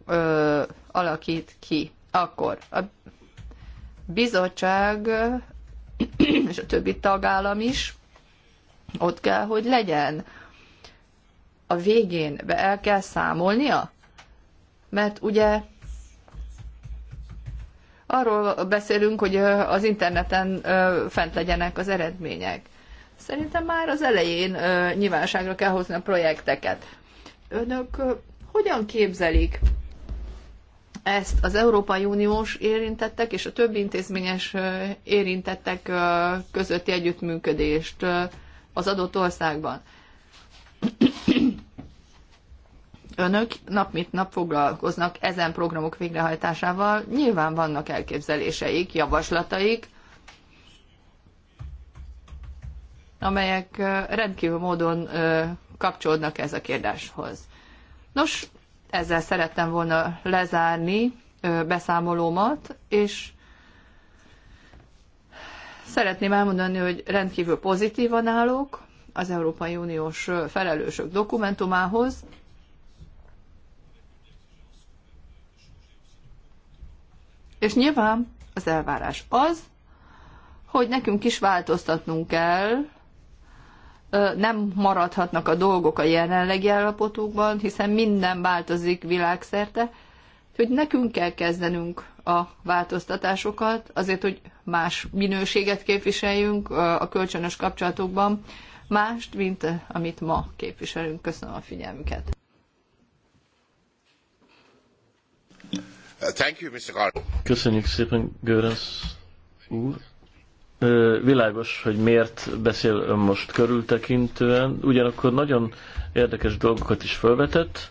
S4: ö, alakít ki, akkor a bizottság és a többi tagállam is ott kell, hogy legyen a végén be el kell számolnia? Mert ugye arról beszélünk, hogy az interneten fent legyenek az eredmények. Szerintem már az elején nyilvánosságra kell hozni a projekteket. Önök hogyan képzelik ezt az Európai Uniós érintettek és a több intézményes érintettek közötti együttműködést az adott országban? önök nap mint nap foglalkoznak ezen programok végrehajtásával, nyilván vannak elképzeléseik, javaslataik, amelyek rendkívül módon kapcsolódnak ez a kérdéshoz. Nos, ezzel szerettem volna lezárni beszámolómat, és szeretném elmondani, hogy rendkívül pozitívan állok az Európai Uniós felelősök dokumentumához, És nyilván az elvárás az, hogy nekünk is változtatnunk kell, nem maradhatnak a dolgok a jelenlegi állapotukban, hiszen minden változik világszerte, hogy nekünk kell kezdenünk a változtatásokat, azért, hogy más minőséget képviseljünk a kölcsönös kapcsolatokban, mást, mint amit ma képviselünk. Köszönöm a figyelmüket!
S1: Köszönjük szépen, Görens úr. világos, hogy miért beszél ön most körültekintően, ugyanakkor nagyon érdekes dolgokat is felvetett,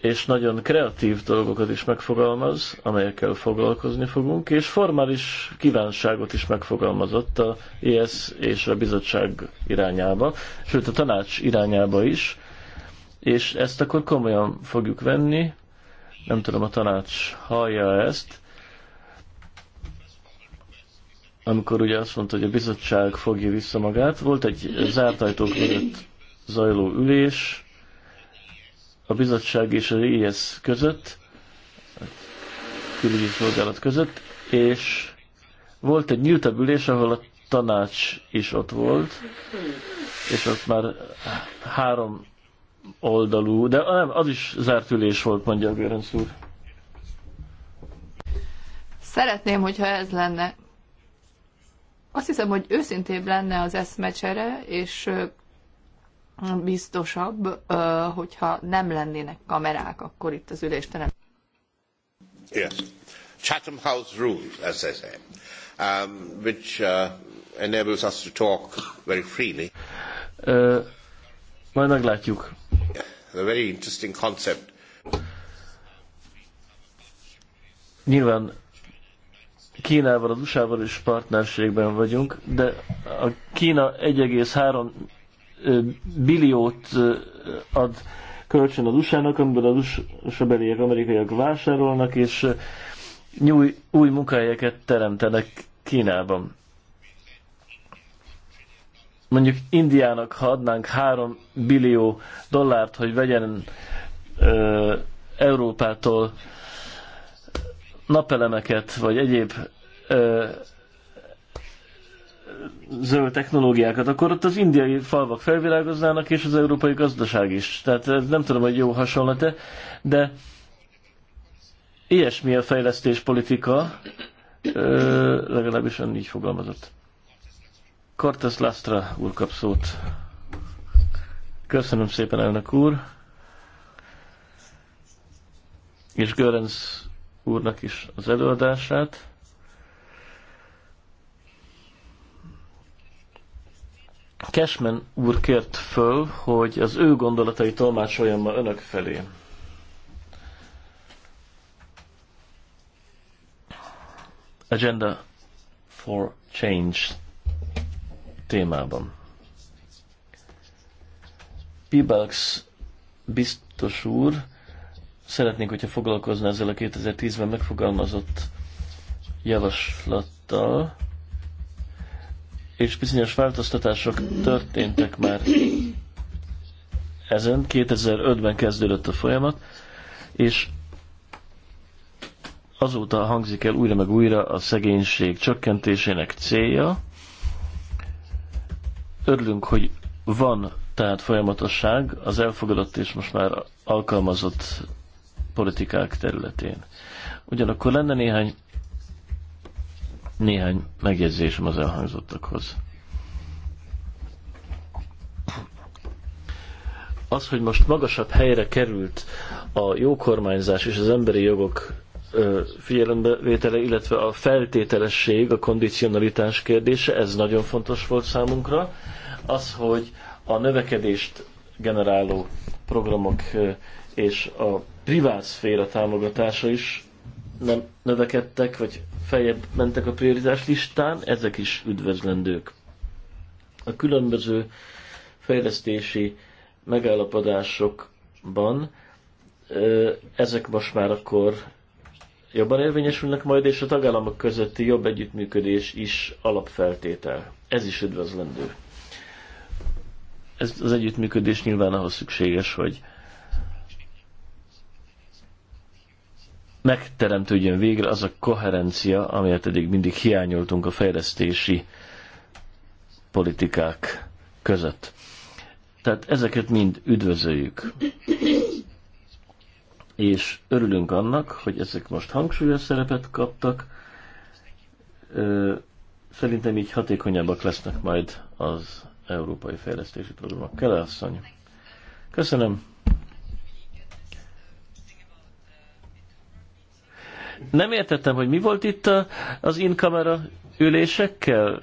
S1: és nagyon kreatív dolgokat is megfogalmaz, amelyekkel foglalkozni fogunk, és formális kívánságot is megfogalmazott a ES és a bizottság irányába, sőt a tanács irányába is, és ezt akkor komolyan fogjuk venni, nem tudom a tanács hallja ezt, amikor ugye azt mondta, hogy a bizottság fogja vissza magát, volt egy zárt ajtók között zajló ülés, a bizottság és az IS e között, a külügyi szolgálat között, és volt egy nyíltabb ülés, ahol a tanács is ott volt, és ott már három oldalú, de nem, az is zárt ülés volt, mondja Görenc úr.
S4: Szeretném, hogyha ez lenne. Azt hiszem, hogy őszintébb lenne az eszmecsere, és biztosabb, hogyha nem lennének kamerák akkor itt az ülésterem.
S2: Yes. Chatham House rules, as they say, um, which uh, enables us to talk very freely.
S1: Uh, majd meglátjuk
S2: a very interesting concept.
S1: Nyilván Kínával, az USA-val is partnerségben vagyunk, de a Kína 1,3 billiót ad kölcsön az USA-nak, amiből az USA beliek amerikaiak vásárolnak, és új, új munkahelyeket teremtenek Kínában mondjuk Indiának, ha adnánk 3 billió dollárt, hogy vegyen ö, Európától napelemeket, vagy egyéb ö, zöld technológiákat, akkor ott az indiai falvak felvirágoznának, és az európai gazdaság is. Tehát nem tudom, hogy jó hasonlat-e, de ilyesmi a fejlesztéspolitika, legalábbis ön így fogalmazott. Cortes Lastra úr kap szót. Köszönöm szépen, elnök úr. És Görenc úrnak is az előadását. Kesmen úr kért föl, hogy az ő gondolatai tolmácsoljam ma önök felé. Agenda for Change témában. Pibalks biztos úr, szeretnénk, hogyha foglalkozna ezzel a 2010-ben megfogalmazott javaslattal, és bizonyos változtatások történtek már ezen, 2005-ben kezdődött a folyamat, és azóta hangzik el újra meg újra a szegénység csökkentésének célja, Örülünk, hogy van tehát folyamatosság az elfogadott és most már alkalmazott politikák területén. Ugyanakkor lenne néhány néhány megjegyzésem az elhangzottakhoz. Az, hogy most magasabb helyre került a jó kormányzás és az emberi jogok figyelembevétele, illetve a feltételesség, a kondicionalitás kérdése, ez nagyon fontos volt számunkra az, hogy a növekedést generáló programok és a privát szféra támogatása is nem növekedtek, vagy feljebb mentek a prioritás listán, ezek is üdvözlendők. A különböző fejlesztési megállapodásokban ezek most már akkor jobban érvényesülnek majd, és a tagállamok közötti jobb együttműködés is alapfeltétel. Ez is üdvözlendő ez az együttműködés nyilván ahhoz szükséges, hogy megteremtődjön végre az a koherencia, amelyet eddig mindig hiányoltunk a fejlesztési politikák között. Tehát ezeket mind üdvözöljük. És örülünk annak, hogy ezek most hangsúlyos szerepet kaptak. Szerintem így hatékonyabbak lesznek majd az európai fejlesztési programok. Kele asszony. Köszönöm. Nem értettem, hogy mi volt itt a az in-kamera ülésekkel.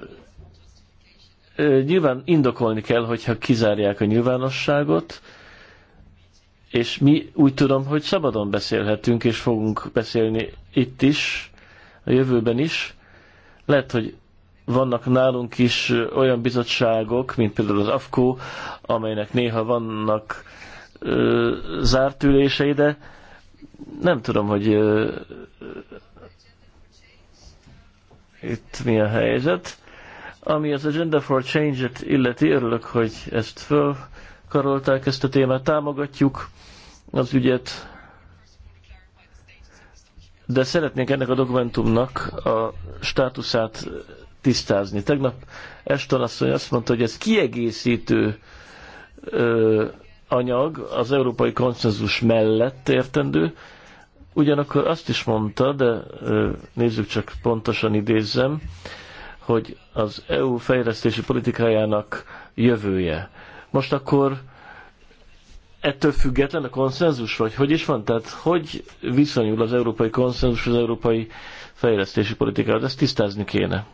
S1: Nyilván indokolni kell, hogyha kizárják a nyilvánosságot, és mi úgy tudom, hogy szabadon beszélhetünk, és fogunk beszélni itt is, a jövőben is. Lehet, hogy vannak nálunk is olyan bizottságok, mint például az AFKO, amelynek néha vannak ö, zárt ülései, de nem tudom, hogy ö, ö, itt mi a helyzet. Ami az Agenda for Change-et illeti, örülök, hogy ezt fölkarolták, ezt a témát támogatjuk, az ügyet, de szeretnék ennek a dokumentumnak a státuszát tisztázni. Tegnap Eston asszony azt mondta, hogy ez kiegészítő ö, anyag az európai konszenzus mellett értendő, ugyanakkor azt is mondta, de ö, nézzük csak pontosan idézzem, hogy az EU fejlesztési politikájának jövője. Most akkor ettől független a konszenzus, vagy hogy is van? Tehát hogy viszonyul az európai konszenzus az európai fejlesztési politikához? Ezt tisztázni kéne.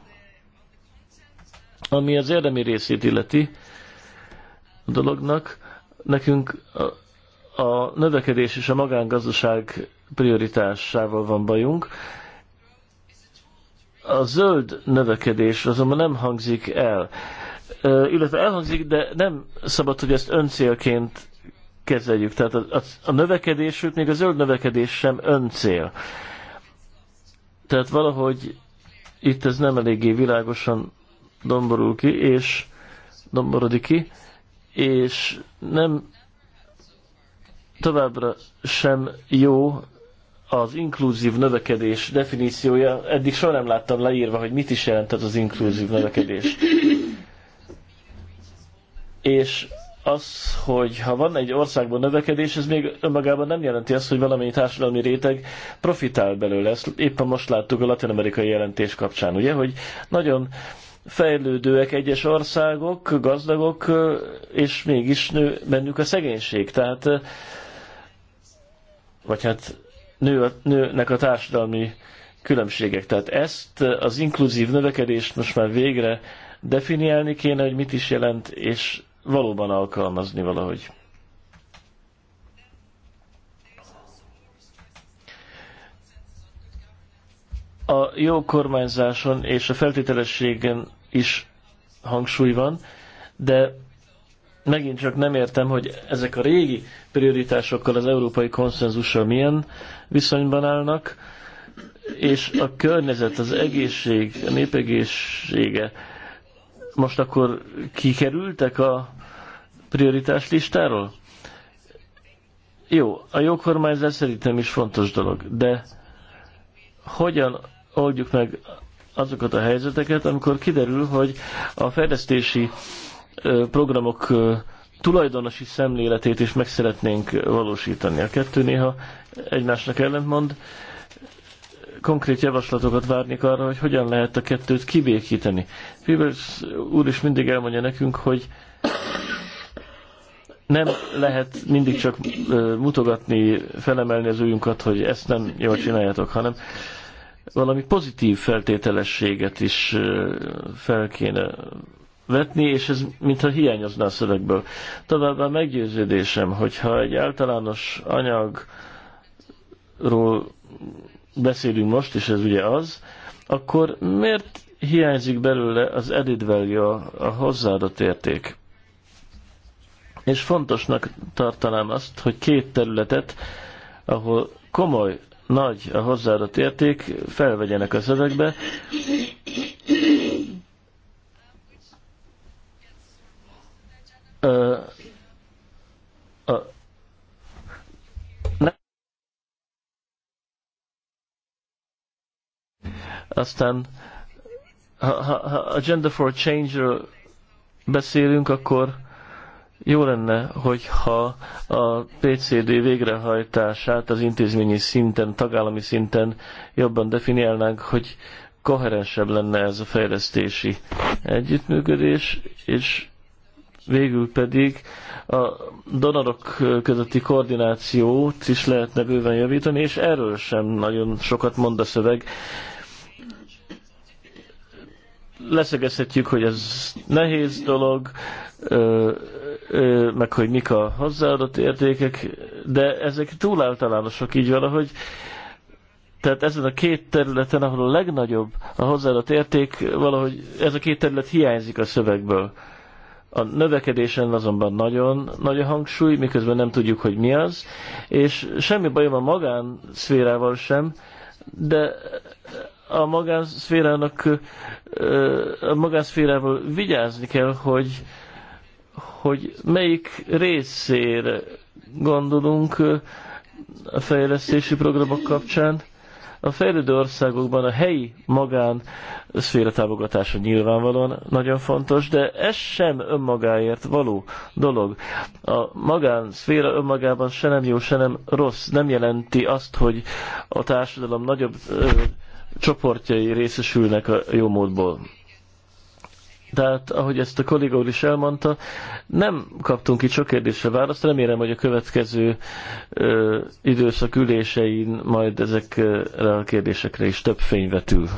S1: Ami az érdemi részét illeti a dolognak, nekünk a, a növekedés és a magángazdaság prioritásával van bajunk. A zöld növekedés azonban nem hangzik el, illetve elhangzik, de nem szabad, hogy ezt öncélként kezeljük. Tehát a, a, a növekedés, sőt még a zöld növekedés sem öncél. Tehát valahogy itt ez nem eléggé világosan domborul ki, és domborodik ki, és nem továbbra sem jó az inkluzív növekedés definíciója. Eddig soha nem láttam leírva, hogy mit is jelent az inkluzív növekedés. És az, hogy ha van egy országban növekedés, ez még önmagában nem jelenti azt, hogy valamennyi társadalmi réteg profitál belőle. Ezt éppen most láttuk a latin-amerikai jelentés kapcsán, ugye, hogy nagyon fejlődőek egyes országok, gazdagok, és mégis nő bennük a szegénység. Tehát, vagy hát nő, nőnek a társadalmi különbségek. Tehát ezt az inkluzív növekedést most már végre definiálni kéne, hogy mit is jelent, és valóban alkalmazni valahogy. a jó kormányzáson és a feltételességen is hangsúly van, de megint csak nem értem, hogy ezek a régi prioritásokkal, az európai konszenzussal milyen viszonyban állnak, és a környezet, az egészség, a népegészsége most akkor kikerültek a prioritás listáról? Jó, a jó kormányzás szerintem is fontos dolog, de hogyan oldjuk meg azokat a helyzeteket, amikor kiderül, hogy a fejlesztési programok tulajdonosi szemléletét is meg szeretnénk valósítani. A kettő néha egymásnak ellentmond. Konkrét javaslatokat várnék arra, hogy hogyan lehet a kettőt kibékíteni. Fibers úr is mindig elmondja nekünk, hogy nem lehet mindig csak mutogatni, felemelni az újunkat, hogy ezt nem jól csináljátok, hanem valami pozitív feltételességet is fel kéne vetni, és ez mintha hiányozna a szövegből. Továbbá meggyőződésem, hogyha egy általános anyagról beszélünk most, és ez ugye az, akkor miért hiányzik belőle az added value, a hozzáadott érték? És fontosnak tartanám azt, hogy két területet, ahol komoly nagy a hozzáadott érték, felvegyenek a szövegbe. a, Aztán ha, ha, ha Agenda for Change-ről beszélünk, akkor jó lenne, hogyha a PCD végrehajtását az intézményi szinten, tagállami szinten jobban definiálnánk, hogy koherensebb lenne ez a fejlesztési együttműködés, és végül pedig a donorok közötti koordinációt is lehetne bőven javítani, és erről sem nagyon sokat mond a szöveg, leszögezhetjük, hogy ez nehéz dolog, ö, ö, meg hogy mik a hozzáadott értékek, de ezek túl általánosak így valahogy. Tehát ezen a két területen, ahol a legnagyobb a hozzáadott érték, valahogy ez a két terület hiányzik a szövegből. A növekedésen azonban nagyon nagy a hangsúly, miközben nem tudjuk, hogy mi az, és semmi bajom a magánszférával sem, de a magánszférának a magánszférával vigyázni kell, hogy, hogy melyik részére gondolunk a fejlesztési programok kapcsán. A fejlődő országokban a helyi magán szféra támogatása nyilvánvalóan nagyon fontos, de ez sem önmagáért való dolog. A magán szféra önmagában se nem jó, se nem rossz. Nem jelenti azt, hogy a társadalom nagyobb csoportjai részesülnek a jó módból. Tehát, ahogy ezt a kolléga is elmondta, nem kaptunk itt sok kérdésre választ. Remélem, hogy a következő ö, időszak ülésein majd ezekre a kérdésekre is több fény vetül.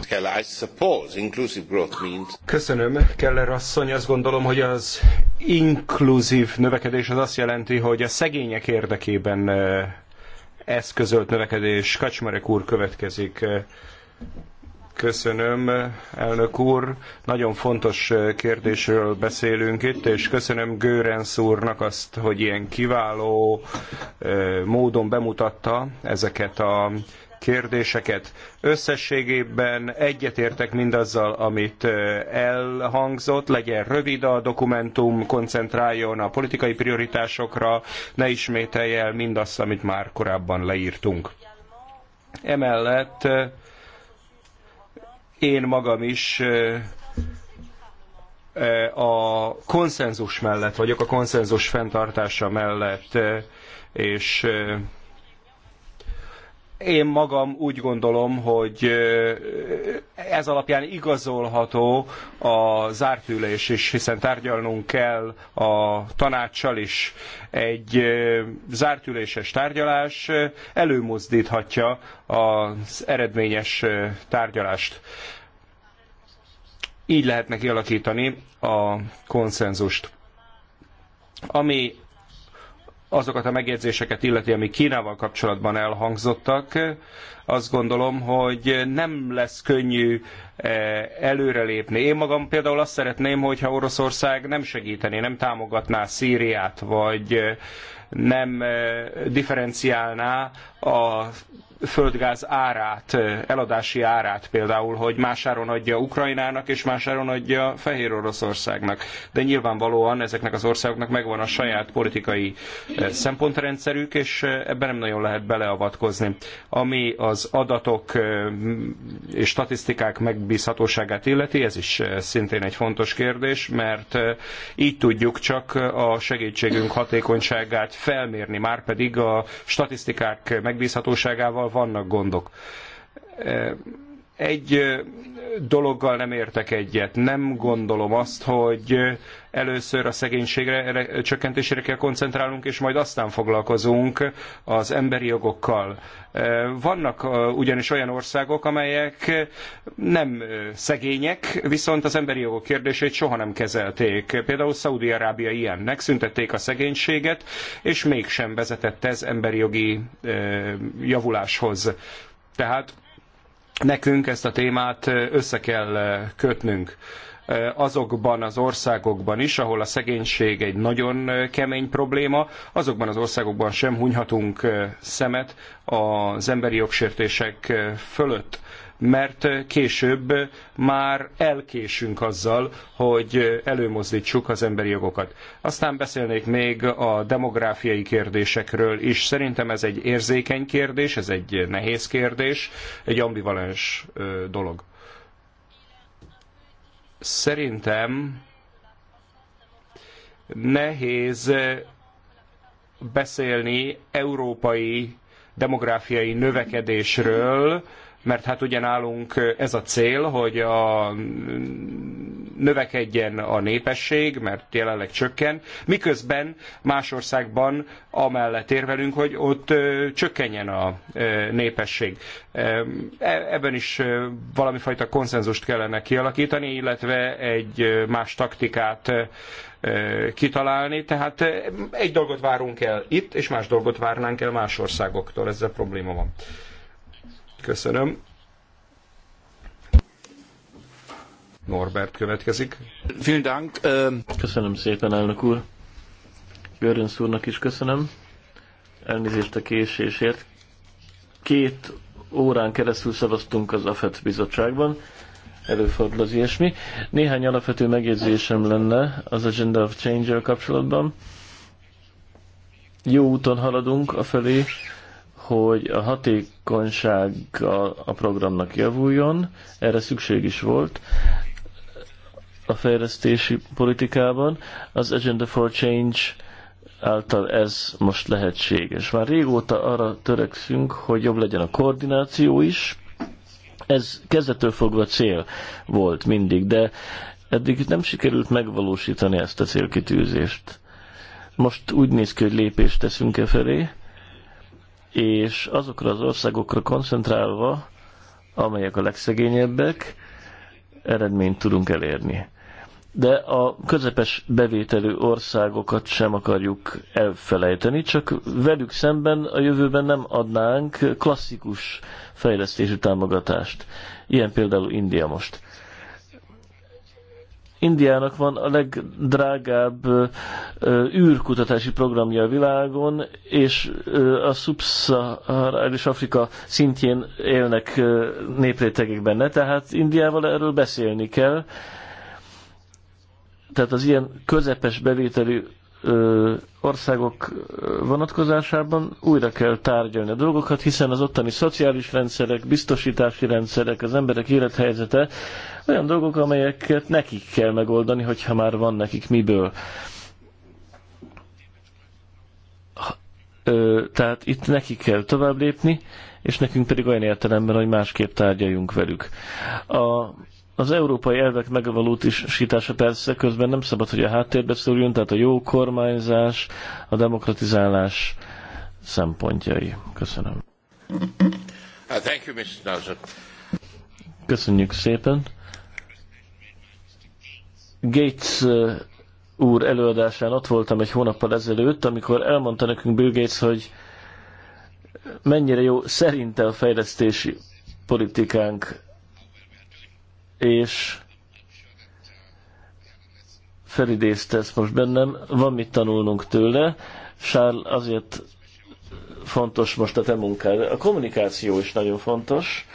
S3: Köszönöm, Keller asszony. Azt gondolom, hogy az inkluzív növekedés az azt jelenti, hogy a szegények érdekében eszközölt növekedés. Kacsmarek úr következik. Köszönöm, elnök úr. Nagyon fontos eh, kérdésről beszélünk itt, és köszönöm Gőrenc úrnak azt, hogy ilyen kiváló eh, módon bemutatta ezeket a kérdéseket. Összességében egyetértek mindazzal, amit eh, elhangzott, legyen rövid a dokumentum, koncentráljon a politikai prioritásokra, ne ismételje el mindazt, amit már korábban leírtunk. Emellett én magam is a konszenzus mellett vagyok, a konszenzus fenntartása mellett, és én magam úgy gondolom, hogy ez alapján igazolható a zárt ülés is, hiszen tárgyalnunk kell a tanácssal is. Egy zárt üléses tárgyalás előmozdíthatja az eredményes tárgyalást így lehetne kialakítani a konszenzust. Ami azokat a megjegyzéseket illeti, ami Kínával kapcsolatban elhangzottak, azt gondolom, hogy nem lesz könnyű eh, előrelépni. Én magam például azt szeretném, hogyha Oroszország nem segítené, nem támogatná Szíriát, vagy eh, nem differenciálná a földgáz árát, eladási árát például, hogy másáron adja Ukrajnának és másáron adja Fehér Oroszországnak. De nyilvánvalóan ezeknek az országoknak megvan a saját politikai szempontrendszerük, és ebben nem nagyon lehet beleavatkozni. Ami az adatok és statisztikák megbízhatóságát illeti, ez is szintén egy fontos kérdés, mert így tudjuk csak a segítségünk hatékonyságát felmérni, már pedig a statisztikák megbízhatóságával vannak gondok egy dologgal nem értek egyet. Nem gondolom azt, hogy először a szegénységre csökkentésére kell koncentrálnunk, és majd aztán foglalkozunk az emberi jogokkal. Vannak ugyanis olyan országok, amelyek nem szegények, viszont az emberi jogok kérdését soha nem kezelték. Például Szaudi-Arábia ilyen. Megszüntették a szegénységet, és mégsem vezetett ez emberi jogi javuláshoz. Tehát nekünk ezt a témát össze kell kötnünk azokban az országokban is, ahol a szegénység egy nagyon kemény probléma, azokban az országokban sem hunyhatunk szemet az emberi jogsértések fölött mert később már elkésünk azzal, hogy előmozdítsuk az emberi jogokat. Aztán beszélnék még a demográfiai kérdésekről is. Szerintem ez egy érzékeny kérdés, ez egy nehéz kérdés, egy ambivalens dolog. Szerintem nehéz beszélni európai demográfiai növekedésről, mert hát ugye nálunk ez a cél, hogy a, növekedjen a népesség, mert jelenleg csökken, miközben más országban amellett érvelünk, hogy ott csökkenjen a népesség. E, ebben is valami fajta konszenzust kellene kialakítani, illetve egy más taktikát kitalálni. Tehát egy dolgot várunk el itt, és más dolgot várnánk el más országoktól. Ezzel probléma van. Köszönöm. Norbert következik.
S1: Vielen Dank. Ähm, köszönöm szépen, elnök úr. Görönsz úrnak is köszönöm. Elnézést a késésért. Két órán keresztül szavaztunk az AFET bizottságban. Előfordul az ilyesmi. Néhány alapvető megjegyzésem lenne az Agenda of Change-el kapcsolatban. Jó úton haladunk a felé, hogy a hatékonyság a, a programnak javuljon, erre szükség is volt a fejlesztési politikában. Az Agenda for Change által ez most lehetséges. Már régóta arra törekszünk, hogy jobb legyen a koordináció is. Ez kezdetől fogva cél volt mindig, de eddig nem sikerült megvalósítani ezt a célkitűzést. Most úgy néz ki, hogy lépést teszünk e felé és azokra az országokra koncentrálva, amelyek a legszegényebbek, eredményt tudunk elérni. De a közepes bevételű országokat sem akarjuk elfelejteni, csak velük szemben a jövőben nem adnánk klasszikus fejlesztési támogatást. Ilyen például India most. Indiának van a legdrágább űrkutatási programja a világon, és a szubszaharális Afrika szintjén élnek néprétegek benne, tehát Indiával erről beszélni kell. Tehát az ilyen közepes bevételi országok vonatkozásában újra kell tárgyalni a dolgokat, hiszen az ottani szociális rendszerek, biztosítási rendszerek, az emberek élethelyzete olyan dolgok, amelyeket nekik kell megoldani, hogyha már van nekik miből. tehát itt nekik kell tovább lépni, és nekünk pedig olyan értelemben, hogy másképp tárgyaljunk velük. A, az európai elvek megvalósítása persze közben nem szabad, hogy a háttérbe szóljon, tehát a jó kormányzás, a demokratizálás szempontjai. Köszönöm. Uh, Köszönjük szépen. Gates uh, úr előadásán ott voltam egy hónappal ezelőtt, amikor elmondta nekünk Bill Gates, hogy mennyire jó szerinte a fejlesztési politikánk, és felidézte ezt most bennem, van mit tanulnunk tőle, Sár azért fontos most a te munkád. A kommunikáció is nagyon fontos,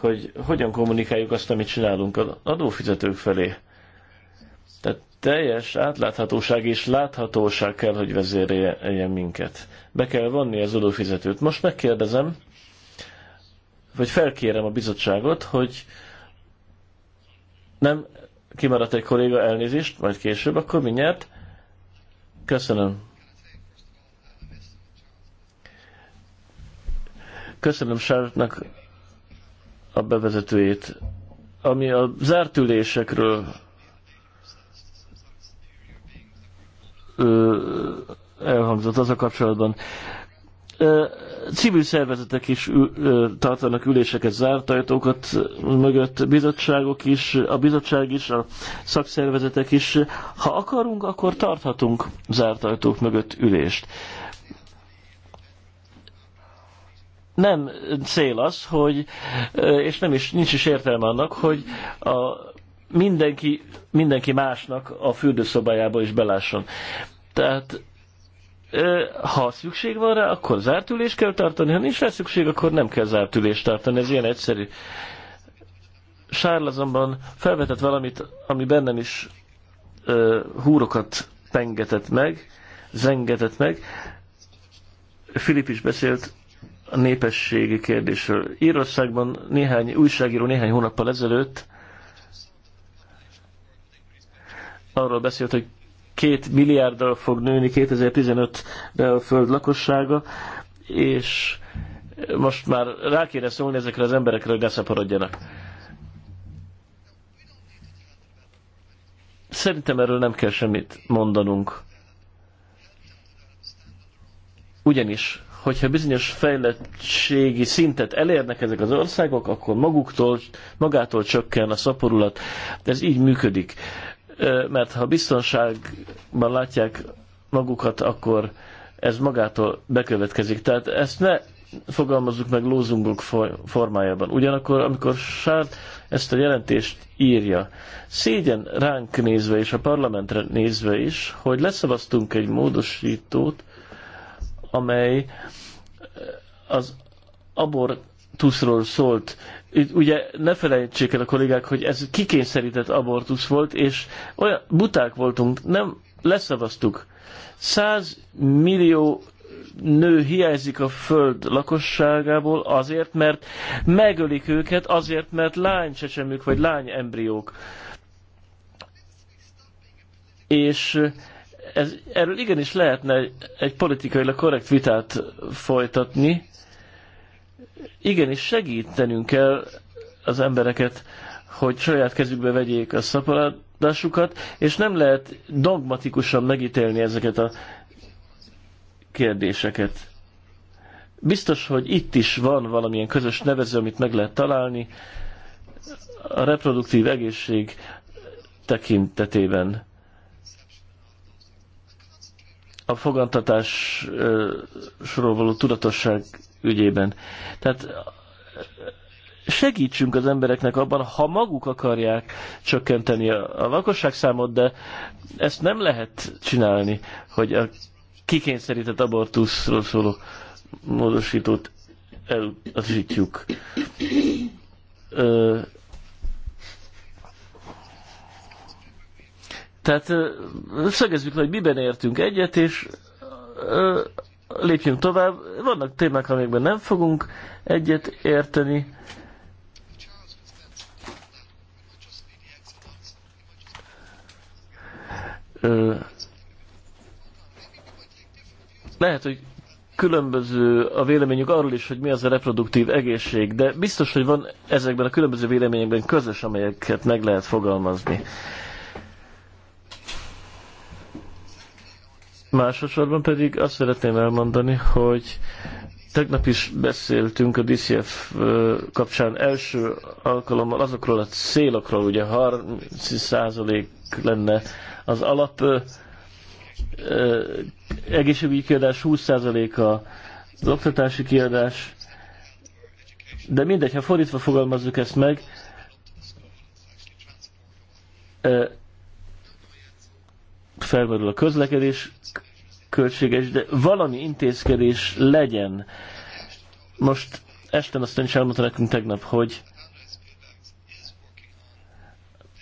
S1: hogy hogyan kommunikáljuk azt, amit csinálunk az adófizetők felé teljes átláthatóság és láthatóság kell, hogy vezéreljen minket. Be kell vonni az adófizetőt. Most megkérdezem, vagy felkérem a bizottságot, hogy nem kimaradt egy kolléga elnézést, majd később, akkor mindjárt. Köszönöm. Köszönöm Sártnak a bevezetőjét. Ami a zártülésekről elhangzott az a kapcsolatban. Civil szervezetek is tartanak üléseket zárt ajtókat mögött, bizottságok is, a bizottság is, a szakszervezetek is. Ha akarunk, akkor tarthatunk zárt ajtók mögött ülést. nem cél az, hogy, és nem is, nincs is értelme annak, hogy a mindenki, mindenki másnak a fürdőszobájába is belásson. Tehát ha szükség van rá, akkor zárt ülés kell tartani, ha nincs rá szükség, akkor nem kell zárt ülést tartani, ez ilyen egyszerű. Sárl azonban felvetett valamit, ami bennem is ö, húrokat pengetett meg, zengetett meg. Filip is beszélt a népességi kérdésről. Írországban néhány újságíró néhány hónappal ezelőtt arról beszélt, hogy két milliárddal fog nőni 2015-re a föld lakossága, és most már rá kéne szólni ezekre az emberekre, hogy ne szaporodjanak. Szerintem erről nem kell semmit mondanunk. Ugyanis, hogyha bizonyos fejlettségi szintet elérnek ezek az országok, akkor maguktól, magától csökken a szaporulat. Ez így működik mert ha biztonságban látják magukat, akkor ez magától bekövetkezik. Tehát ezt ne fogalmazzuk meg lózungok formájában. Ugyanakkor, amikor Sárt ezt a jelentést írja, szégyen ránk nézve és a parlamentre nézve is, hogy leszavaztunk egy módosítót, amely az abort abortuszról szólt. Ugye ne felejtsék el a kollégák, hogy ez kikényszerített abortusz volt, és olyan buták voltunk, nem leszavaztuk. 100 millió nő hiányzik a föld lakosságából azért, mert megölik őket, azért, mert lány csecsemők vagy lány embriók. És ez, erről igenis lehetne egy politikailag korrekt vitát folytatni, igenis segítenünk kell az embereket, hogy saját kezükbe vegyék a szaporodásukat, és nem lehet dogmatikusan megítélni ezeket a kérdéseket. Biztos, hogy itt is van valamilyen közös nevező, amit meg lehet találni a reproduktív egészség tekintetében. A fogantatásról való tudatosság ügyében. Tehát segítsünk az embereknek abban, ha maguk akarják csökkenteni a, a lakosságszámot, de ezt nem lehet csinálni, hogy a kikényszerített abortuszról szóló módosítót elutasítjuk. tehát szögezzük le, hogy miben értünk egyet, és lépjünk tovább. Vannak témák, amikben nem fogunk egyet érteni. Ö, lehet, hogy különböző a véleményük arról is, hogy mi az a reproduktív egészség, de biztos, hogy van ezekben a különböző véleményekben közös, amelyeket meg lehet fogalmazni. Másosorban pedig azt szeretném elmondani, hogy tegnap is beszéltünk a DCF kapcsán első alkalommal azokról a célokról, ugye 30% lenne az alap egészségügyi kiadás, 20% az oktatási kiadás, de mindegy, ha fordítva fogalmazzuk ezt meg, felmerül a közlekedés költséges, de valami intézkedés legyen. Most este aztán is elmondta nekünk tegnap, hogy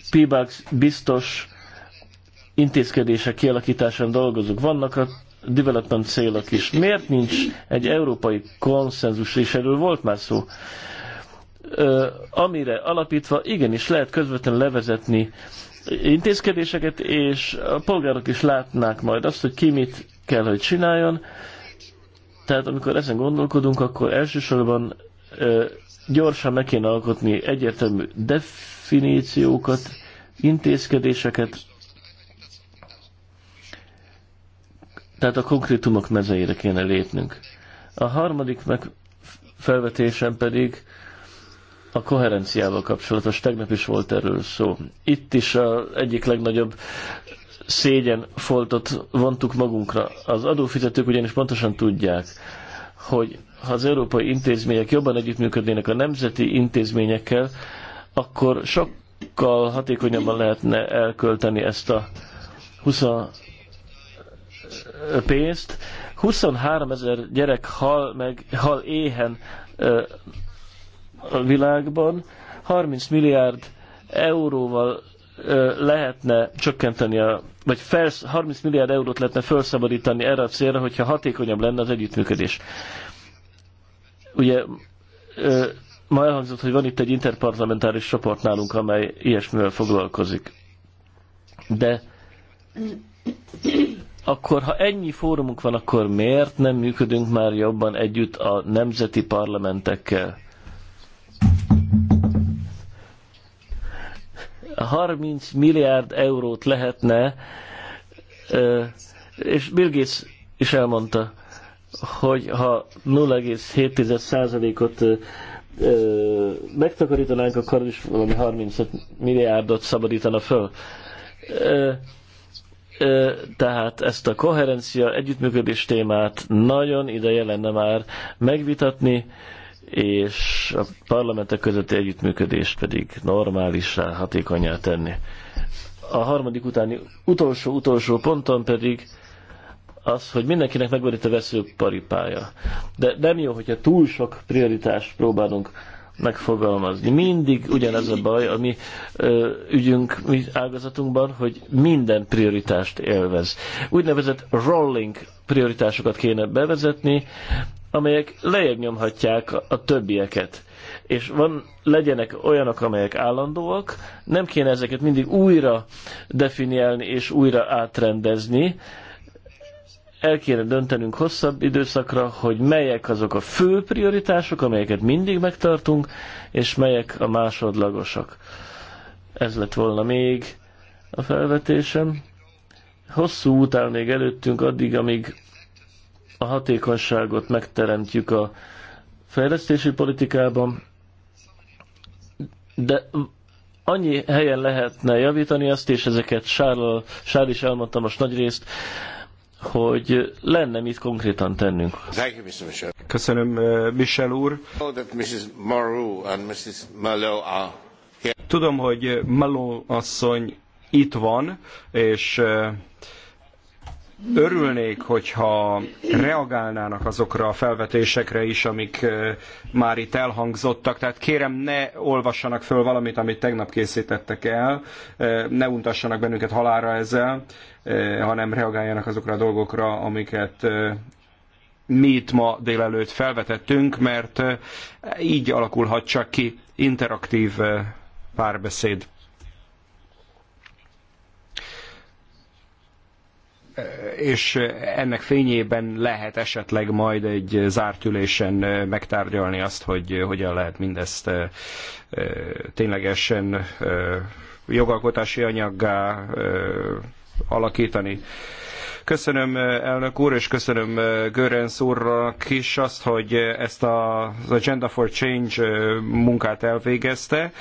S1: p biztos intézkedések kialakításán dolgozunk. Vannak a development célok is. Miért nincs egy európai konszenzus, és erről volt már szó, amire alapítva igenis lehet közvetlenül levezetni intézkedéseket, és a polgárok is látnák majd azt, hogy ki mit kell, hogy csináljon. Tehát amikor ezen gondolkodunk, akkor elsősorban ö, gyorsan meg kéne alkotni egyértelmű definíciókat, intézkedéseket, tehát a konkrétumok mezeire kéne lépnünk. A harmadik meg felvetésem pedig a koherenciával kapcsolatos, tegnap is volt erről szó. Itt is a egyik legnagyobb szégyen foltot vontuk magunkra. Az adófizetők ugyanis pontosan tudják, hogy ha az európai intézmények jobban együttműködnének a nemzeti intézményekkel, akkor sokkal hatékonyabban lehetne elkölteni ezt a 20 pénzt. 23 ezer gyerek hal meg, hal éhen világban. 30 milliárd euróval lehetne csökkenteni, a, vagy felsz, 30 milliárd eurót lehetne felszabadítani erre a célra, hogyha hatékonyabb lenne az együttműködés. Ugye ma elhangzott, hogy van itt egy interparlamentáris csoport nálunk, amely ilyesmivel foglalkozik. De akkor, ha ennyi fórumunk van, akkor miért nem működünk már jobban együtt a nemzeti parlamentekkel? 30 milliárd eurót lehetne, és Bill Gates is elmondta, hogy ha 0,7%-ot megtakarítanánk, akkor is valami 35 milliárdot szabadítana föl. tehát ezt a koherencia, együttműködés témát nagyon ideje lenne már megvitatni, és a parlamentek közötti együttműködést pedig normálisá, hatékonyá tenni. A harmadik utáni utolsó-utolsó ponton pedig az, hogy mindenkinek megvan a vesző paripája. De nem jó, hogyha túl sok prioritást próbálunk megfogalmazni. Mindig ugyanez a baj a mi ö, ügyünk, mi ágazatunkban, hogy minden prioritást élvez. Úgynevezett rolling prioritásokat kéne bevezetni, amelyek lejjebb nyomhatják a többieket. És van, legyenek olyanok, amelyek állandóak, nem kéne ezeket mindig újra definiálni és újra átrendezni. El kéne döntenünk hosszabb időszakra, hogy melyek azok a fő prioritások, amelyeket mindig megtartunk, és melyek a másodlagosak. Ez lett volna még a felvetésem. Hosszú út áll még előttünk addig, amíg a hatékonyságot megteremtjük a fejlesztési politikában, de annyi helyen lehetne javítani azt, és ezeket Sár is elmondta most nagy részt, hogy lenne mit konkrétan tennünk.
S3: Köszönöm, eh, Michel úr. Tudom, hogy Malou asszony itt van, és eh, örülnék, hogyha reagálnának azokra a felvetésekre is, amik már itt elhangzottak. Tehát kérem, ne olvassanak föl valamit, amit tegnap készítettek el, ne untassanak bennünket halára ezzel, hanem reagáljanak azokra a dolgokra, amiket mi itt ma délelőtt felvetettünk, mert így alakulhat csak ki interaktív párbeszéd. és ennek fényében lehet esetleg majd egy zárt ülésen megtárgyalni azt, hogy hogyan lehet mindezt ténylegesen jogalkotási anyaggá alakítani. Köszönöm eh, elnök úr, és köszönöm eh, Görenc úrnak is azt, hogy eh, ezt az Agenda for Change munkát elvégezte.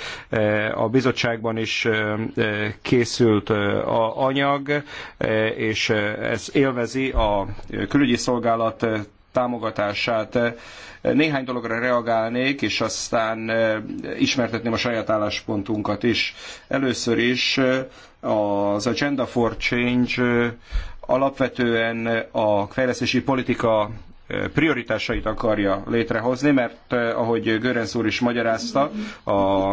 S3: A bizottságban is készült a anyag, és ez élvezi a külügyi szolgálat támogatását. Néhány dologra reagálnék, és aztán ismertetném a saját álláspontunkat is. Először is az Agenda for Change alapvetően a fejlesztési politika prioritásait akarja létrehozni, mert ahogy Görenc úr is magyarázta, a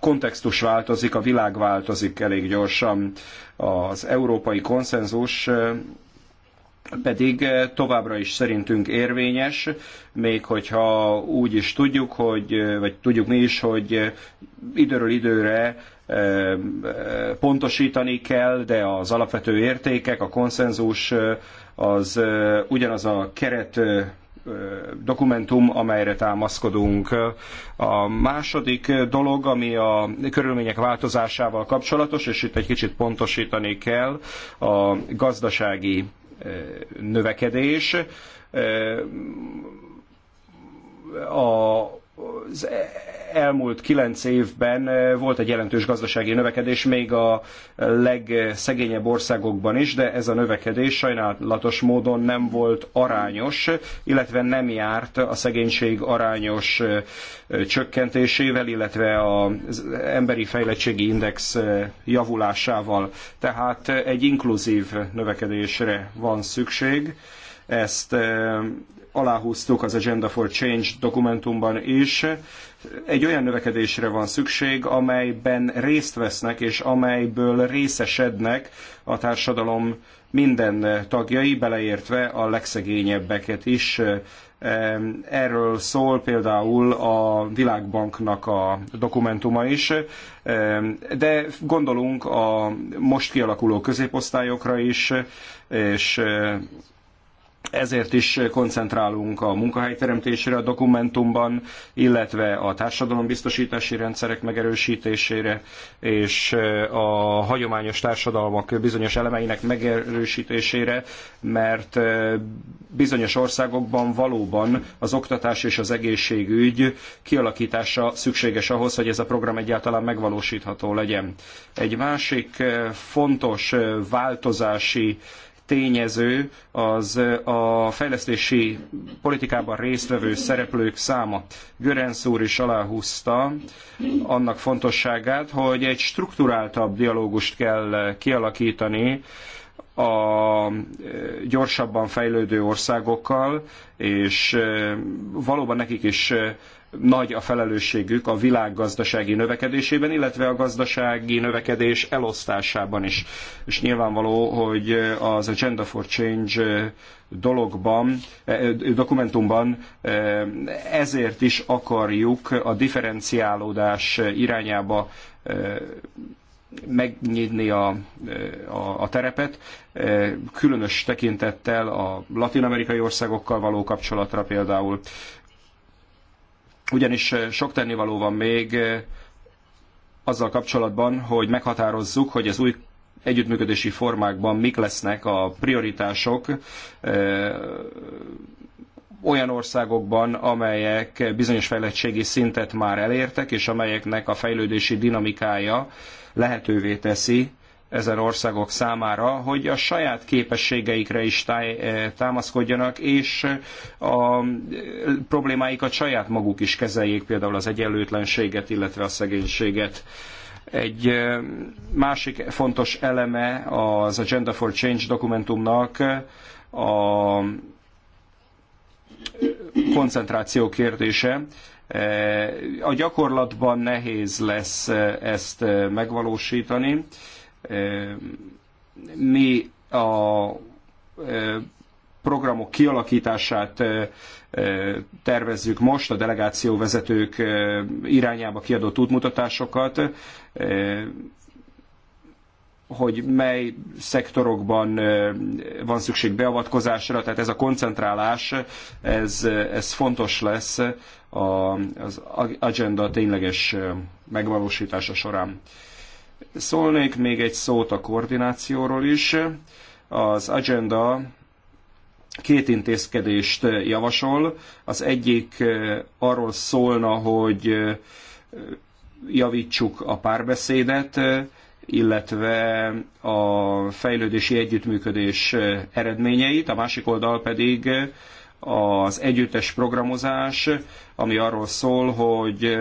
S3: kontextus változik, a világ változik elég gyorsan. Az európai konszenzus pedig továbbra is szerintünk érvényes, még hogyha úgy is tudjuk, hogy, vagy tudjuk mi is, hogy időről időre pontosítani kell, de az alapvető értékek, a konszenzus az ugyanaz a keret dokumentum, amelyre támaszkodunk. A második dolog, ami a körülmények változásával kapcsolatos, és itt egy kicsit pontosítani kell, a gazdasági növekedés. A az e- elmúlt kilenc évben e, volt egy jelentős gazdasági növekedés, még a legszegényebb országokban is, de ez a növekedés sajnálatos módon nem volt arányos, illetve nem járt a szegénység arányos e, csökkentésével, illetve az emberi fejlettségi index javulásával. Tehát egy inkluzív növekedésre van szükség ezt aláhúztuk az Agenda for Change dokumentumban is, egy olyan növekedésre van szükség, amelyben részt vesznek és amelyből részesednek a társadalom minden tagjai, beleértve a legszegényebbeket is. Erről szól például a Világbanknak a dokumentuma is, de gondolunk a most kialakuló középosztályokra is, és ezért is koncentrálunk a munkahelyteremtésre a dokumentumban, illetve a társadalombiztosítási rendszerek megerősítésére, és a hagyományos társadalmak bizonyos elemeinek megerősítésére, mert bizonyos országokban valóban az oktatás és az egészségügy kialakítása szükséges ahhoz, hogy ez a program egyáltalán megvalósítható legyen. Egy másik fontos változási tényező az a fejlesztési politikában résztvevő szereplők száma. Görenc úr is aláhúzta annak fontosságát, hogy egy strukturáltabb dialógust kell kialakítani a gyorsabban fejlődő országokkal, és valóban nekik is nagy a felelősségük a világ gazdasági növekedésében, illetve a gazdasági növekedés elosztásában is. És nyilvánvaló, hogy az Agenda for Change dologban, eh, dokumentumban eh, ezért is akarjuk a differenciálódás irányába eh, megnyitni a, a, a terepet, különös tekintettel a latin-amerikai országokkal való kapcsolatra például ugyanis sok tennivaló van még azzal kapcsolatban, hogy meghatározzuk, hogy az új együttműködési formákban mik lesznek a prioritások olyan országokban, amelyek bizonyos fejlettségi szintet már elértek, és amelyeknek a fejlődési dinamikája lehetővé teszi ezen országok számára, hogy a saját képességeikre is eh, támaszkodjanak, és a eh, problémáikat saját maguk is kezeljék, például az egyenlőtlenséget, illetve a szegénységet. Egy eh, másik fontos eleme az Agenda for Change dokumentumnak a koncentráció kérdése. A gyakorlatban nehéz lesz ezt megvalósítani mi a programok kialakítását tervezzük most, a delegáció vezetők irányába kiadott útmutatásokat, hogy mely szektorokban van szükség beavatkozásra, tehát ez a koncentrálás, ez, ez fontos lesz az agenda tényleges megvalósítása során. Szólnék még egy szót a koordinációról is. Az agenda két intézkedést javasol. Az egyik eh, arról szólna, hogy eh, javítsuk a párbeszédet, eh, illetve a fejlődési együttműködés eredményeit, a másik oldal pedig az együttes programozás, ami arról szól, hogy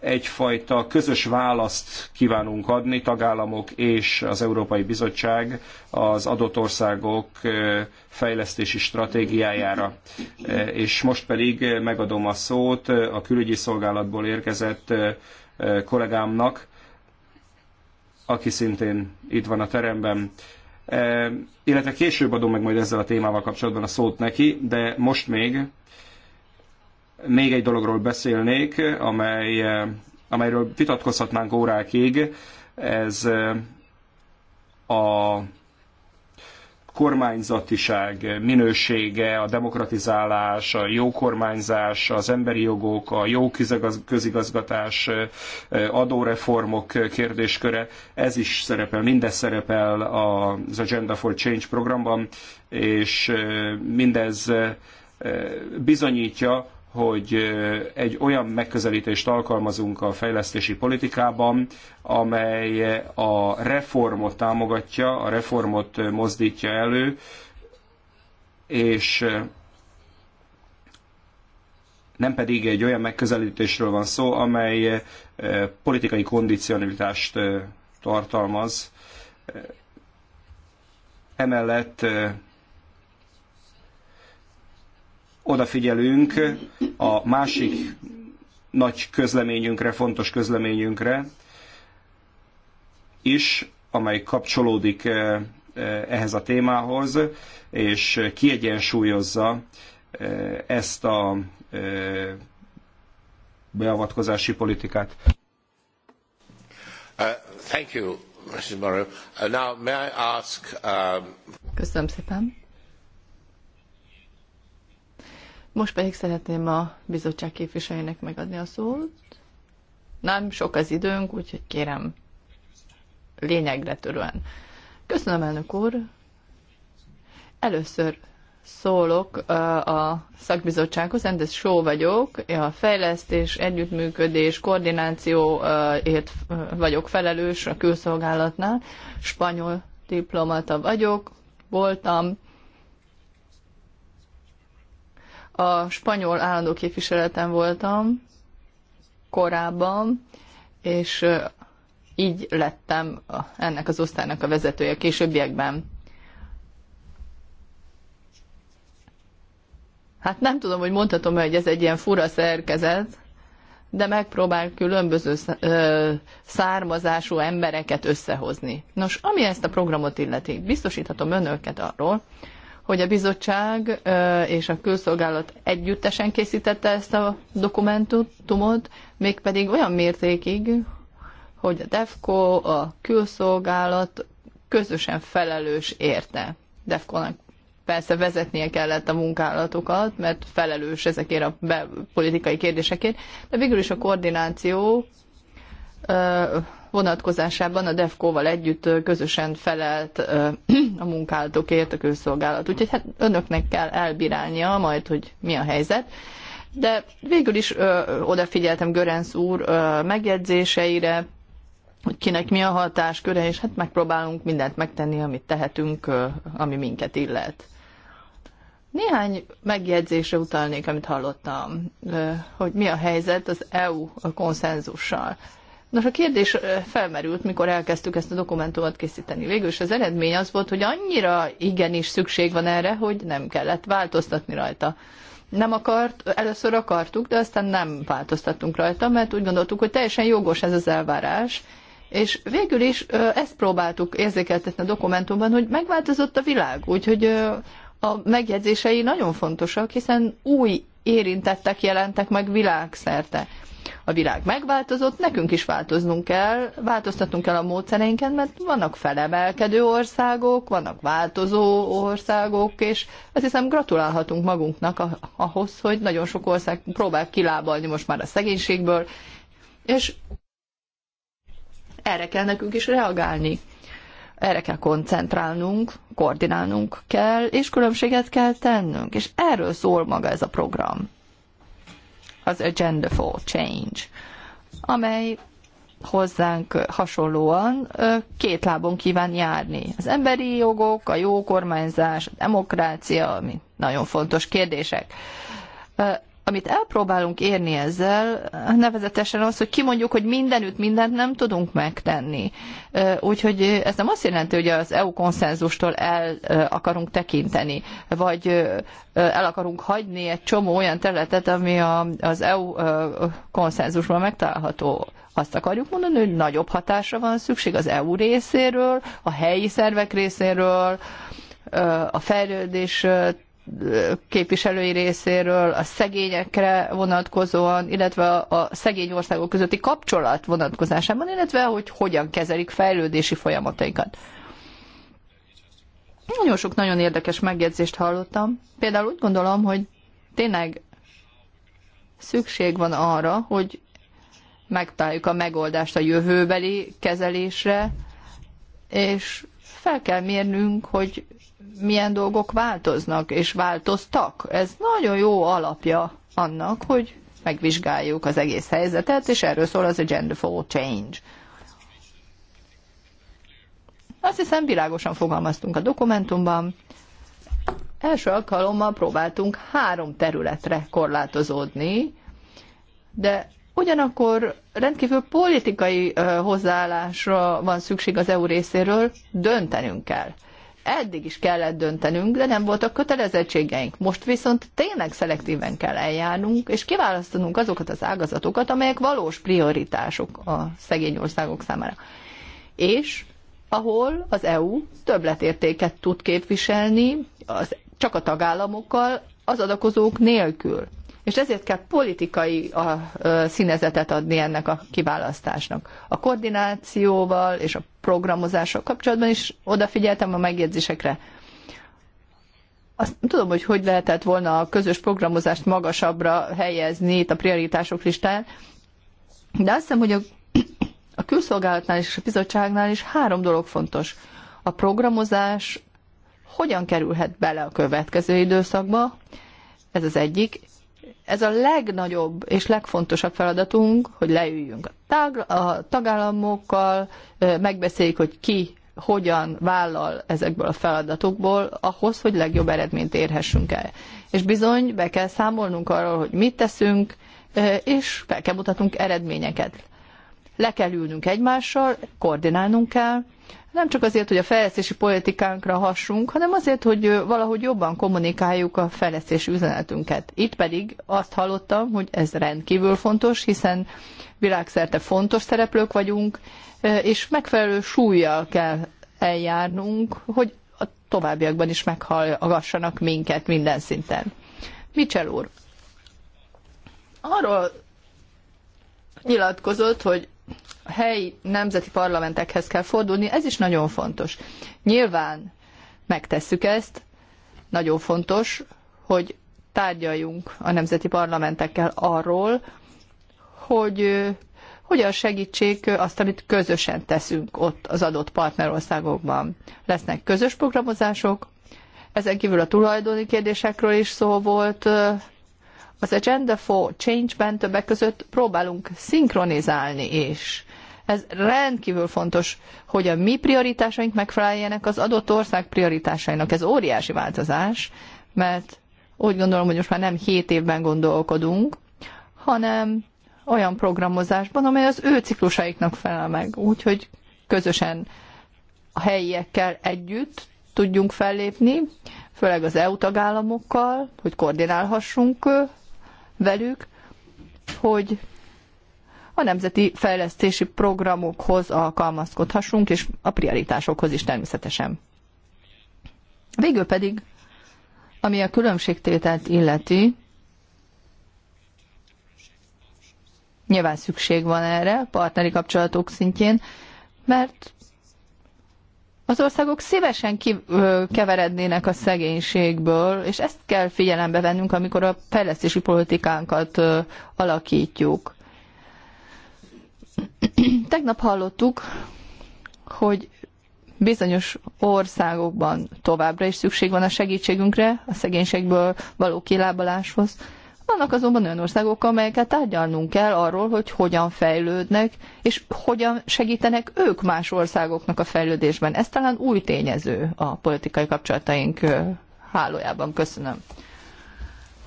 S3: egyfajta közös választ kívánunk adni, tagállamok és az Európai Bizottság az adott országok fejlesztési stratégiájára. És most pedig megadom a szót a külügyi szolgálatból érkezett kollégámnak, aki szintén itt van a teremben. Illetve később adom meg majd ezzel a témával kapcsolatban a szót neki, de most még még egy dologról beszélnék, amely, eh, amelyről vitatkozhatnánk órákig, ez eh, a kormányzatiság minősége, a demokratizálás, a jó kormányzás, az emberi jogok, a jó közigazgatás, eh, adóreformok kérdésköre, ez is szerepel, mindez szerepel az Agenda for Change programban, és mindez bizonyítja, hogy egy olyan megközelítést alkalmazunk a fejlesztési politikában, amely a reformot támogatja, a reformot mozdítja elő, és nem pedig egy olyan megközelítésről van szó, amely politikai kondicionalitást tartalmaz. Emellett odafigyelünk a másik nagy közleményünkre, fontos közleményünkre is, amely kapcsolódik eh, eh, ehhez a témához, és kiegyensúlyozza eh, ezt a beavatkozási
S4: politikát.
S2: Uh, uh,
S3: um,
S4: Köszönöm szépen. Most pedig szeretném a bizottság képviselőjének megadni a szót. Nem sok az időnk, úgyhogy kérem lényegre törően. Köszönöm, elnök úr. Először szólok a szakbizottsághoz, ez Só vagyok, a fejlesztés, együttműködés, koordinációért vagyok felelős a külszolgálatnál, spanyol diplomata vagyok, voltam, A spanyol állandó képviseleten voltam korábban, és így lettem ennek az osztálynak a vezetője későbbiekben. Hát nem tudom, hogy mondhatom, hogy ez egy ilyen fura szerkezet, de megpróbál különböző származású embereket összehozni. Nos, ami ezt a programot illeti, biztosíthatom önöket arról, hogy a bizottság és a külszolgálat együttesen készítette ezt a dokumentumot, mégpedig olyan mértékig, hogy a DEFCO, a külszolgálat közösen felelős érte. DEFCO-nak persze vezetnie kellett a munkálatokat, mert felelős ezekért a politikai kérdésekért, de végül is a koordináció vonatkozásában a DEFCO-val együtt közösen felelt a munkáltokért a közszolgálat. Úgyhogy hát önöknek kell elbírálnia majd, hogy mi a helyzet. De végül is ö, odafigyeltem Görenc úr ö, megjegyzéseire, hogy kinek mi a hatásköre, és hát megpróbálunk mindent megtenni, amit tehetünk, ö, ami minket illet. Néhány megjegyzésre utalnék, amit hallottam, hogy mi a helyzet az EU konszenzussal. Nos, a kérdés felmerült, mikor elkezdtük ezt a dokumentumot készíteni. Végül is az eredmény az volt, hogy annyira igenis szükség van erre, hogy nem kellett változtatni rajta. Nem akart, először akartuk, de aztán nem változtattunk rajta, mert úgy gondoltuk, hogy teljesen jogos ez az elvárás, és végül is ezt próbáltuk érzékeltetni a dokumentumban, hogy megváltozott a világ, úgyhogy a megjegyzései nagyon fontosak, hiszen új érintettek jelentek meg világszerte. A világ megváltozott, nekünk is változnunk kell, változtatnunk kell a módszereinken, mert vannak felemelkedő országok, vannak változó országok, és azt hiszem gratulálhatunk magunknak ahhoz, hogy nagyon sok ország próbál kilábalni most már a szegénységből, és erre kell nekünk is reagálni erre kell koncentrálnunk, koordinálnunk kell, és különbséget kell tennünk. És erről szól maga ez a program. Az Agenda for Change, amely hozzánk hasonlóan két lábon kíván járni. Az emberi jogok, a jó kormányzás, a demokrácia, ami nagyon fontos kérdések amit elpróbálunk érni ezzel, nevezetesen az, hogy kimondjuk, hogy mindenütt mindent nem tudunk megtenni. Úgyhogy ez nem azt jelenti, hogy az EU konszenzustól el akarunk tekinteni, vagy el akarunk hagyni egy csomó olyan területet, ami az EU konszenzusban megtalálható. Azt akarjuk mondani, hogy nagyobb hatásra van szükség az EU részéről, a helyi szervek részéről, a fejlődés képviselői részéről a szegényekre vonatkozóan, illetve a szegény országok közötti kapcsolat vonatkozásában, illetve hogy hogyan kezelik fejlődési folyamataikat. Nagyon sok nagyon érdekes megjegyzést hallottam. Például úgy gondolom, hogy tényleg szükség van arra, hogy megtaláljuk a megoldást a jövőbeli kezelésre, és fel kell mérnünk, hogy milyen dolgok változnak és változtak. Ez nagyon jó alapja annak, hogy megvizsgáljuk az egész helyzetet, és erről szól az gender for Change. Azt hiszem világosan fogalmaztunk a dokumentumban. Első alkalommal próbáltunk három területre korlátozódni, de ugyanakkor rendkívül politikai hozzáállásra van szükség az EU részéről, döntenünk kell eddig is kellett döntenünk, de nem voltak kötelezettségeink. Most viszont tényleg szelektíven kell eljárnunk, és kiválasztanunk azokat az ágazatokat, amelyek valós prioritások a szegény országok számára. És ahol az EU többletértéket tud képviselni az, csak a tagállamokkal, az adakozók nélkül és ezért kell politikai a, színezetet adni ennek a kiválasztásnak. A koordinációval és a programozással kapcsolatban is odafigyeltem a megjegyzésekre. Azt tudom, hogy hogy lehetett volna a közös programozást magasabbra helyezni itt a prioritások listán, de azt hiszem, hogy a, a külszolgálatnál és a bizottságnál is három dolog fontos. A programozás hogyan kerülhet bele a következő időszakba, ez az egyik, ez a legnagyobb és legfontosabb feladatunk, hogy leüljünk a, tag, a tagállamokkal, megbeszéljük, hogy ki hogyan vállal ezekből a feladatokból ahhoz, hogy legjobb eredményt érhessünk el. És bizony be kell számolnunk arról, hogy mit teszünk, és fel kell mutatnunk eredményeket. Le kell ülnünk egymással, koordinálnunk kell, nem csak azért, hogy a fejlesztési politikánkra hassunk, hanem azért, hogy valahogy jobban kommunikáljuk a fejlesztési üzenetünket. Itt pedig azt hallottam, hogy ez rendkívül fontos, hiszen világszerte fontos szereplők vagyunk, és megfelelő súlyjal kell eljárnunk, hogy a továbbiakban is meghallgassanak minket minden szinten. Mitchell úr, arról nyilatkozott, hogy a helyi nemzeti parlamentekhez kell fordulni, ez is nagyon fontos. Nyilván megtesszük ezt, nagyon fontos, hogy tárgyaljunk a nemzeti parlamentekkel arról, hogy hogyan segítsék azt, amit közösen teszünk ott az adott partnerországokban. Lesznek közös programozások, ezen kívül a tulajdoni kérdésekről is szó volt. Az Agenda for Change-ben többek között próbálunk szinkronizálni is ez rendkívül fontos, hogy a mi prioritásaink megfeleljenek az adott ország prioritásainak. Ez óriási változás, mert úgy gondolom, hogy most már nem 7 évben gondolkodunk, hanem olyan programozásban, amely az ő ciklusaiknak felel meg. Úgyhogy közösen a helyiekkel együtt tudjunk fellépni, főleg az EU tagállamokkal, hogy koordinálhassunk velük, hogy a nemzeti fejlesztési programokhoz alkalmazkodhassunk, és a prioritásokhoz is természetesen. Végül pedig, ami a különbségtételt illeti, nyilván szükség van erre partneri kapcsolatok szintjén, mert az országok szívesen keverednének a szegénységből, és ezt kell figyelembe vennünk, amikor a fejlesztési politikánkat alakítjuk. Tegnap hallottuk, hogy bizonyos országokban továbbra is szükség van a segítségünkre, a szegénységből való kilábaláshoz. Vannak azonban olyan országok, amelyeket tárgyalnunk kell arról, hogy hogyan fejlődnek, és hogyan segítenek ők más országoknak a fejlődésben. Ez talán új tényező a politikai kapcsolataink hálójában. Köszönöm.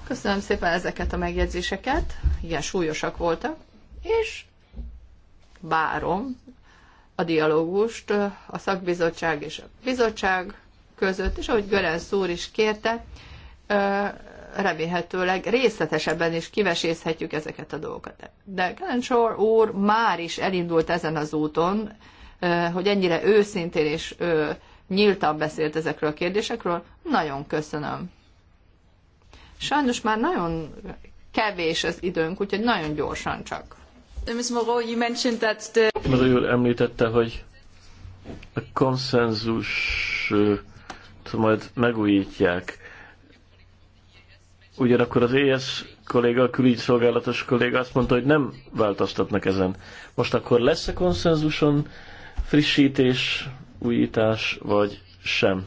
S4: Köszönöm szépen ezeket a megjegyzéseket. Igen, súlyosak voltak. És várom a dialógust a szakbizottság és a bizottság között, és ahogy Görenc úr is kérte, remélhetőleg részletesebben is kivesészhetjük ezeket a dolgokat. De Kelencsor úr már is elindult ezen az úton, hogy ennyire őszintén és nyíltan beszélt ezekről a kérdésekről. Nagyon köszönöm. Sajnos már nagyon kevés az időnk, úgyhogy nagyon gyorsan csak. Ms. Moreau, you mentioned that the... Marie
S1: úr említette, hogy a konszenzus majd megújítják. Ugyanakkor az ES kolléga, a külügyszolgálatos kolléga azt mondta, hogy nem változtatnak ezen. Most akkor lesz-e konszenzuson frissítés, újítás, vagy sem?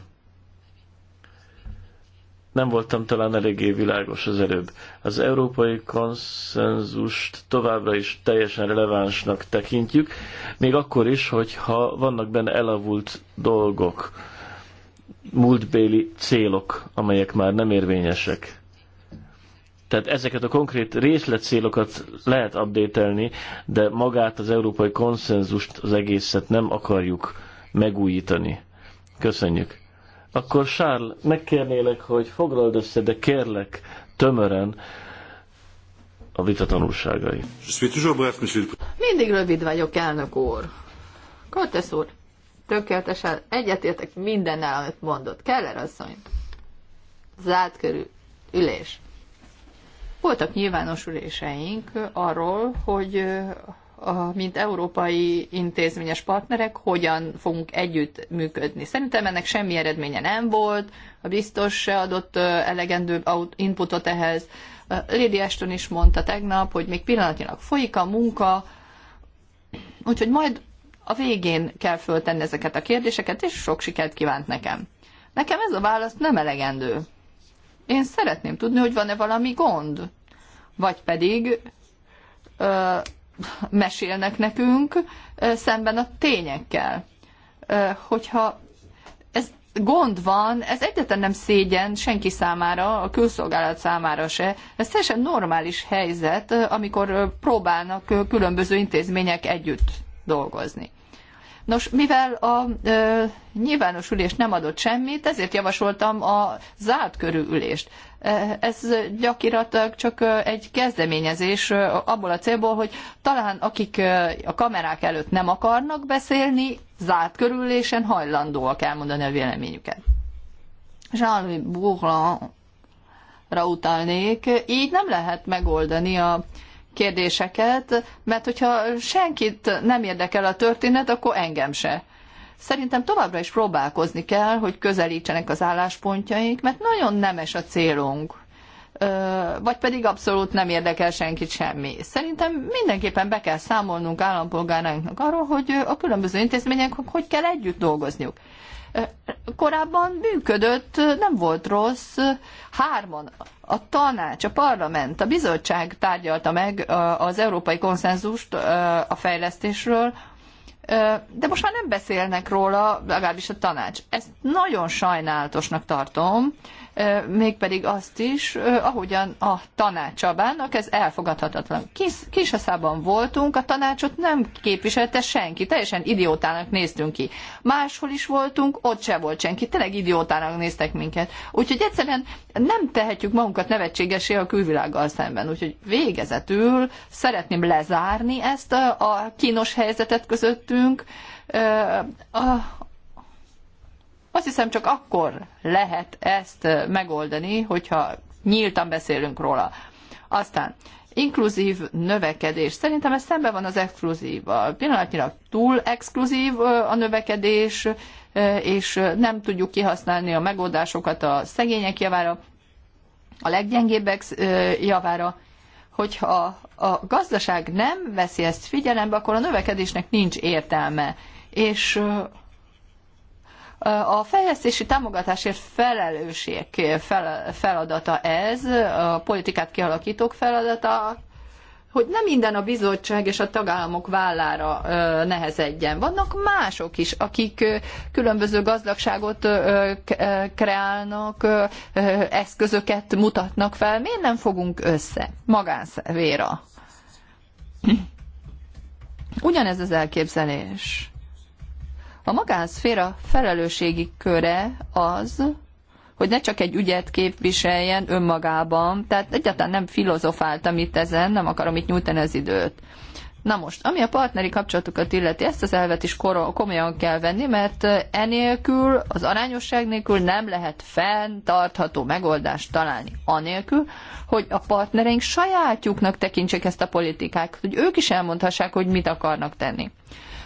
S1: nem voltam talán eléggé világos az előbb. Az európai konszenzust továbbra is teljesen relevánsnak tekintjük, még akkor is, hogyha vannak benne elavult dolgok, múltbéli célok, amelyek már nem érvényesek. Tehát ezeket a konkrét részletcélokat lehet updatelni, de magát az európai konszenzust, az egészet nem akarjuk megújítani. Köszönjük! akkor Sárl, megkérnélek, hogy foglald össze, de kérlek, tömören, a vita tanulságai.
S4: Mindig rövid vagyok, elnök úr. Kortesz úr, tökéletesen egyetértek mindennel, amit mondott. Keller asszony. Zárt körül ülés. Voltak nyilvános üléseink arról, hogy mint európai intézményes partnerek hogyan fogunk együtt működni. Szerintem ennek semmi eredménye nem volt, a biztos se adott elegendő inputot ehhez. Lady Ashton is mondta tegnap, hogy még pillanatnyilag folyik a munka, úgyhogy majd a végén kell föltenni ezeket a kérdéseket, és sok sikert kívánt nekem. Nekem ez a válasz nem elegendő. Én szeretném tudni, hogy van-e valami gond. Vagy pedig ö, mesélnek nekünk, szemben a tényekkel. Hogyha ez gond van, ez egyetlen nem szégyen senki számára, a külszolgálat számára se. Ez teljesen normális helyzet, amikor próbálnak különböző intézmények együtt dolgozni. Nos, mivel a e, nyilvános ülés nem adott semmit, ezért javasoltam a zárt körű ülést. Ez gyakorlatilag csak egy kezdeményezés abból a célból, hogy talán akik a kamerák előtt nem akarnak beszélni, zárt körülésen hajlandóak elmondani a véleményüket. Jean-Louis Bourlanra utalnék, így nem lehet megoldani a kérdéseket, mert hogyha senkit nem érdekel a történet, akkor engem se. Szerintem továbbra is próbálkozni kell, hogy közelítsenek az álláspontjaink, mert nagyon nemes a célunk. Vagy pedig abszolút nem érdekel senkit semmi. Szerintem mindenképpen be kell számolnunk állampolgárainknak arról, hogy a különböző intézmények hogy kell együtt dolgozniuk korábban működött, nem volt rossz. Hárman, a tanács, a parlament, a bizottság tárgyalta meg az európai konszenzust a fejlesztésről, de most már nem beszélnek róla, legalábbis a tanács. Ezt nagyon sajnálatosnak tartom, mégpedig azt is, ahogyan a tanácsabának, ez elfogadhatatlan. Kis, kisaszában voltunk, a tanácsot nem képviselte senki, teljesen idiótának néztünk ki. Máshol is voltunk, ott se volt senki, tényleg idiótának néztek minket. Úgyhogy egyszerűen nem tehetjük magunkat nevetségesé a külvilággal szemben. Úgyhogy végezetül szeretném lezárni ezt a kínos helyzetet közöttünk, azt hiszem, csak akkor lehet ezt megoldani, hogyha nyíltan beszélünk róla. Aztán inkluzív növekedés. Szerintem ez szembe van az exkluzívval. Pillanatnyilag túl exkluzív a növekedés, és nem tudjuk kihasználni a megoldásokat a szegények javára, a leggyengébbek javára. Hogyha a gazdaság nem veszi ezt figyelembe, akkor a növekedésnek nincs értelme. És a fejlesztési támogatásért felelősség feladata ez, a politikát kialakítók feladata, hogy nem minden a bizottság és a tagállamok vállára nehezedjen. Vannak mások is, akik különböző gazdagságot kreálnak, eszközöket mutatnak fel. Miért nem fogunk össze magánszvéra? Ugyanez az elképzelés. A magánszféra felelősségi köre az, hogy ne csak egy ügyet képviseljen önmagában, tehát egyáltalán nem filozofáltam itt ezen, nem akarom itt nyújtani az időt. Na most, ami a partneri kapcsolatokat illeti, ezt az elvet is komolyan kell venni, mert enélkül, az arányosság nélkül nem lehet fenntartható megoldást találni. Anélkül, hogy a partnereink sajátjuknak tekintsék ezt a politikát, hogy ők is elmondhassák, hogy mit akarnak tenni.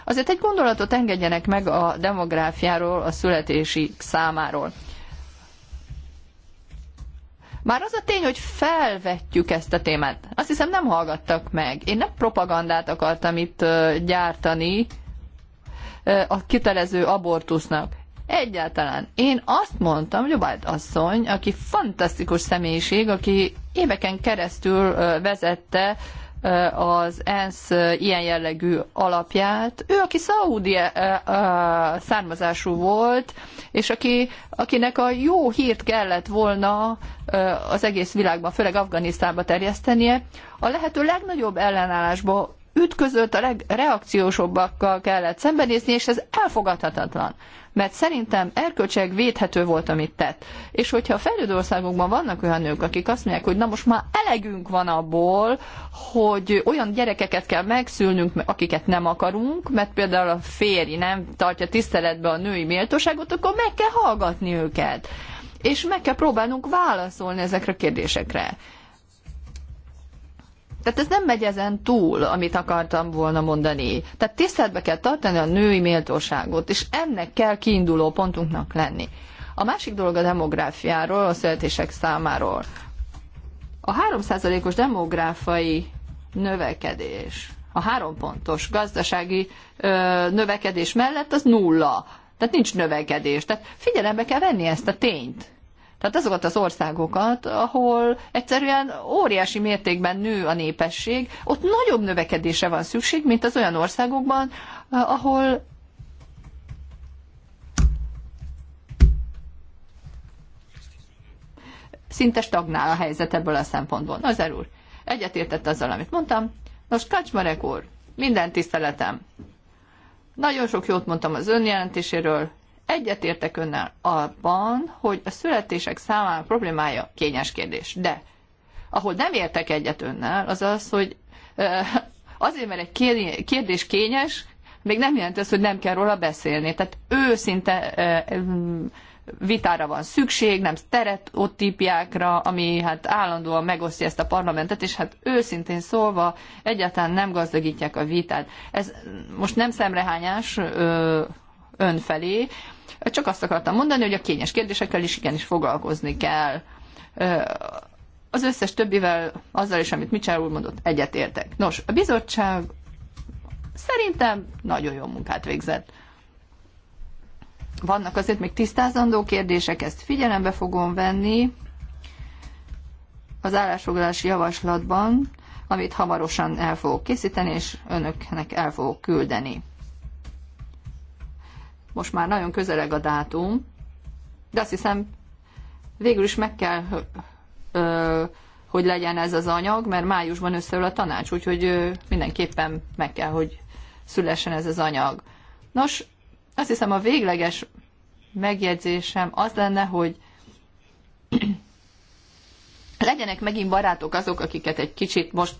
S4: Azért egy gondolatot engedjenek meg a demográfiáról, a születési számáról. Már az a tény, hogy felvetjük ezt a témát. Azt hiszem nem hallgattak meg. Én nem propagandát akartam itt gyártani a kitelező abortusznak. Egyáltalán. Én azt mondtam, hogy Obált asszony, aki fantasztikus személyiség, aki éveken keresztül vezette az ENSZ ilyen jellegű alapját. Ő, aki szaúdi származású volt, és aki, akinek a jó hírt kellett volna az egész világban, főleg Afganisztánba terjesztenie, a lehető legnagyobb ellenállásba ütközött a reakciósabbakkal kellett szembenézni, és ez elfogadhatatlan. Mert szerintem erkölcsileg védhető volt, amit tett. És hogyha a fejlődő országokban vannak olyan nők, akik azt mondják, hogy na most már elegünk van abból, hogy olyan gyerekeket kell megszülnünk, akiket nem akarunk, mert például a férj nem tartja tiszteletbe a női méltóságot, akkor meg kell hallgatni őket. És meg kell próbálnunk válaszolni ezekre a kérdésekre. Tehát ez nem megy ezen túl, amit akartam volna mondani. Tehát tiszteletbe kell tartani a női méltóságot, és ennek kell kiinduló pontunknak lenni. A másik dolog a demográfiáról, a születések számáról. A 3%-os demográfai növekedés, a három pontos gazdasági ö, növekedés mellett az nulla. Tehát nincs növekedés. Tehát figyelembe kell venni ezt a tényt. Tehát azokat az országokat, ahol egyszerűen óriási mértékben nő a népesség, ott nagyobb növekedése van szükség, mint az olyan országokban, eh, ahol szinte stagnál a helyzet ebből a szempontból. Na, úr, egyetértett azzal, amit mondtam. Nos, Kacsmarek úr, minden tiszteletem. Nagyon sok jót mondtam az önjelentéséről, egyetértek önnel abban, hogy a születések számára problémája kényes kérdés. De ahol nem értek egyet önnel, az az, hogy azért, mert egy kérdés kényes, még nem jelenti azt, hogy nem kell róla beszélni. Tehát őszinte vitára van szükség, nem sztereotípiákra, ami hát állandóan megosztja ezt a parlamentet, és hát őszintén szólva egyáltalán nem gazdagítják a vitát. Ez most nem szemrehányás ö, ön felé, csak azt akartam mondani, hogy a kényes kérdésekkel is igenis foglalkozni kell. Az összes többivel, azzal is, amit Mitchell úr mondott, egyetértek. Nos, a bizottság szerintem nagyon jó munkát végzett. Vannak azért még tisztázandó kérdések, ezt figyelembe fogom venni az állásfoglalási javaslatban, amit hamarosan el fogok készíteni, és önöknek el fogok küldeni most már nagyon közeleg a dátum, de azt hiszem végül is meg kell, hogy legyen ez az anyag, mert májusban összeül a tanács, úgyhogy mindenképpen meg kell, hogy szülessen ez az anyag. Nos, azt hiszem a végleges megjegyzésem az lenne, hogy legyenek megint barátok azok, akiket egy kicsit most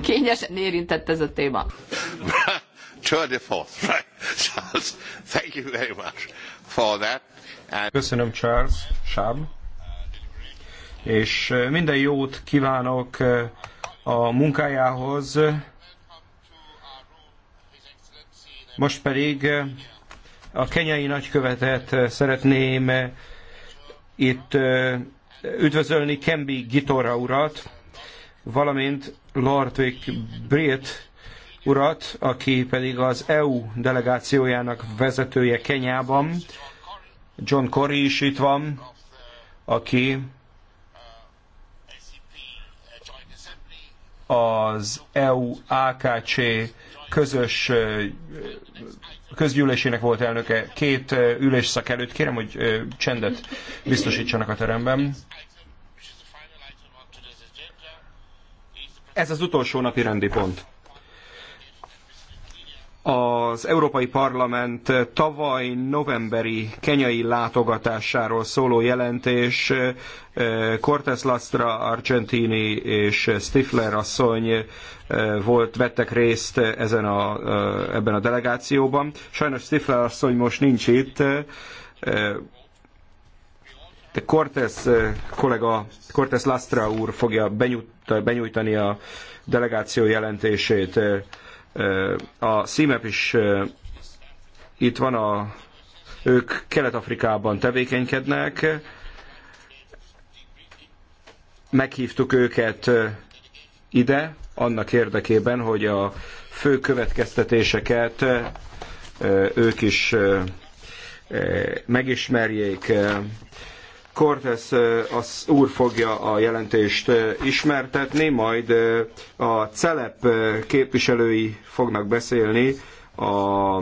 S4: kényesen érintett ez a téma.
S2: Charles, thank you very much for that.
S3: Köszönöm, Charles, Sáb. És minden jót kívánok a munkájához. Most pedig a kenyai nagykövetet szeretném itt üdvözölni Kembi Gitora urat, valamint Lordwick Brit urat, aki pedig az EU delegációjának vezetője Kenyában. John Corey is itt van, aki az EU-AKC közös közgyűlésének volt elnöke két ülésszak előtt. Kérem, hogy csendet biztosítsanak a teremben. Ez az utolsó napi rendi pont az Európai Parlament tavaly novemberi kenyai látogatásáról szóló jelentés Cortes Lastra, Argentini és Stifler asszony volt, vettek részt ezen a, ebben a delegációban. Sajnos Stifler asszony most nincs itt, de Cortes kollega, Cortes Lastra úr fogja benyújtani a delegáció jelentését. A CIMEP is itt van, a, ők Kelet-Afrikában tevékenykednek. Meghívtuk őket ide annak érdekében, hogy a fő következtetéseket ők is megismerjék. Cortes az úr fogja a jelentést ismertetni, majd a CELEP képviselői fognak beszélni a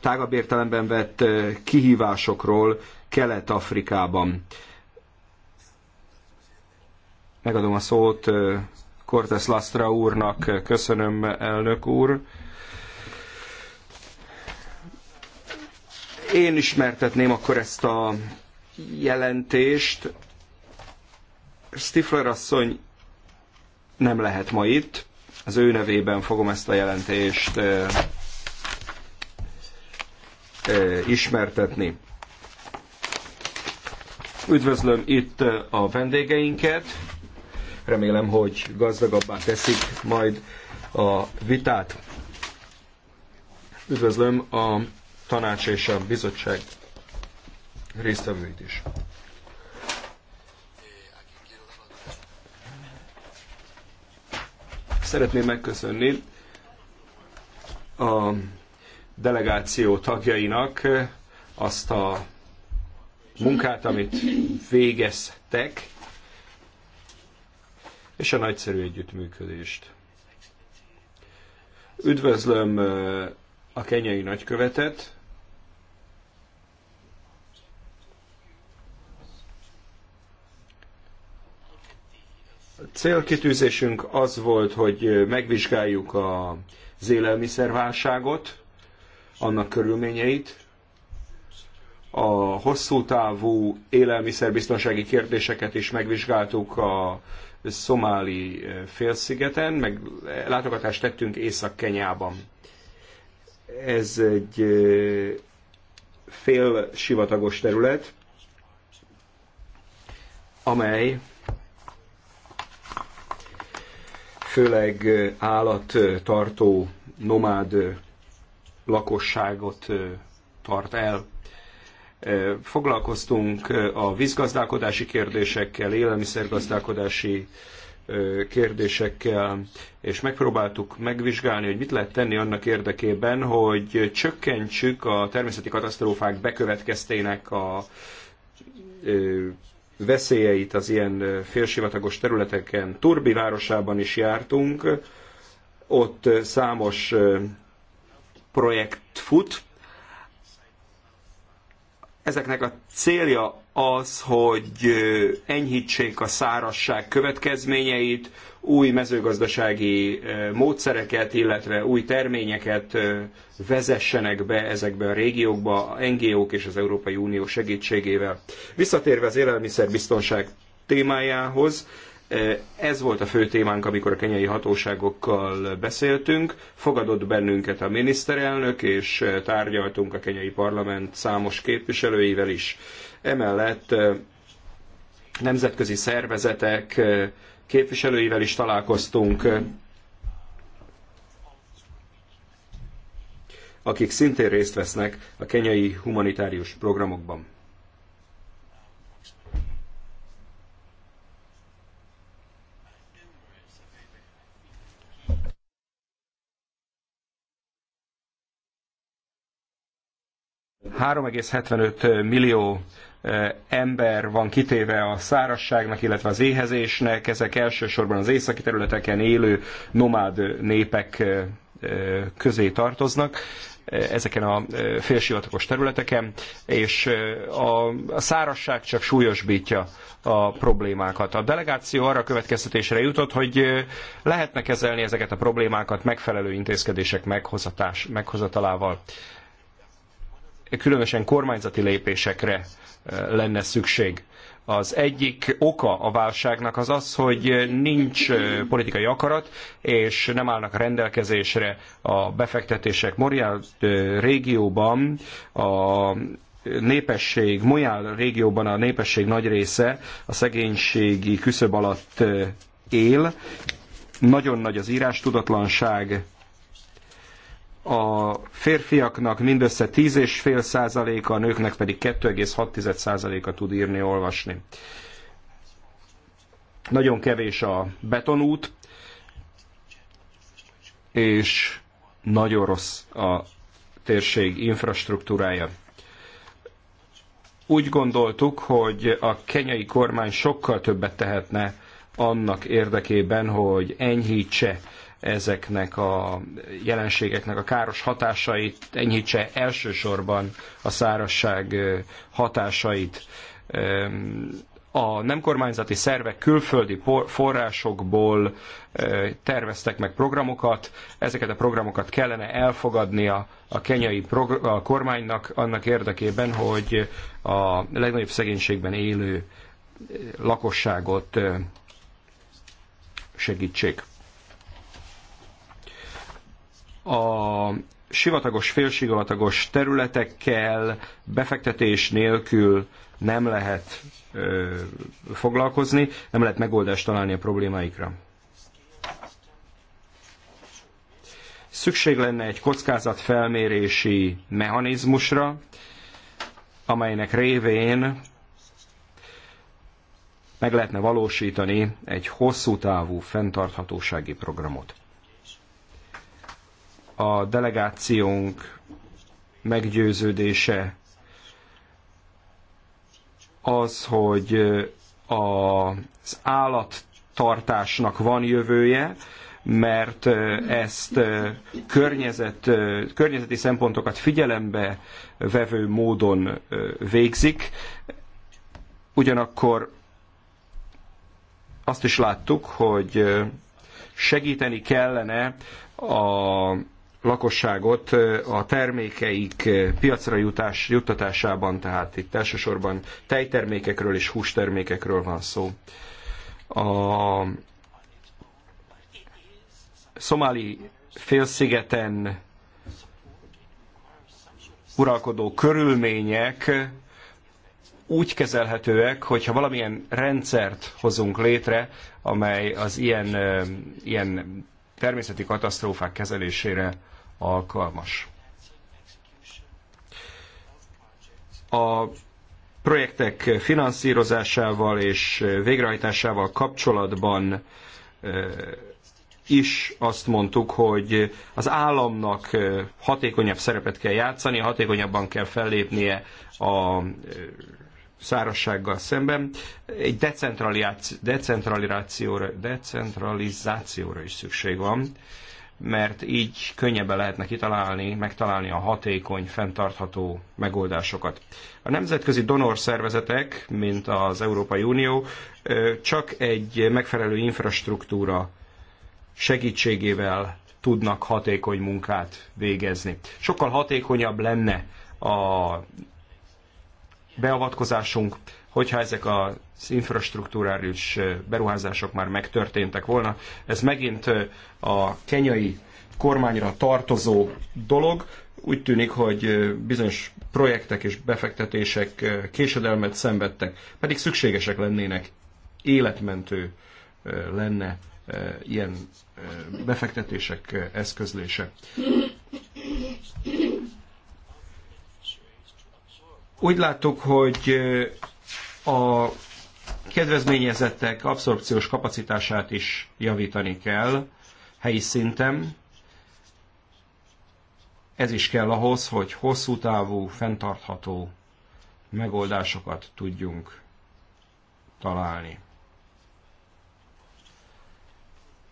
S3: tágabb értelemben vett kihívásokról Kelet-Afrikában. Megadom a szót Cortes Lastra úrnak. Köszönöm, elnök úr. Én ismertetném akkor ezt a jelentést. Stifler asszony nem lehet ma itt, az ő nevében fogom ezt a jelentést ismertetni. Üdvözlöm itt a vendégeinket. Remélem, hogy gazdagabbá teszik majd a vitát. Üdvözlöm a tanács és a bizottság résztvevőit is. Szeretném megköszönni a delegáció tagjainak azt a munkát, amit végeztek, és a nagyszerű együttműködést. Üdvözlöm a kenyai nagykövetet, célkitűzésünk az volt, hogy megvizsgáljuk az élelmiszerválságot, annak körülményeit, a hosszú távú élelmiszerbiztonsági kérdéseket is megvizsgáltuk a szomáli eh, félszigeten, meg látogatást tettünk Észak-Kenyában. Ez egy eh, fél sivatagos terület, amely főleg állattartó nomád lakosságot tart el. Foglalkoztunk a vízgazdálkodási kérdésekkel, élelmiszergazdálkodási kérdésekkel, és megpróbáltuk megvizsgálni, hogy mit lehet tenni annak érdekében, hogy csökkentsük a természeti katasztrófák bekövetkeztének a veszélyeit az ilyen félsivatagos területeken. Turbi városában is jártunk, ott számos projekt fut. Ezeknek a célja az, hogy enyhítsék a szárasság következményeit, új mezőgazdasági módszereket, illetve új terményeket vezessenek be ezekbe a régiókba a NGO-k és az Európai Unió segítségével. Visszatérve az élelmiszerbiztonság témájához, ez volt a fő témánk, amikor a kenyai hatóságokkal beszéltünk. Fogadott bennünket a miniszterelnök, és tárgyaltunk a kenyai parlament számos képviselőivel is. Emellett nemzetközi szervezetek képviselőivel is találkoztunk, akik szintén részt vesznek a kenyai humanitárius programokban. Három egész millió ember van kitéve a szárasságnak, illetve az éhezésnek. Ezek elsősorban az északi területeken élő nomád népek közé tartoznak ezeken a félsivatagos területeken, és a szárazság csak súlyosbítja a problémákat. A delegáció arra következtetésre jutott, hogy lehetne kezelni ezeket a problémákat megfelelő intézkedések meghozatalával különösen kormányzati lépésekre eh, lenne szükség. Az egyik oka a válságnak az az, hogy nincs eh, politikai akarat, és nem állnak rendelkezésre a befektetések. Morial eh, régióban a népesség, Mojál régióban a népesség nagy része a szegénységi küszöb alatt él. Nagyon nagy az tudatlanság a férfiaknak mindössze 10,5 százaléka, a nőknek pedig 2,6 százaléka tud írni, olvasni. Nagyon kevés a betonút, és nagyon rossz a térség infrastruktúrája. Úgy gondoltuk, hogy a kenyai kormány sokkal többet tehetne annak érdekében, hogy enyhítse ezeknek a jelenségeknek a káros hatásait, enyhítse elsősorban a szárazság hatásait. A nem kormányzati szervek külföldi forrásokból terveztek meg programokat, ezeket a programokat kellene elfogadnia a kenyai a kormánynak annak érdekében, hogy a legnagyobb szegénységben élő lakosságot segítsék a sivatagos, félsivatagos területekkel befektetés nélkül nem lehet ö, foglalkozni, nem lehet megoldást találni a problémáikra. Szükség lenne egy kockázatfelmérési mechanizmusra, amelynek révén meg lehetne valósítani egy hosszú távú fenntarthatósági programot a delegációnk meggyőződése az, hogy az állattartásnak van jövője, mert ezt környezet, környezeti szempontokat figyelembe vevő módon végzik. Ugyanakkor azt is láttuk, hogy segíteni kellene a lakosságot a termékeik piacra jutás, juttatásában, tehát itt elsősorban tejtermékekről és hústermékekről van szó. A szomáli félszigeten uralkodó körülmények úgy kezelhetőek, hogyha valamilyen rendszert hozunk létre, amely az ilyen, ilyen természeti katasztrófák kezelésére alkalmas. A projektek finanszírozásával és végrehajtásával kapcsolatban eh, is azt mondtuk, hogy az államnak eh, hatékonyabb szerepet kell játszani, hatékonyabban kell fellépnie a eh, szárassággal szemben. Egy decentralizációra, decentralizációra is szükség van mert így könnyebben lehetne kitalálni, megtalálni a hatékony, fenntartható megoldásokat. A nemzetközi szervezetek, mint az Európai Unió, csak egy megfelelő infrastruktúra segítségével tudnak hatékony munkát végezni. Sokkal hatékonyabb lenne a beavatkozásunk, hogyha ezek a infrastruktúrális beruházások már megtörténtek volna. Ez megint a kenyai kormányra tartozó dolog. Úgy tűnik, hogy bizonyos projektek és befektetések késedelmet szenvedtek, pedig szükségesek lennének, életmentő lenne ilyen befektetések eszközlése. Úgy láttuk, hogy a kedvezményezettek abszorpciós kapacitását is javítani kell helyi szinten. Ez is kell ahhoz, hogy hosszú távú, fenntartható megoldásokat tudjunk találni.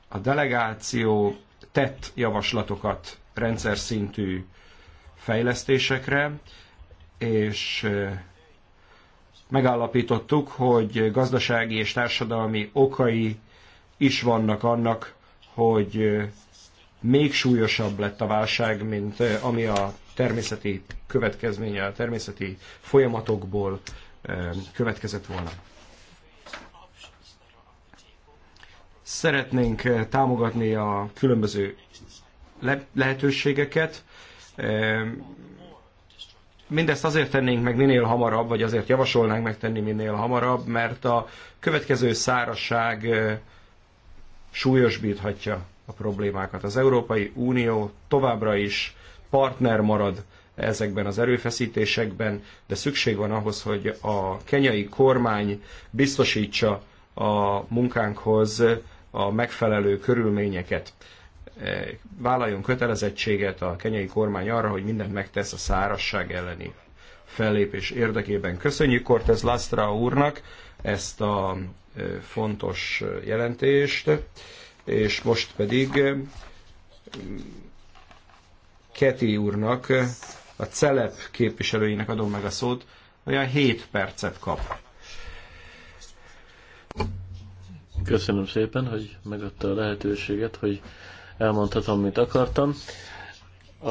S3: A delegáció tett javaslatokat rendszer szintű fejlesztésekre, és megállapítottuk, hogy gazdasági és társadalmi okai is vannak annak, hogy még súlyosabb lett a válság, mint eh, ami a természeti következménye, a természeti folyamatokból eh, következett volna. Szeretnénk eh, támogatni a különböző lehetőségeket, mindezt azért tennénk meg minél hamarabb, vagy azért javasolnánk megtenni minél hamarabb, mert a következő szárazság súlyosbíthatja a problémákat. Az Európai Unió továbbra is partner marad ezekben az erőfeszítésekben, de szükség van ahhoz, hogy a kenyai kormány biztosítsa a munkánkhoz a megfelelő körülményeket vállaljon kötelezettséget a kenyai kormány arra, hogy mindent megtesz a szárazság elleni fellépés érdekében. Köszönjük Cortez Lastra úrnak ezt a fontos jelentést, és most pedig Keti úrnak, a CELEP képviselőinek adom meg a szót, olyan 7 percet kap.
S1: Köszönöm szépen, hogy megadta a lehetőséget, hogy elmondhatom, mint akartam. A,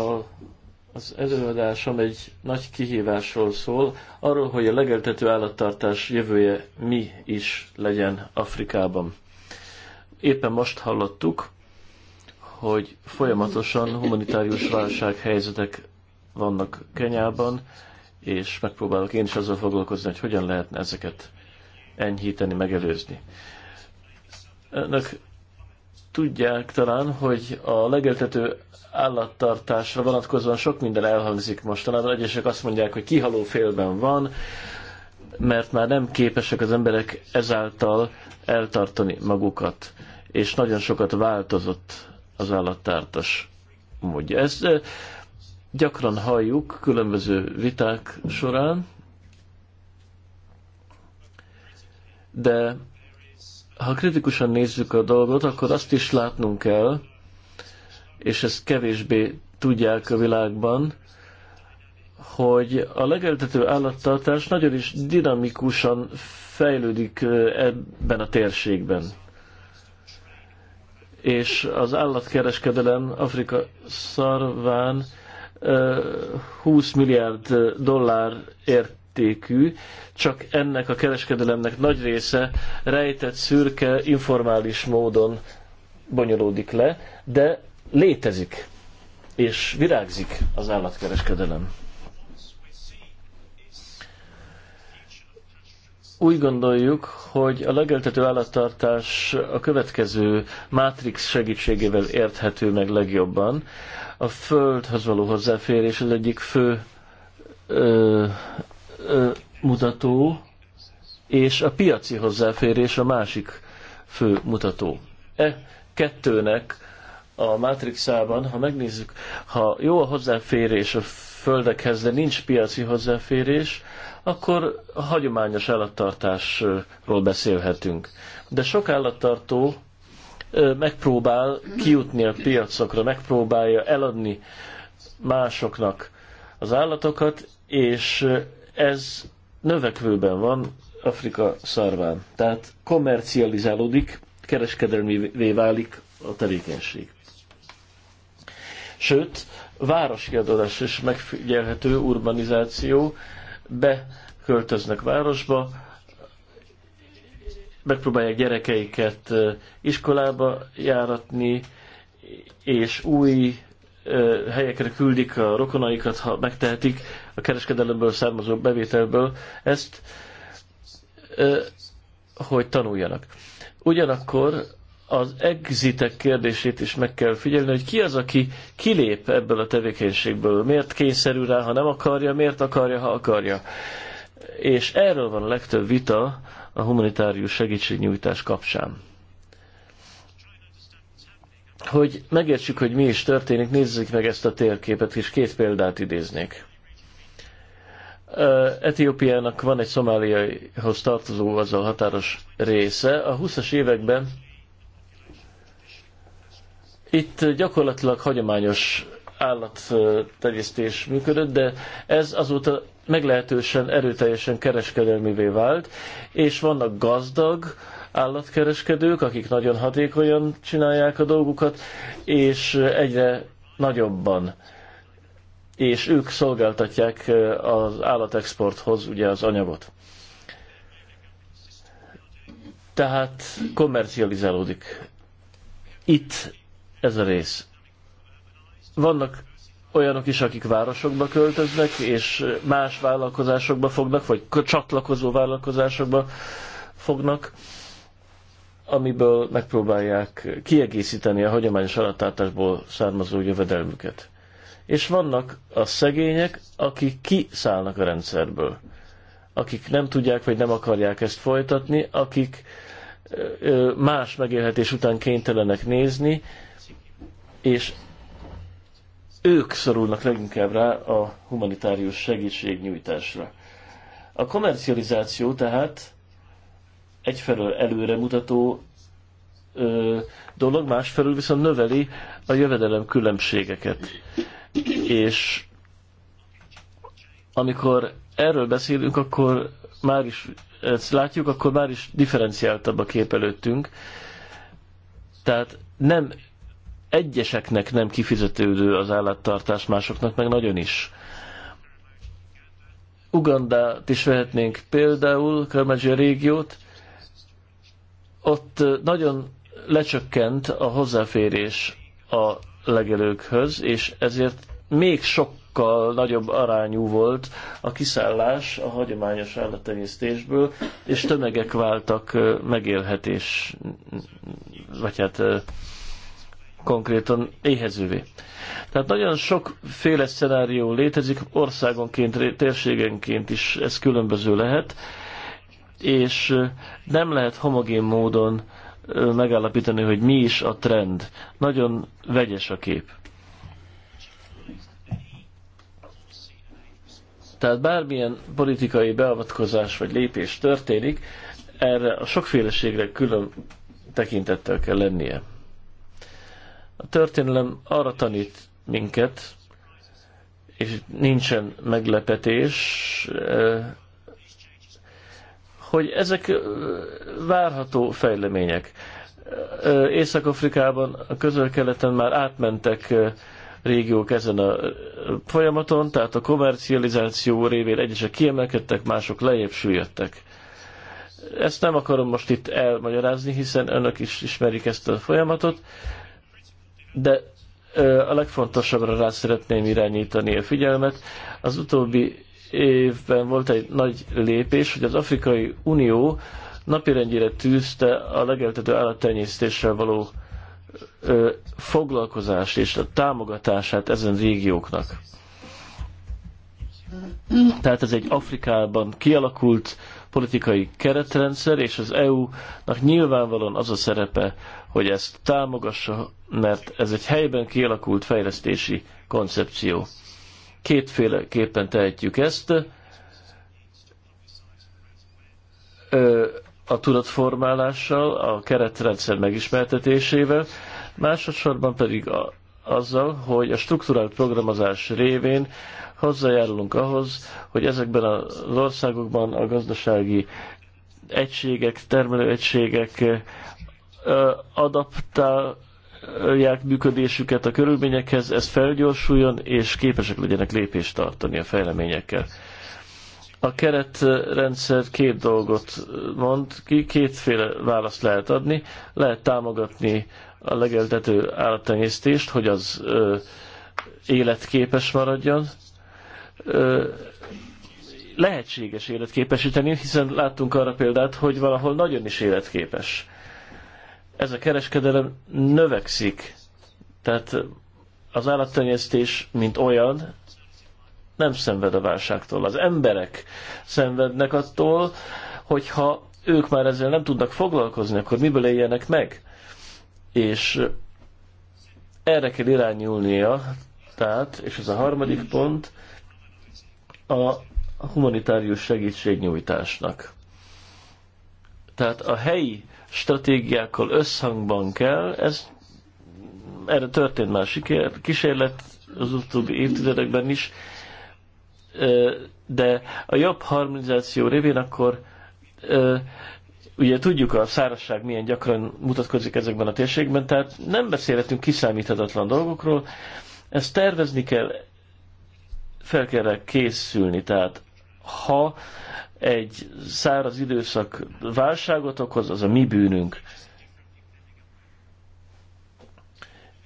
S1: az előadásom egy nagy kihívásról szól, arról, hogy a legeltető állattartás jövője mi is legyen Afrikában. Éppen most hallottuk, hogy folyamatosan humanitárius válsághelyzetek vannak Kenyában, és megpróbálok én is azzal foglalkozni, hogy hogyan lehetne ezeket enyhíteni, megelőzni. Önök tudják talán, hogy a legeltető állattartásra vonatkozóan sok minden elhangzik mostanában. Egyesek azt mondják, hogy kihaló félben van, mert már nem képesek az emberek ezáltal eltartani magukat. És nagyon sokat változott az állattartás módja. Ezt gyakran halljuk különböző viták során, de ha kritikusan nézzük a dolgot, akkor azt is látnunk kell, és ezt kevésbé tudják a világban, hogy a legeltető állattartás nagyon is dinamikusan fejlődik ebben a térségben. És az állatkereskedelem Afrika szarván 20 milliárd dollár ért mértékű, csak ennek a kereskedelemnek nagy része rejtett, szürke, informális módon bonyolódik le, de létezik és virágzik az állatkereskedelem. Úgy gondoljuk, hogy a legeltető állattartás a következő mátrix segítségével érthető meg legjobban. A földhöz való hozzáférés az egyik fő ö, mutató, és a piaci hozzáférés a másik fő mutató. E kettőnek a mátrixában, ha megnézzük, ha jó a hozzáférés a földekhez, de nincs piaci hozzáférés, akkor a hagyományos állattartásról beszélhetünk. De sok állattartó megpróbál kijutni a piacokra, megpróbálja eladni másoknak az állatokat, és ez növekvőben van Afrika szarván. Tehát komercializálódik, kereskedelmivé válik a tevékenység. Sőt, városi adódás és megfigyelhető, urbanizáció, beköltöznek városba, megpróbálják gyerekeiket iskolába járatni, és új helyekre küldik a rokonaikat, ha megtehetik a kereskedelemből származó bevételből ezt, hogy tanuljanak. Ugyanakkor az exitek kérdését is meg kell figyelni, hogy ki az, aki kilép ebből a tevékenységből, miért kényszerül rá, ha nem akarja, miért akarja, ha akarja. És erről van a legtöbb vita a humanitárius segítségnyújtás kapcsán. Hogy megértsük, hogy mi is történik, nézzük meg ezt a térképet, és két példát idéznék. Etiópiának van egy szomáliaihoz tartozó, a határos része. A 20-as években itt gyakorlatilag hagyományos állattenyésztés működött, de ez azóta meglehetősen erőteljesen kereskedelmivé vált, és vannak gazdag, állatkereskedők, akik nagyon hatékonyan csinálják a dolgukat, és egyre nagyobban. És ők szolgáltatják az állatexporthoz ugye az anyagot. Tehát komercializálódik. Itt ez a rész. Vannak olyanok is, akik városokba költöznek, és más vállalkozásokba fognak, vagy csatlakozó vállalkozásokba fognak amiből megpróbálják kiegészíteni a hagyományos alattártásból származó jövedelmüket. És vannak a szegények, akik kiszállnak a rendszerből, akik nem tudják vagy nem akarják ezt folytatni, akik más megélhetés után kénytelenek nézni, és ők szorulnak leginkább rá a humanitárius segítségnyújtásra. A komercializáció tehát egyfelől előremutató ö, dolog, másfelől viszont növeli a jövedelem különbségeket. És amikor erről beszélünk, akkor már is ezt látjuk, akkor már is differenciáltabb a kép előttünk. Tehát nem egyeseknek nem kifizetődő az állattartás, másoknak meg nagyon is. Ugandát is vehetnénk például, Kamadzsia régiót, ott nagyon lecsökkent a hozzáférés a legelőkhöz, és ezért még sokkal nagyobb arányú volt a kiszállás a hagyományos állattenyésztésből, és tömegek váltak megélhetés, vagy hát konkrétan éhezővé. Tehát nagyon sokféle szenárió létezik, országonként, térségenként is ez különböző lehet, és nem lehet homogén módon megállapítani, hogy mi is a trend. Nagyon vegyes a kép. Tehát bármilyen politikai beavatkozás vagy lépés történik, erre a sokféleségre külön tekintettel kell lennie. A történelem arra tanít minket, és nincsen meglepetés hogy ezek várható fejlemények. Észak-Afrikában, a közel-keleten már átmentek régiók ezen a folyamaton, tehát a komercializáció révén egyesek kiemelkedtek, mások lejjebb süllyedtek. Ezt nem akarom most itt elmagyarázni, hiszen önök is ismerik ezt a folyamatot, de a legfontosabbra rá szeretném irányítani a figyelmet. Az utóbbi évben volt egy nagy lépés, hogy az Afrikai Unió napirendjére tűzte a legeltető állattenyésztéssel való ö, foglalkozást és a támogatását ezen régióknak. Tehát ez egy Afrikában kialakult politikai keretrendszer, és az EU-nak nyilvánvalóan az a szerepe, hogy ezt támogassa, mert ez egy helyben kialakult fejlesztési koncepció. Kétféleképpen tehetjük ezt. A tudatformálással, a keretrendszer megismertetésével, másodszorban pedig a, azzal, hogy a strukturált programozás révén hozzájárulunk ahhoz, hogy ezekben az országokban a gazdasági egységek, termelőegységek adaptál, igazítják működésüket a körülményekhez, ez felgyorsuljon, és képesek legyenek lépést tartani a fejleményekkel. A keretrendszer két dolgot mond ki, kétféle választ lehet adni. Lehet támogatni a legeltető állattenyésztést, hogy az ö, életképes maradjon. Ö, lehetséges életképesíteni, hiszen láttunk arra példát, hogy valahol nagyon is életképes ez a kereskedelem növekszik. Tehát az állattenyésztés, mint olyan, nem szenved a válságtól. Az emberek szenvednek attól, hogyha ők már ezzel nem tudnak foglalkozni, akkor miből éljenek meg? És erre kell irányulnia, tehát, és ez a harmadik pont, a humanitárius segítségnyújtásnak. Tehát a helyi stratégiákkal összhangban kell. Ez erre történt már siker, kísérlet az utóbbi évtizedekben is, de a jobb harmonizáció révén akkor ugye tudjuk a szárazság milyen gyakran mutatkozik ezekben a térségben, tehát nem beszélhetünk kiszámíthatatlan dolgokról, ezt tervezni kell, fel kell készülni, tehát ha egy száraz időszak válságot okoz, az a mi bűnünk.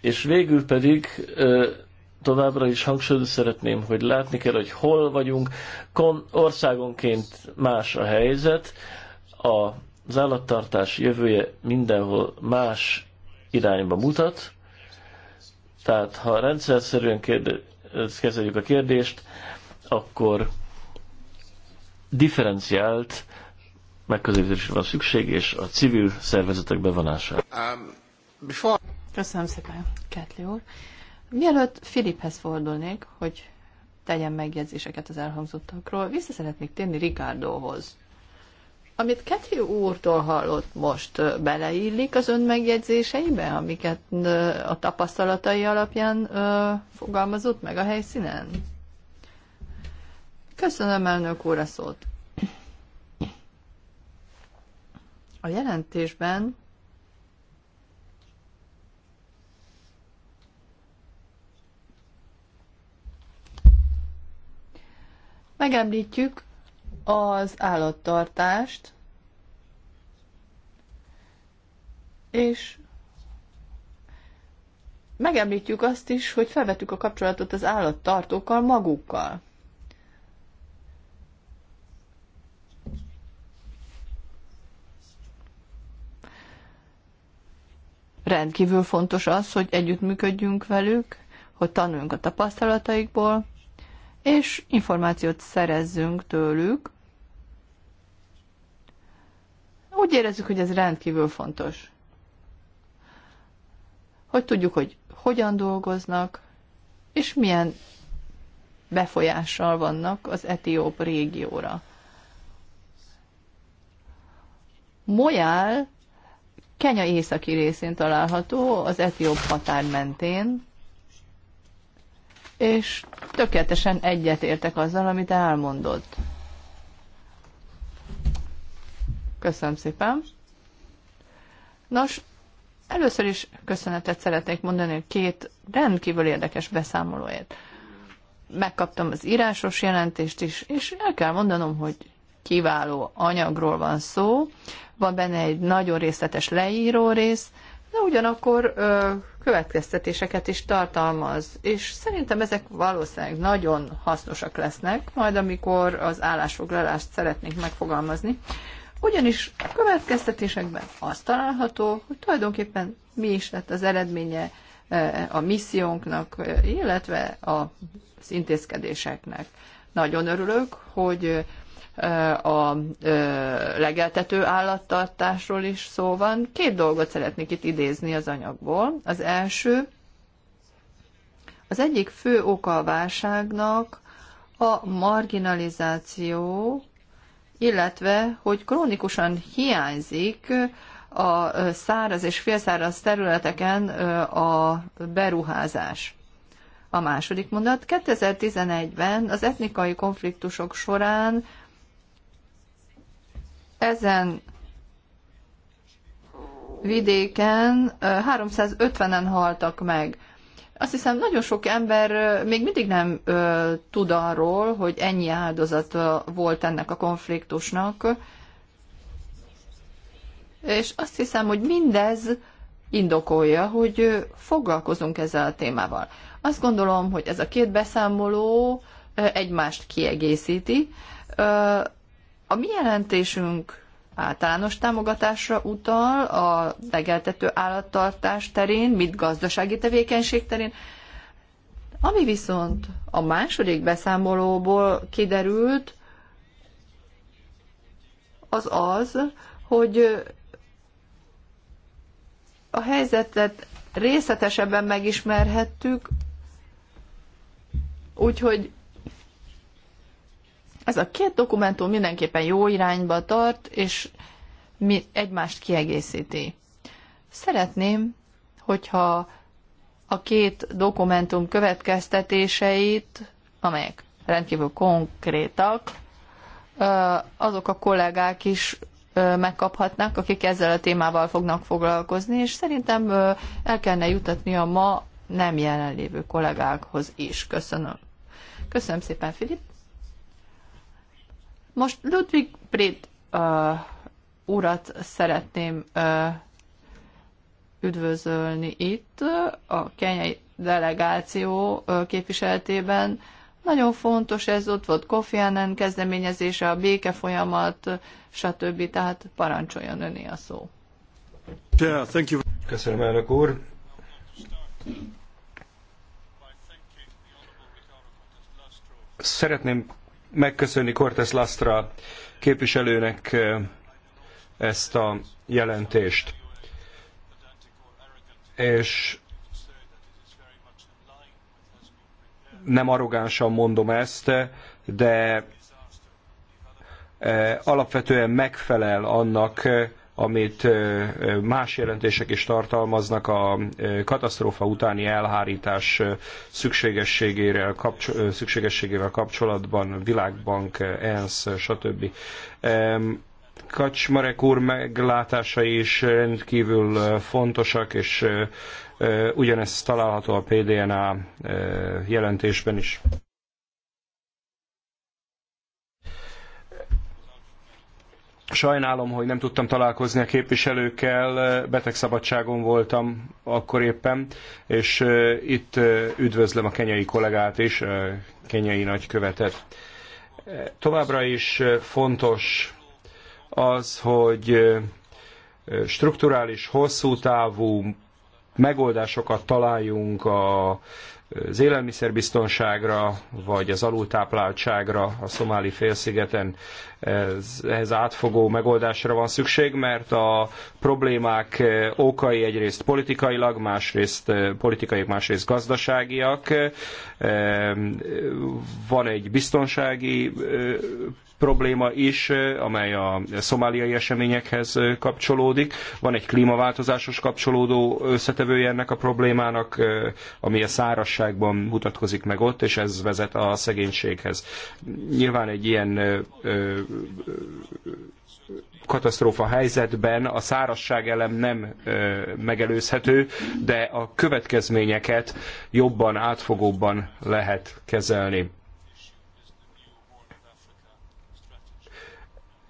S1: És végül pedig továbbra is hangsúlyozni szeretném, hogy látni kell, hogy hol vagyunk. Kon- országonként más a helyzet, a, az állattartás jövője mindenhol más irányba mutat, tehát ha szerűen kérde- kezeljük a kérdést, akkor differenciált megközelítésre van szükség, és a civil szervezetek
S2: bevonására.
S4: Um, Köszönöm szépen, Ketli úr. Mielőtt Filiphez fordulnék, hogy tegyen megjegyzéseket az elhangzottakról, vissza szeretnék térni Ricardohoz. Amit Ketri úrtól hallott most, beleillik az ön megjegyzéseibe, amiket a tapasztalatai alapján fogalmazott meg a helyszínen? Köszönöm, elnök úr, a szót. A jelentésben megemlítjük az állattartást, és megemlítjük azt is, hogy felvettük a kapcsolatot az állattartókkal magukkal. rendkívül fontos az, hogy együttműködjünk velük, hogy tanuljunk a tapasztalataikból, és információt szerezzünk tőlük. Úgy érezzük, hogy ez rendkívül fontos. Hogy tudjuk, hogy hogyan dolgoznak, és milyen befolyással vannak az etióp régióra. Moyal Kenya északi részén található, az etióp határ mentén, és tökéletesen egyetértek azzal, amit elmondott. Köszönöm szépen. Nos, először is köszönetet szeretnék mondani a két rendkívül érdekes beszámolóért. Megkaptam az írásos jelentést is, és el kell mondanom, hogy kiváló anyagról van szó, van benne egy nagyon részletes leíró rész, de ugyanakkor ö, következtetéseket is tartalmaz, és szerintem ezek valószínűleg nagyon hasznosak lesznek, majd amikor az állásfoglalást szeretnénk megfogalmazni, ugyanis a következtetésekben az található, hogy tulajdonképpen mi is lett az eredménye a missziónknak, illetve az intézkedéseknek. Nagyon örülök, hogy a legeltető állattartásról is szó van. Két dolgot szeretnék itt idézni az anyagból. Az első, az egyik fő oka a válságnak a marginalizáció, illetve, hogy krónikusan hiányzik a száraz és félszáraz területeken a beruházás. A második mondat, 2011-ben az etnikai konfliktusok során ezen vidéken 350-en haltak meg. Azt hiszem, nagyon sok ember még mindig nem ö, tud arról, hogy ennyi áldozat volt ennek a konfliktusnak. És azt hiszem, hogy mindez indokolja, hogy foglalkozunk ezzel a témával. Azt gondolom, hogy ez a két beszámoló egymást kiegészíti a mi jelentésünk általános támogatásra utal a legeltető állattartás terén, mint gazdasági tevékenység terén, ami viszont a második beszámolóból kiderült, az az, hogy a helyzetet részletesebben megismerhettük, úgyhogy ez a két dokumentum mindenképpen jó irányba tart, és mi egymást kiegészíti. Szeretném, hogyha a két dokumentum következtetéseit, amelyek rendkívül konkrétak, azok a kollégák is megkaphatnak, akik ezzel a témával fognak foglalkozni, és szerintem el kellene jutatni a ma nem jelenlévő kollégákhoz is. Köszönöm. Köszönöm szépen, Filip. Most Ludwig Brid uh, urat szeretném uh, üdvözölni itt, a kenyai delegáció uh, képviseletében. Nagyon fontos ez, ott volt Kofi Annan kezdeményezése, a béke folyamat, stb. Tehát parancsoljon öné a szó.
S3: Yeah, thank you. Köszönöm, elnök úr. Szeretném megköszönni Cortes Lastra képviselőnek ezt a jelentést. És nem arrogánsan mondom ezt, de alapvetően megfelel annak, amit más jelentések is tartalmaznak a katasztrófa utáni elhárítás szükségességével, szükségességével kapcsolatban, Világbank, ENSZ, stb. Kacsmarek úr meglátásai is rendkívül fontosak, és ugyanezt található a PDNA jelentésben is. Sajnálom, hogy nem tudtam találkozni a képviselőkkel, betegszabadságon voltam akkor éppen, és itt üdvözlöm a kenyai kollégát is, a kenyai nagykövetet. Továbbra is fontos az, hogy strukturális, hosszú távú megoldásokat találjunk a, az élelmiszerbiztonságra, vagy az alultápláltságra a szomáli félszigeten ez, ehhez átfogó megoldásra van szükség, mert a problémák eh, okai egyrészt politikailag, másrészt eh, politikai, másrészt gazdaságiak. Van egy biztonsági eh, probléma is, amely a szomáliai eseményekhez kapcsolódik. Van egy klímaváltozásos kapcsolódó összetevője ennek a problémának, ami a szárasságban mutatkozik meg ott, és ez vezet a szegénységhez. Nyilván egy ilyen katasztrófa helyzetben a szárazság elem nem megelőzhető, de a következményeket jobban, átfogóbban lehet kezelni.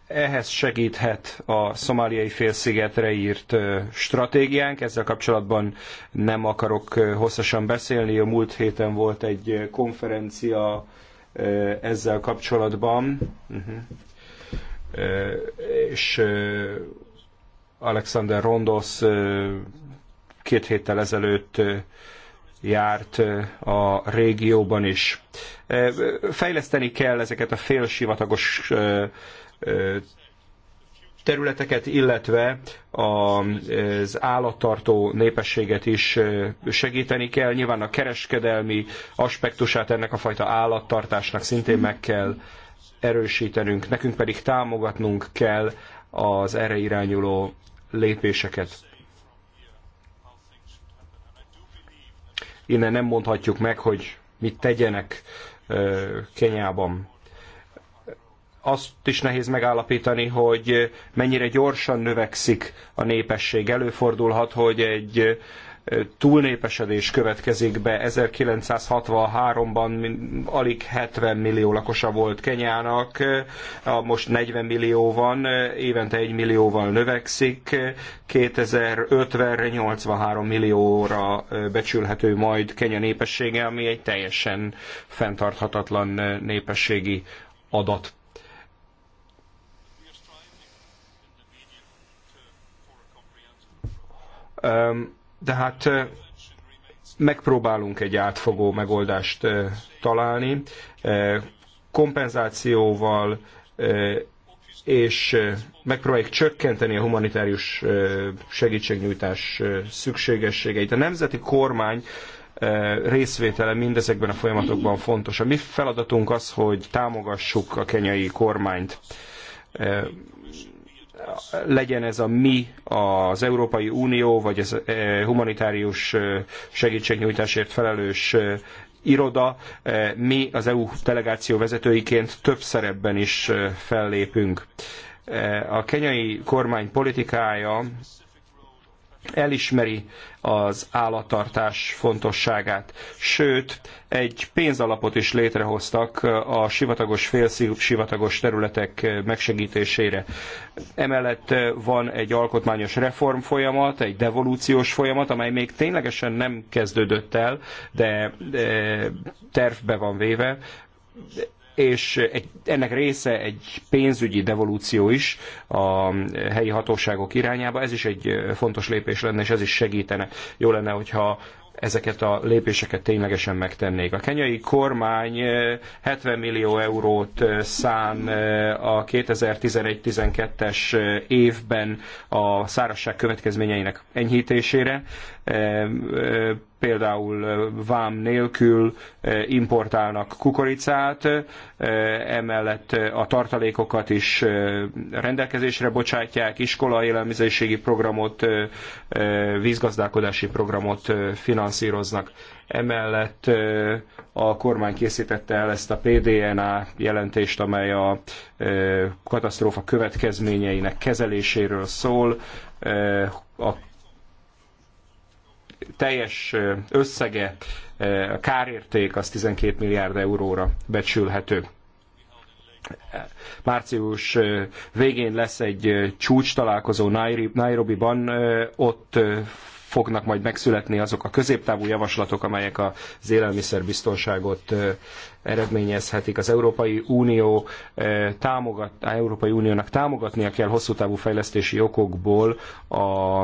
S3: ehhez segíthet a szomáliai félszigetre írt stratégiánk. Ezzel kapcsolatban nem akarok hosszasan beszélni. A múlt héten volt egy konferencia ezzel kapcsolatban. Uh-huh és Alexander Rondos két héttel ezelőtt járt a régióban is. Fejleszteni kell ezeket a félsivatagos területeket, illetve az állattartó népességet is segíteni kell. Nyilván a kereskedelmi aspektusát ennek a fajta állattartásnak szintén meg kell erősítenünk, nekünk pedig támogatnunk kell az erre irányuló lépéseket. Innen nem mondhatjuk meg, hogy mit tegyenek Kenyában. Azt is nehéz megállapítani, hogy mennyire gyorsan növekszik a népesség. Előfordulhat, hogy egy túlnépesedés következik be. 1963-ban alig 70 millió lakosa volt Kenyának, most 40 millió van, évente 1 millióval növekszik, 2050-re 83 millióra becsülhető majd Kenya népessége, ami egy teljesen fenntarthatatlan népességi adat. Um, de hát megpróbálunk egy átfogó megoldást találni, kompenzációval és megpróbáljuk csökkenteni a humanitárius segítségnyújtás szükségességeit. A nemzeti kormány részvétele mindezekben a folyamatokban fontos. A mi feladatunk az, hogy támogassuk a kenyai kormányt legyen ez a mi, az Európai Unió, vagy ez eh, humanitárius eh, segítségnyújtásért felelős eh, iroda, mi az EU delegáció vezetőiként több szerepben is fellépünk. A kenyai kormány politikája elismeri az állattartás fontosságát. Sőt, egy pénzalapot is létrehoztak a sivatagos, félsivatagos területek megsegítésére. Emellett van egy alkotmányos reform folyamat, egy devolúciós folyamat, amely még ténylegesen nem kezdődött el, de, de tervbe van véve és egy, ennek része egy pénzügyi devolúció is a helyi hatóságok irányába. Ez is egy fontos lépés lenne, és ez is segítene. Jó lenne, hogyha ezeket a lépéseket ténylegesen megtennék. A kenyai kormány 70 eh, millió eurót eh, szán eh, a 2011-12-es évben a szárasság következményeinek enyhítésére például vám nélkül importálnak kukoricát, emellett a tartalékokat is rendelkezésre bocsátják, iskola élelmiszerségi programot, vízgazdálkodási programot finanszíroznak. Emellett a kormány készítette el ezt a PDNA jelentést, amely a katasztrófa következményeinek kezeléséről szól. A teljes összege, a kárérték az 12 milliárd euróra becsülhető. Március végén lesz egy csúcs találkozó Nairobi-ban, ott fognak majd megszületni azok a középtávú javaslatok, amelyek az élelmiszerbiztonságot eredményezhetik. Az Európai Unió támogat, az Európai Uniónak támogatnia kell hosszú távú fejlesztési okokból a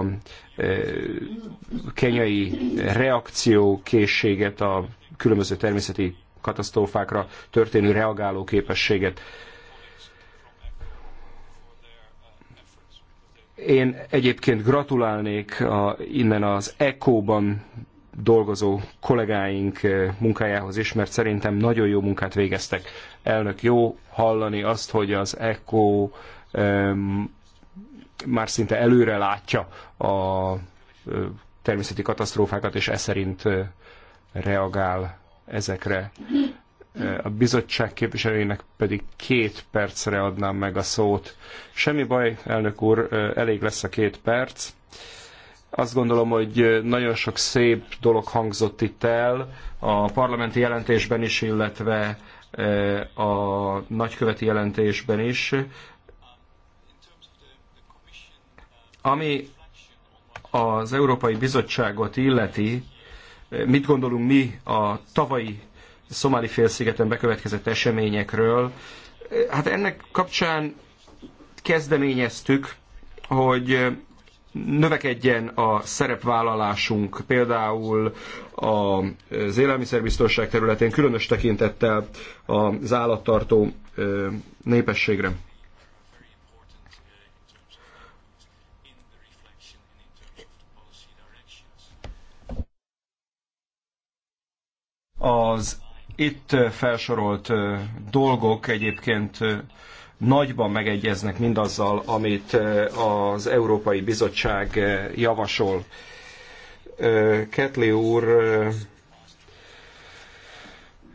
S3: kenyai reakciókészséget, a különböző természeti katasztrófákra történő reagáló képességet. Én egyébként gratulálnék a, innen az ECO-ban dolgozó kollégáink eh, munkájához is, mert szerintem nagyon jó munkát végeztek. Elnök, jó hallani azt, hogy az ECO um, már szinte előre látja a természeti katasztrófákat, és e szerint reagál ezekre. Eh, a bizottság képviselőjének pedig két percre adnám meg a szót. Semmi baj, elnök úr, eh, elég lesz a két perc. Azt gondolom, hogy eh, nagyon sok szép dolog hangzott itt el a parlamenti jelentésben is, illetve a nagyköveti jelentésben is. Ami az Európai Bizottságot illeti, mit gondolunk mi a tavalyi szomáli félszigeten bekövetkezett eseményekről. Hát ennek kapcsán kezdeményeztük, hogy növekedjen a szerepvállalásunk, például az élelmiszerbiztonság területén, különös tekintettel az állattartó népességre. Az itt felsorolt dolgok egyébként nagyban megegyeznek mindazzal, amit az Európai Bizottság javasol. Ketli úr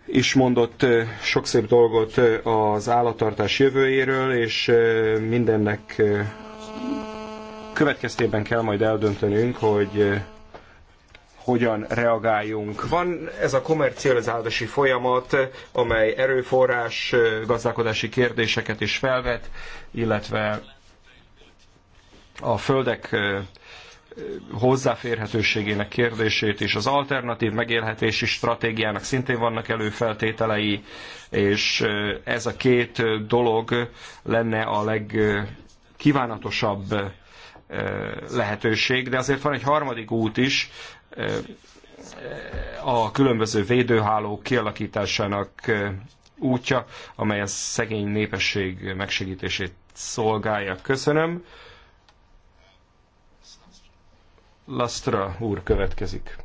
S3: is mondott sok szép dolgot az állattartás jövőjéről, és mindennek következtében kell majd eldöntenünk, hogy hogyan reagáljunk. Van ez a komercializálási folyamat, amely erőforrás, gazdálkodási kérdéseket is felvet, illetve a földek hozzáférhetőségének kérdését és az alternatív megélhetési stratégiának szintén vannak előfeltételei, és ez a két dolog lenne a legkívánatosabb lehetőség, de azért van egy harmadik út is, a különböző védőhálók kialakításának útja, amely a szegény népesség megsegítését szolgálja. Köszönöm. Lastra úr következik.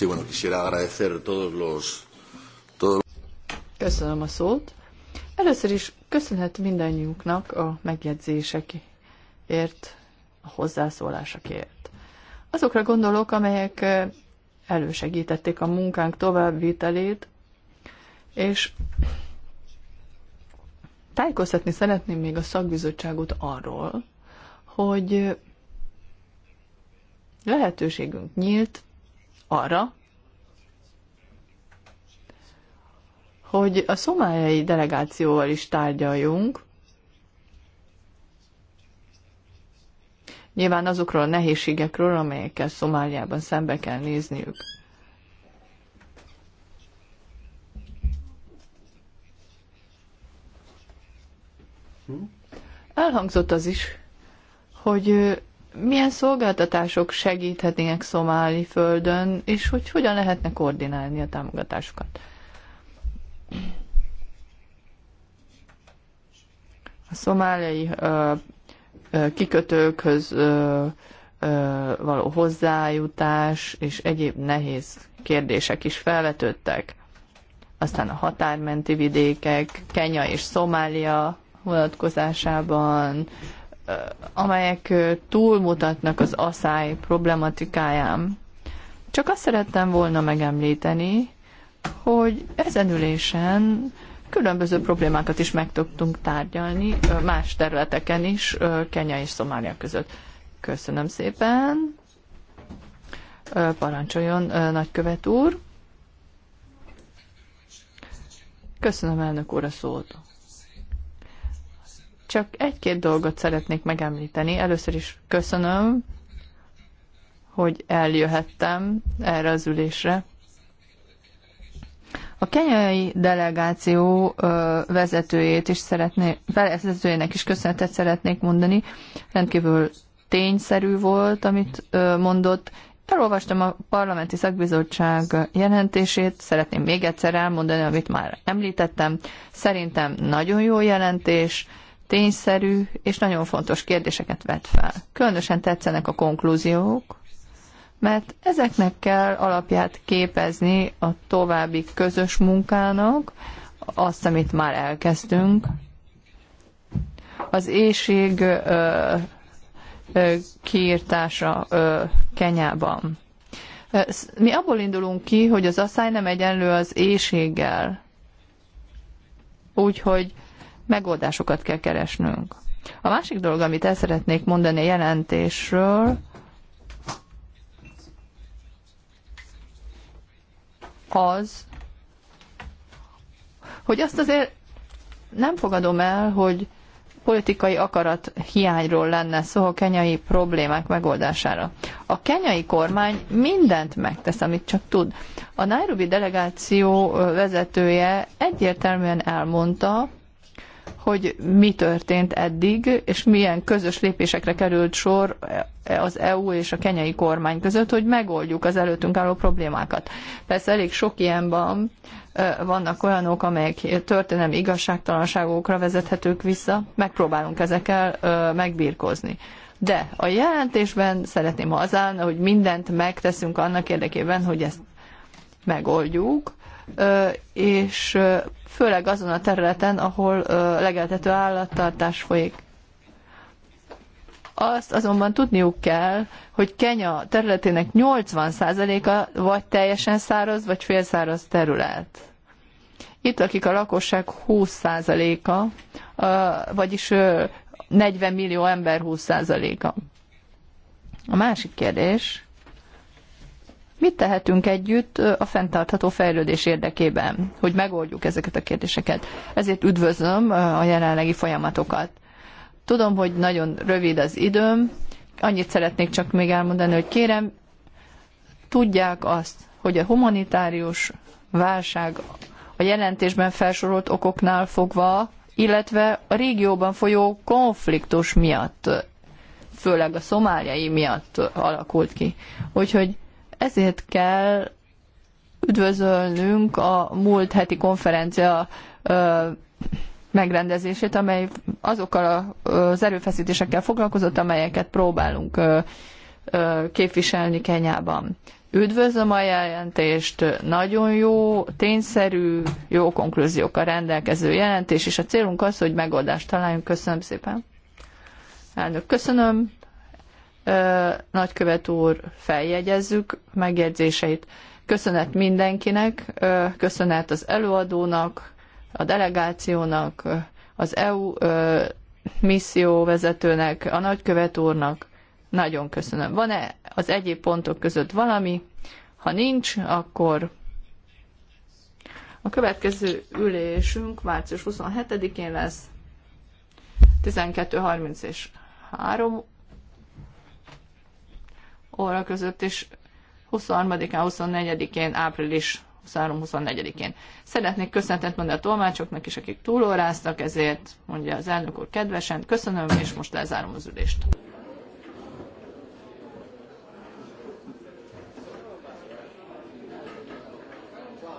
S2: bueno, quisiera agradecer todos los... Todos...
S4: Köszönöm a szót. Először is köszönhet mindannyiunknak a megjegyzésekért, a hozzászólásokért. Azokra gondolok, amelyek elősegítették a munkánk továbbvitelét, és tájékoztatni szeretném még a szakbizottságot arról, hogy lehetőségünk nyílt arra, hogy a szomájai delegációval is tárgyaljunk, nyilván azokról a nehézségekről, amelyekkel Szomáliában szembe kell nézniük. Elhangzott az is, hogy milyen szolgáltatások segíthetnének Szomáli földön, és hogy hogyan lehetne koordinálni a támogatásokat. A szomáliai kikötőkhöz való hozzájutás és egyéb nehéz kérdések is felvetődtek. Aztán a határmenti vidékek, Kenya és Szomália vonatkozásában, amelyek túlmutatnak az asszály problematikáján. Csak azt szerettem volna megemlíteni, hogy ezen ülésen Különböző problémákat is meg tudtunk tárgyalni más területeken is, Kenya és Szomália között. Köszönöm szépen. Parancsoljon, nagykövet úr. Köszönöm, elnök úr, a szót. Csak egy-két dolgot szeretnék megemlíteni. Először is köszönöm, hogy eljöhettem erre az ülésre. A kenyai delegáció vezetőjét is szeretné, vezetőjének is köszönetet szeretnék mondani. Rendkívül tényszerű volt, amit mondott. Elolvastam a parlamenti szakbizottság jelentését, szeretném még egyszer elmondani, amit már említettem. Szerintem nagyon jó jelentés, tényszerű és nagyon fontos kérdéseket vet fel. Különösen tetszenek a konklúziók, mert ezeknek kell alapját képezni a további közös munkának, azt, amit már elkezdtünk. Az éjség ö, ö, kiírtása ö, Kenyában. Mi abból indulunk ki, hogy az asszály nem egyenlő az éjséggel. Úgyhogy megoldásokat kell keresnünk. A másik dolog, amit el szeretnék mondani a jelentésről, az, hogy azt azért nem fogadom el, hogy politikai akarat hiányról lenne szó a kenyai problémák megoldására. A kenyai kormány mindent megtesz, amit csak tud. A Nairobi delegáció vezetője egyértelműen elmondta, hogy mi történt eddig, és milyen közös lépésekre került sor az EU és a kenyai kormány között, hogy megoldjuk az előttünk álló problémákat. Persze elég sok ilyen van, vannak olyanok, amelyek történelmi igazságtalanságokra vezethetők vissza, megpróbálunk ezekkel megbírkozni. De a jelentésben szeretném, ha az állna, hogy mindent megteszünk annak érdekében, hogy ezt megoldjuk, és főleg azon a területen, ahol legeltető állattartás folyik. Azt azonban tudniuk kell, hogy Kenya területének 80%-a vagy teljesen száraz, vagy félszáraz terület. Itt lakik a lakosság 20%-a, vagyis 40 millió ember 20%-a. A másik kérdés, Mit tehetünk együtt a fenntartható fejlődés érdekében, hogy megoldjuk ezeket a kérdéseket? Ezért üdvözlöm a jelenlegi folyamatokat. Tudom, hogy nagyon rövid az időm, annyit szeretnék csak még elmondani, hogy kérem, tudják azt, hogy a humanitárius válság a jelentésben felsorolt okoknál fogva, illetve a régióban folyó konfliktus miatt, főleg a szomáliai miatt alakult ki. Úgyhogy ezért kell üdvözölnünk a múlt heti konferencia megrendezését, amely azokkal az erőfeszítésekkel foglalkozott, amelyeket próbálunk képviselni Kenyában. Üdvözlöm a jelentést, nagyon jó, tényszerű, jó konklúziókkal rendelkező jelentés, és a célunk az, hogy megoldást találjunk. Köszönöm szépen. Elnök, köszönöm nagykövet úr, feljegyezzük megjegyzéseit. Köszönet mindenkinek, köszönet az előadónak, a delegációnak, az EU misszióvezetőnek, a nagykövet úrnak. Nagyon köszönöm. Van-e az egyéb pontok között valami? Ha nincs, akkor a következő ülésünk március 27-én lesz 12.30 és 3 óra között, és 23-án, 24-én, április 23-24-én. Szeretnék köszöntet mondani a tolmácsoknak is, akik túlóráztak ezért, mondja az elnök úr kedvesen. Köszönöm, és most lezárom az ülést.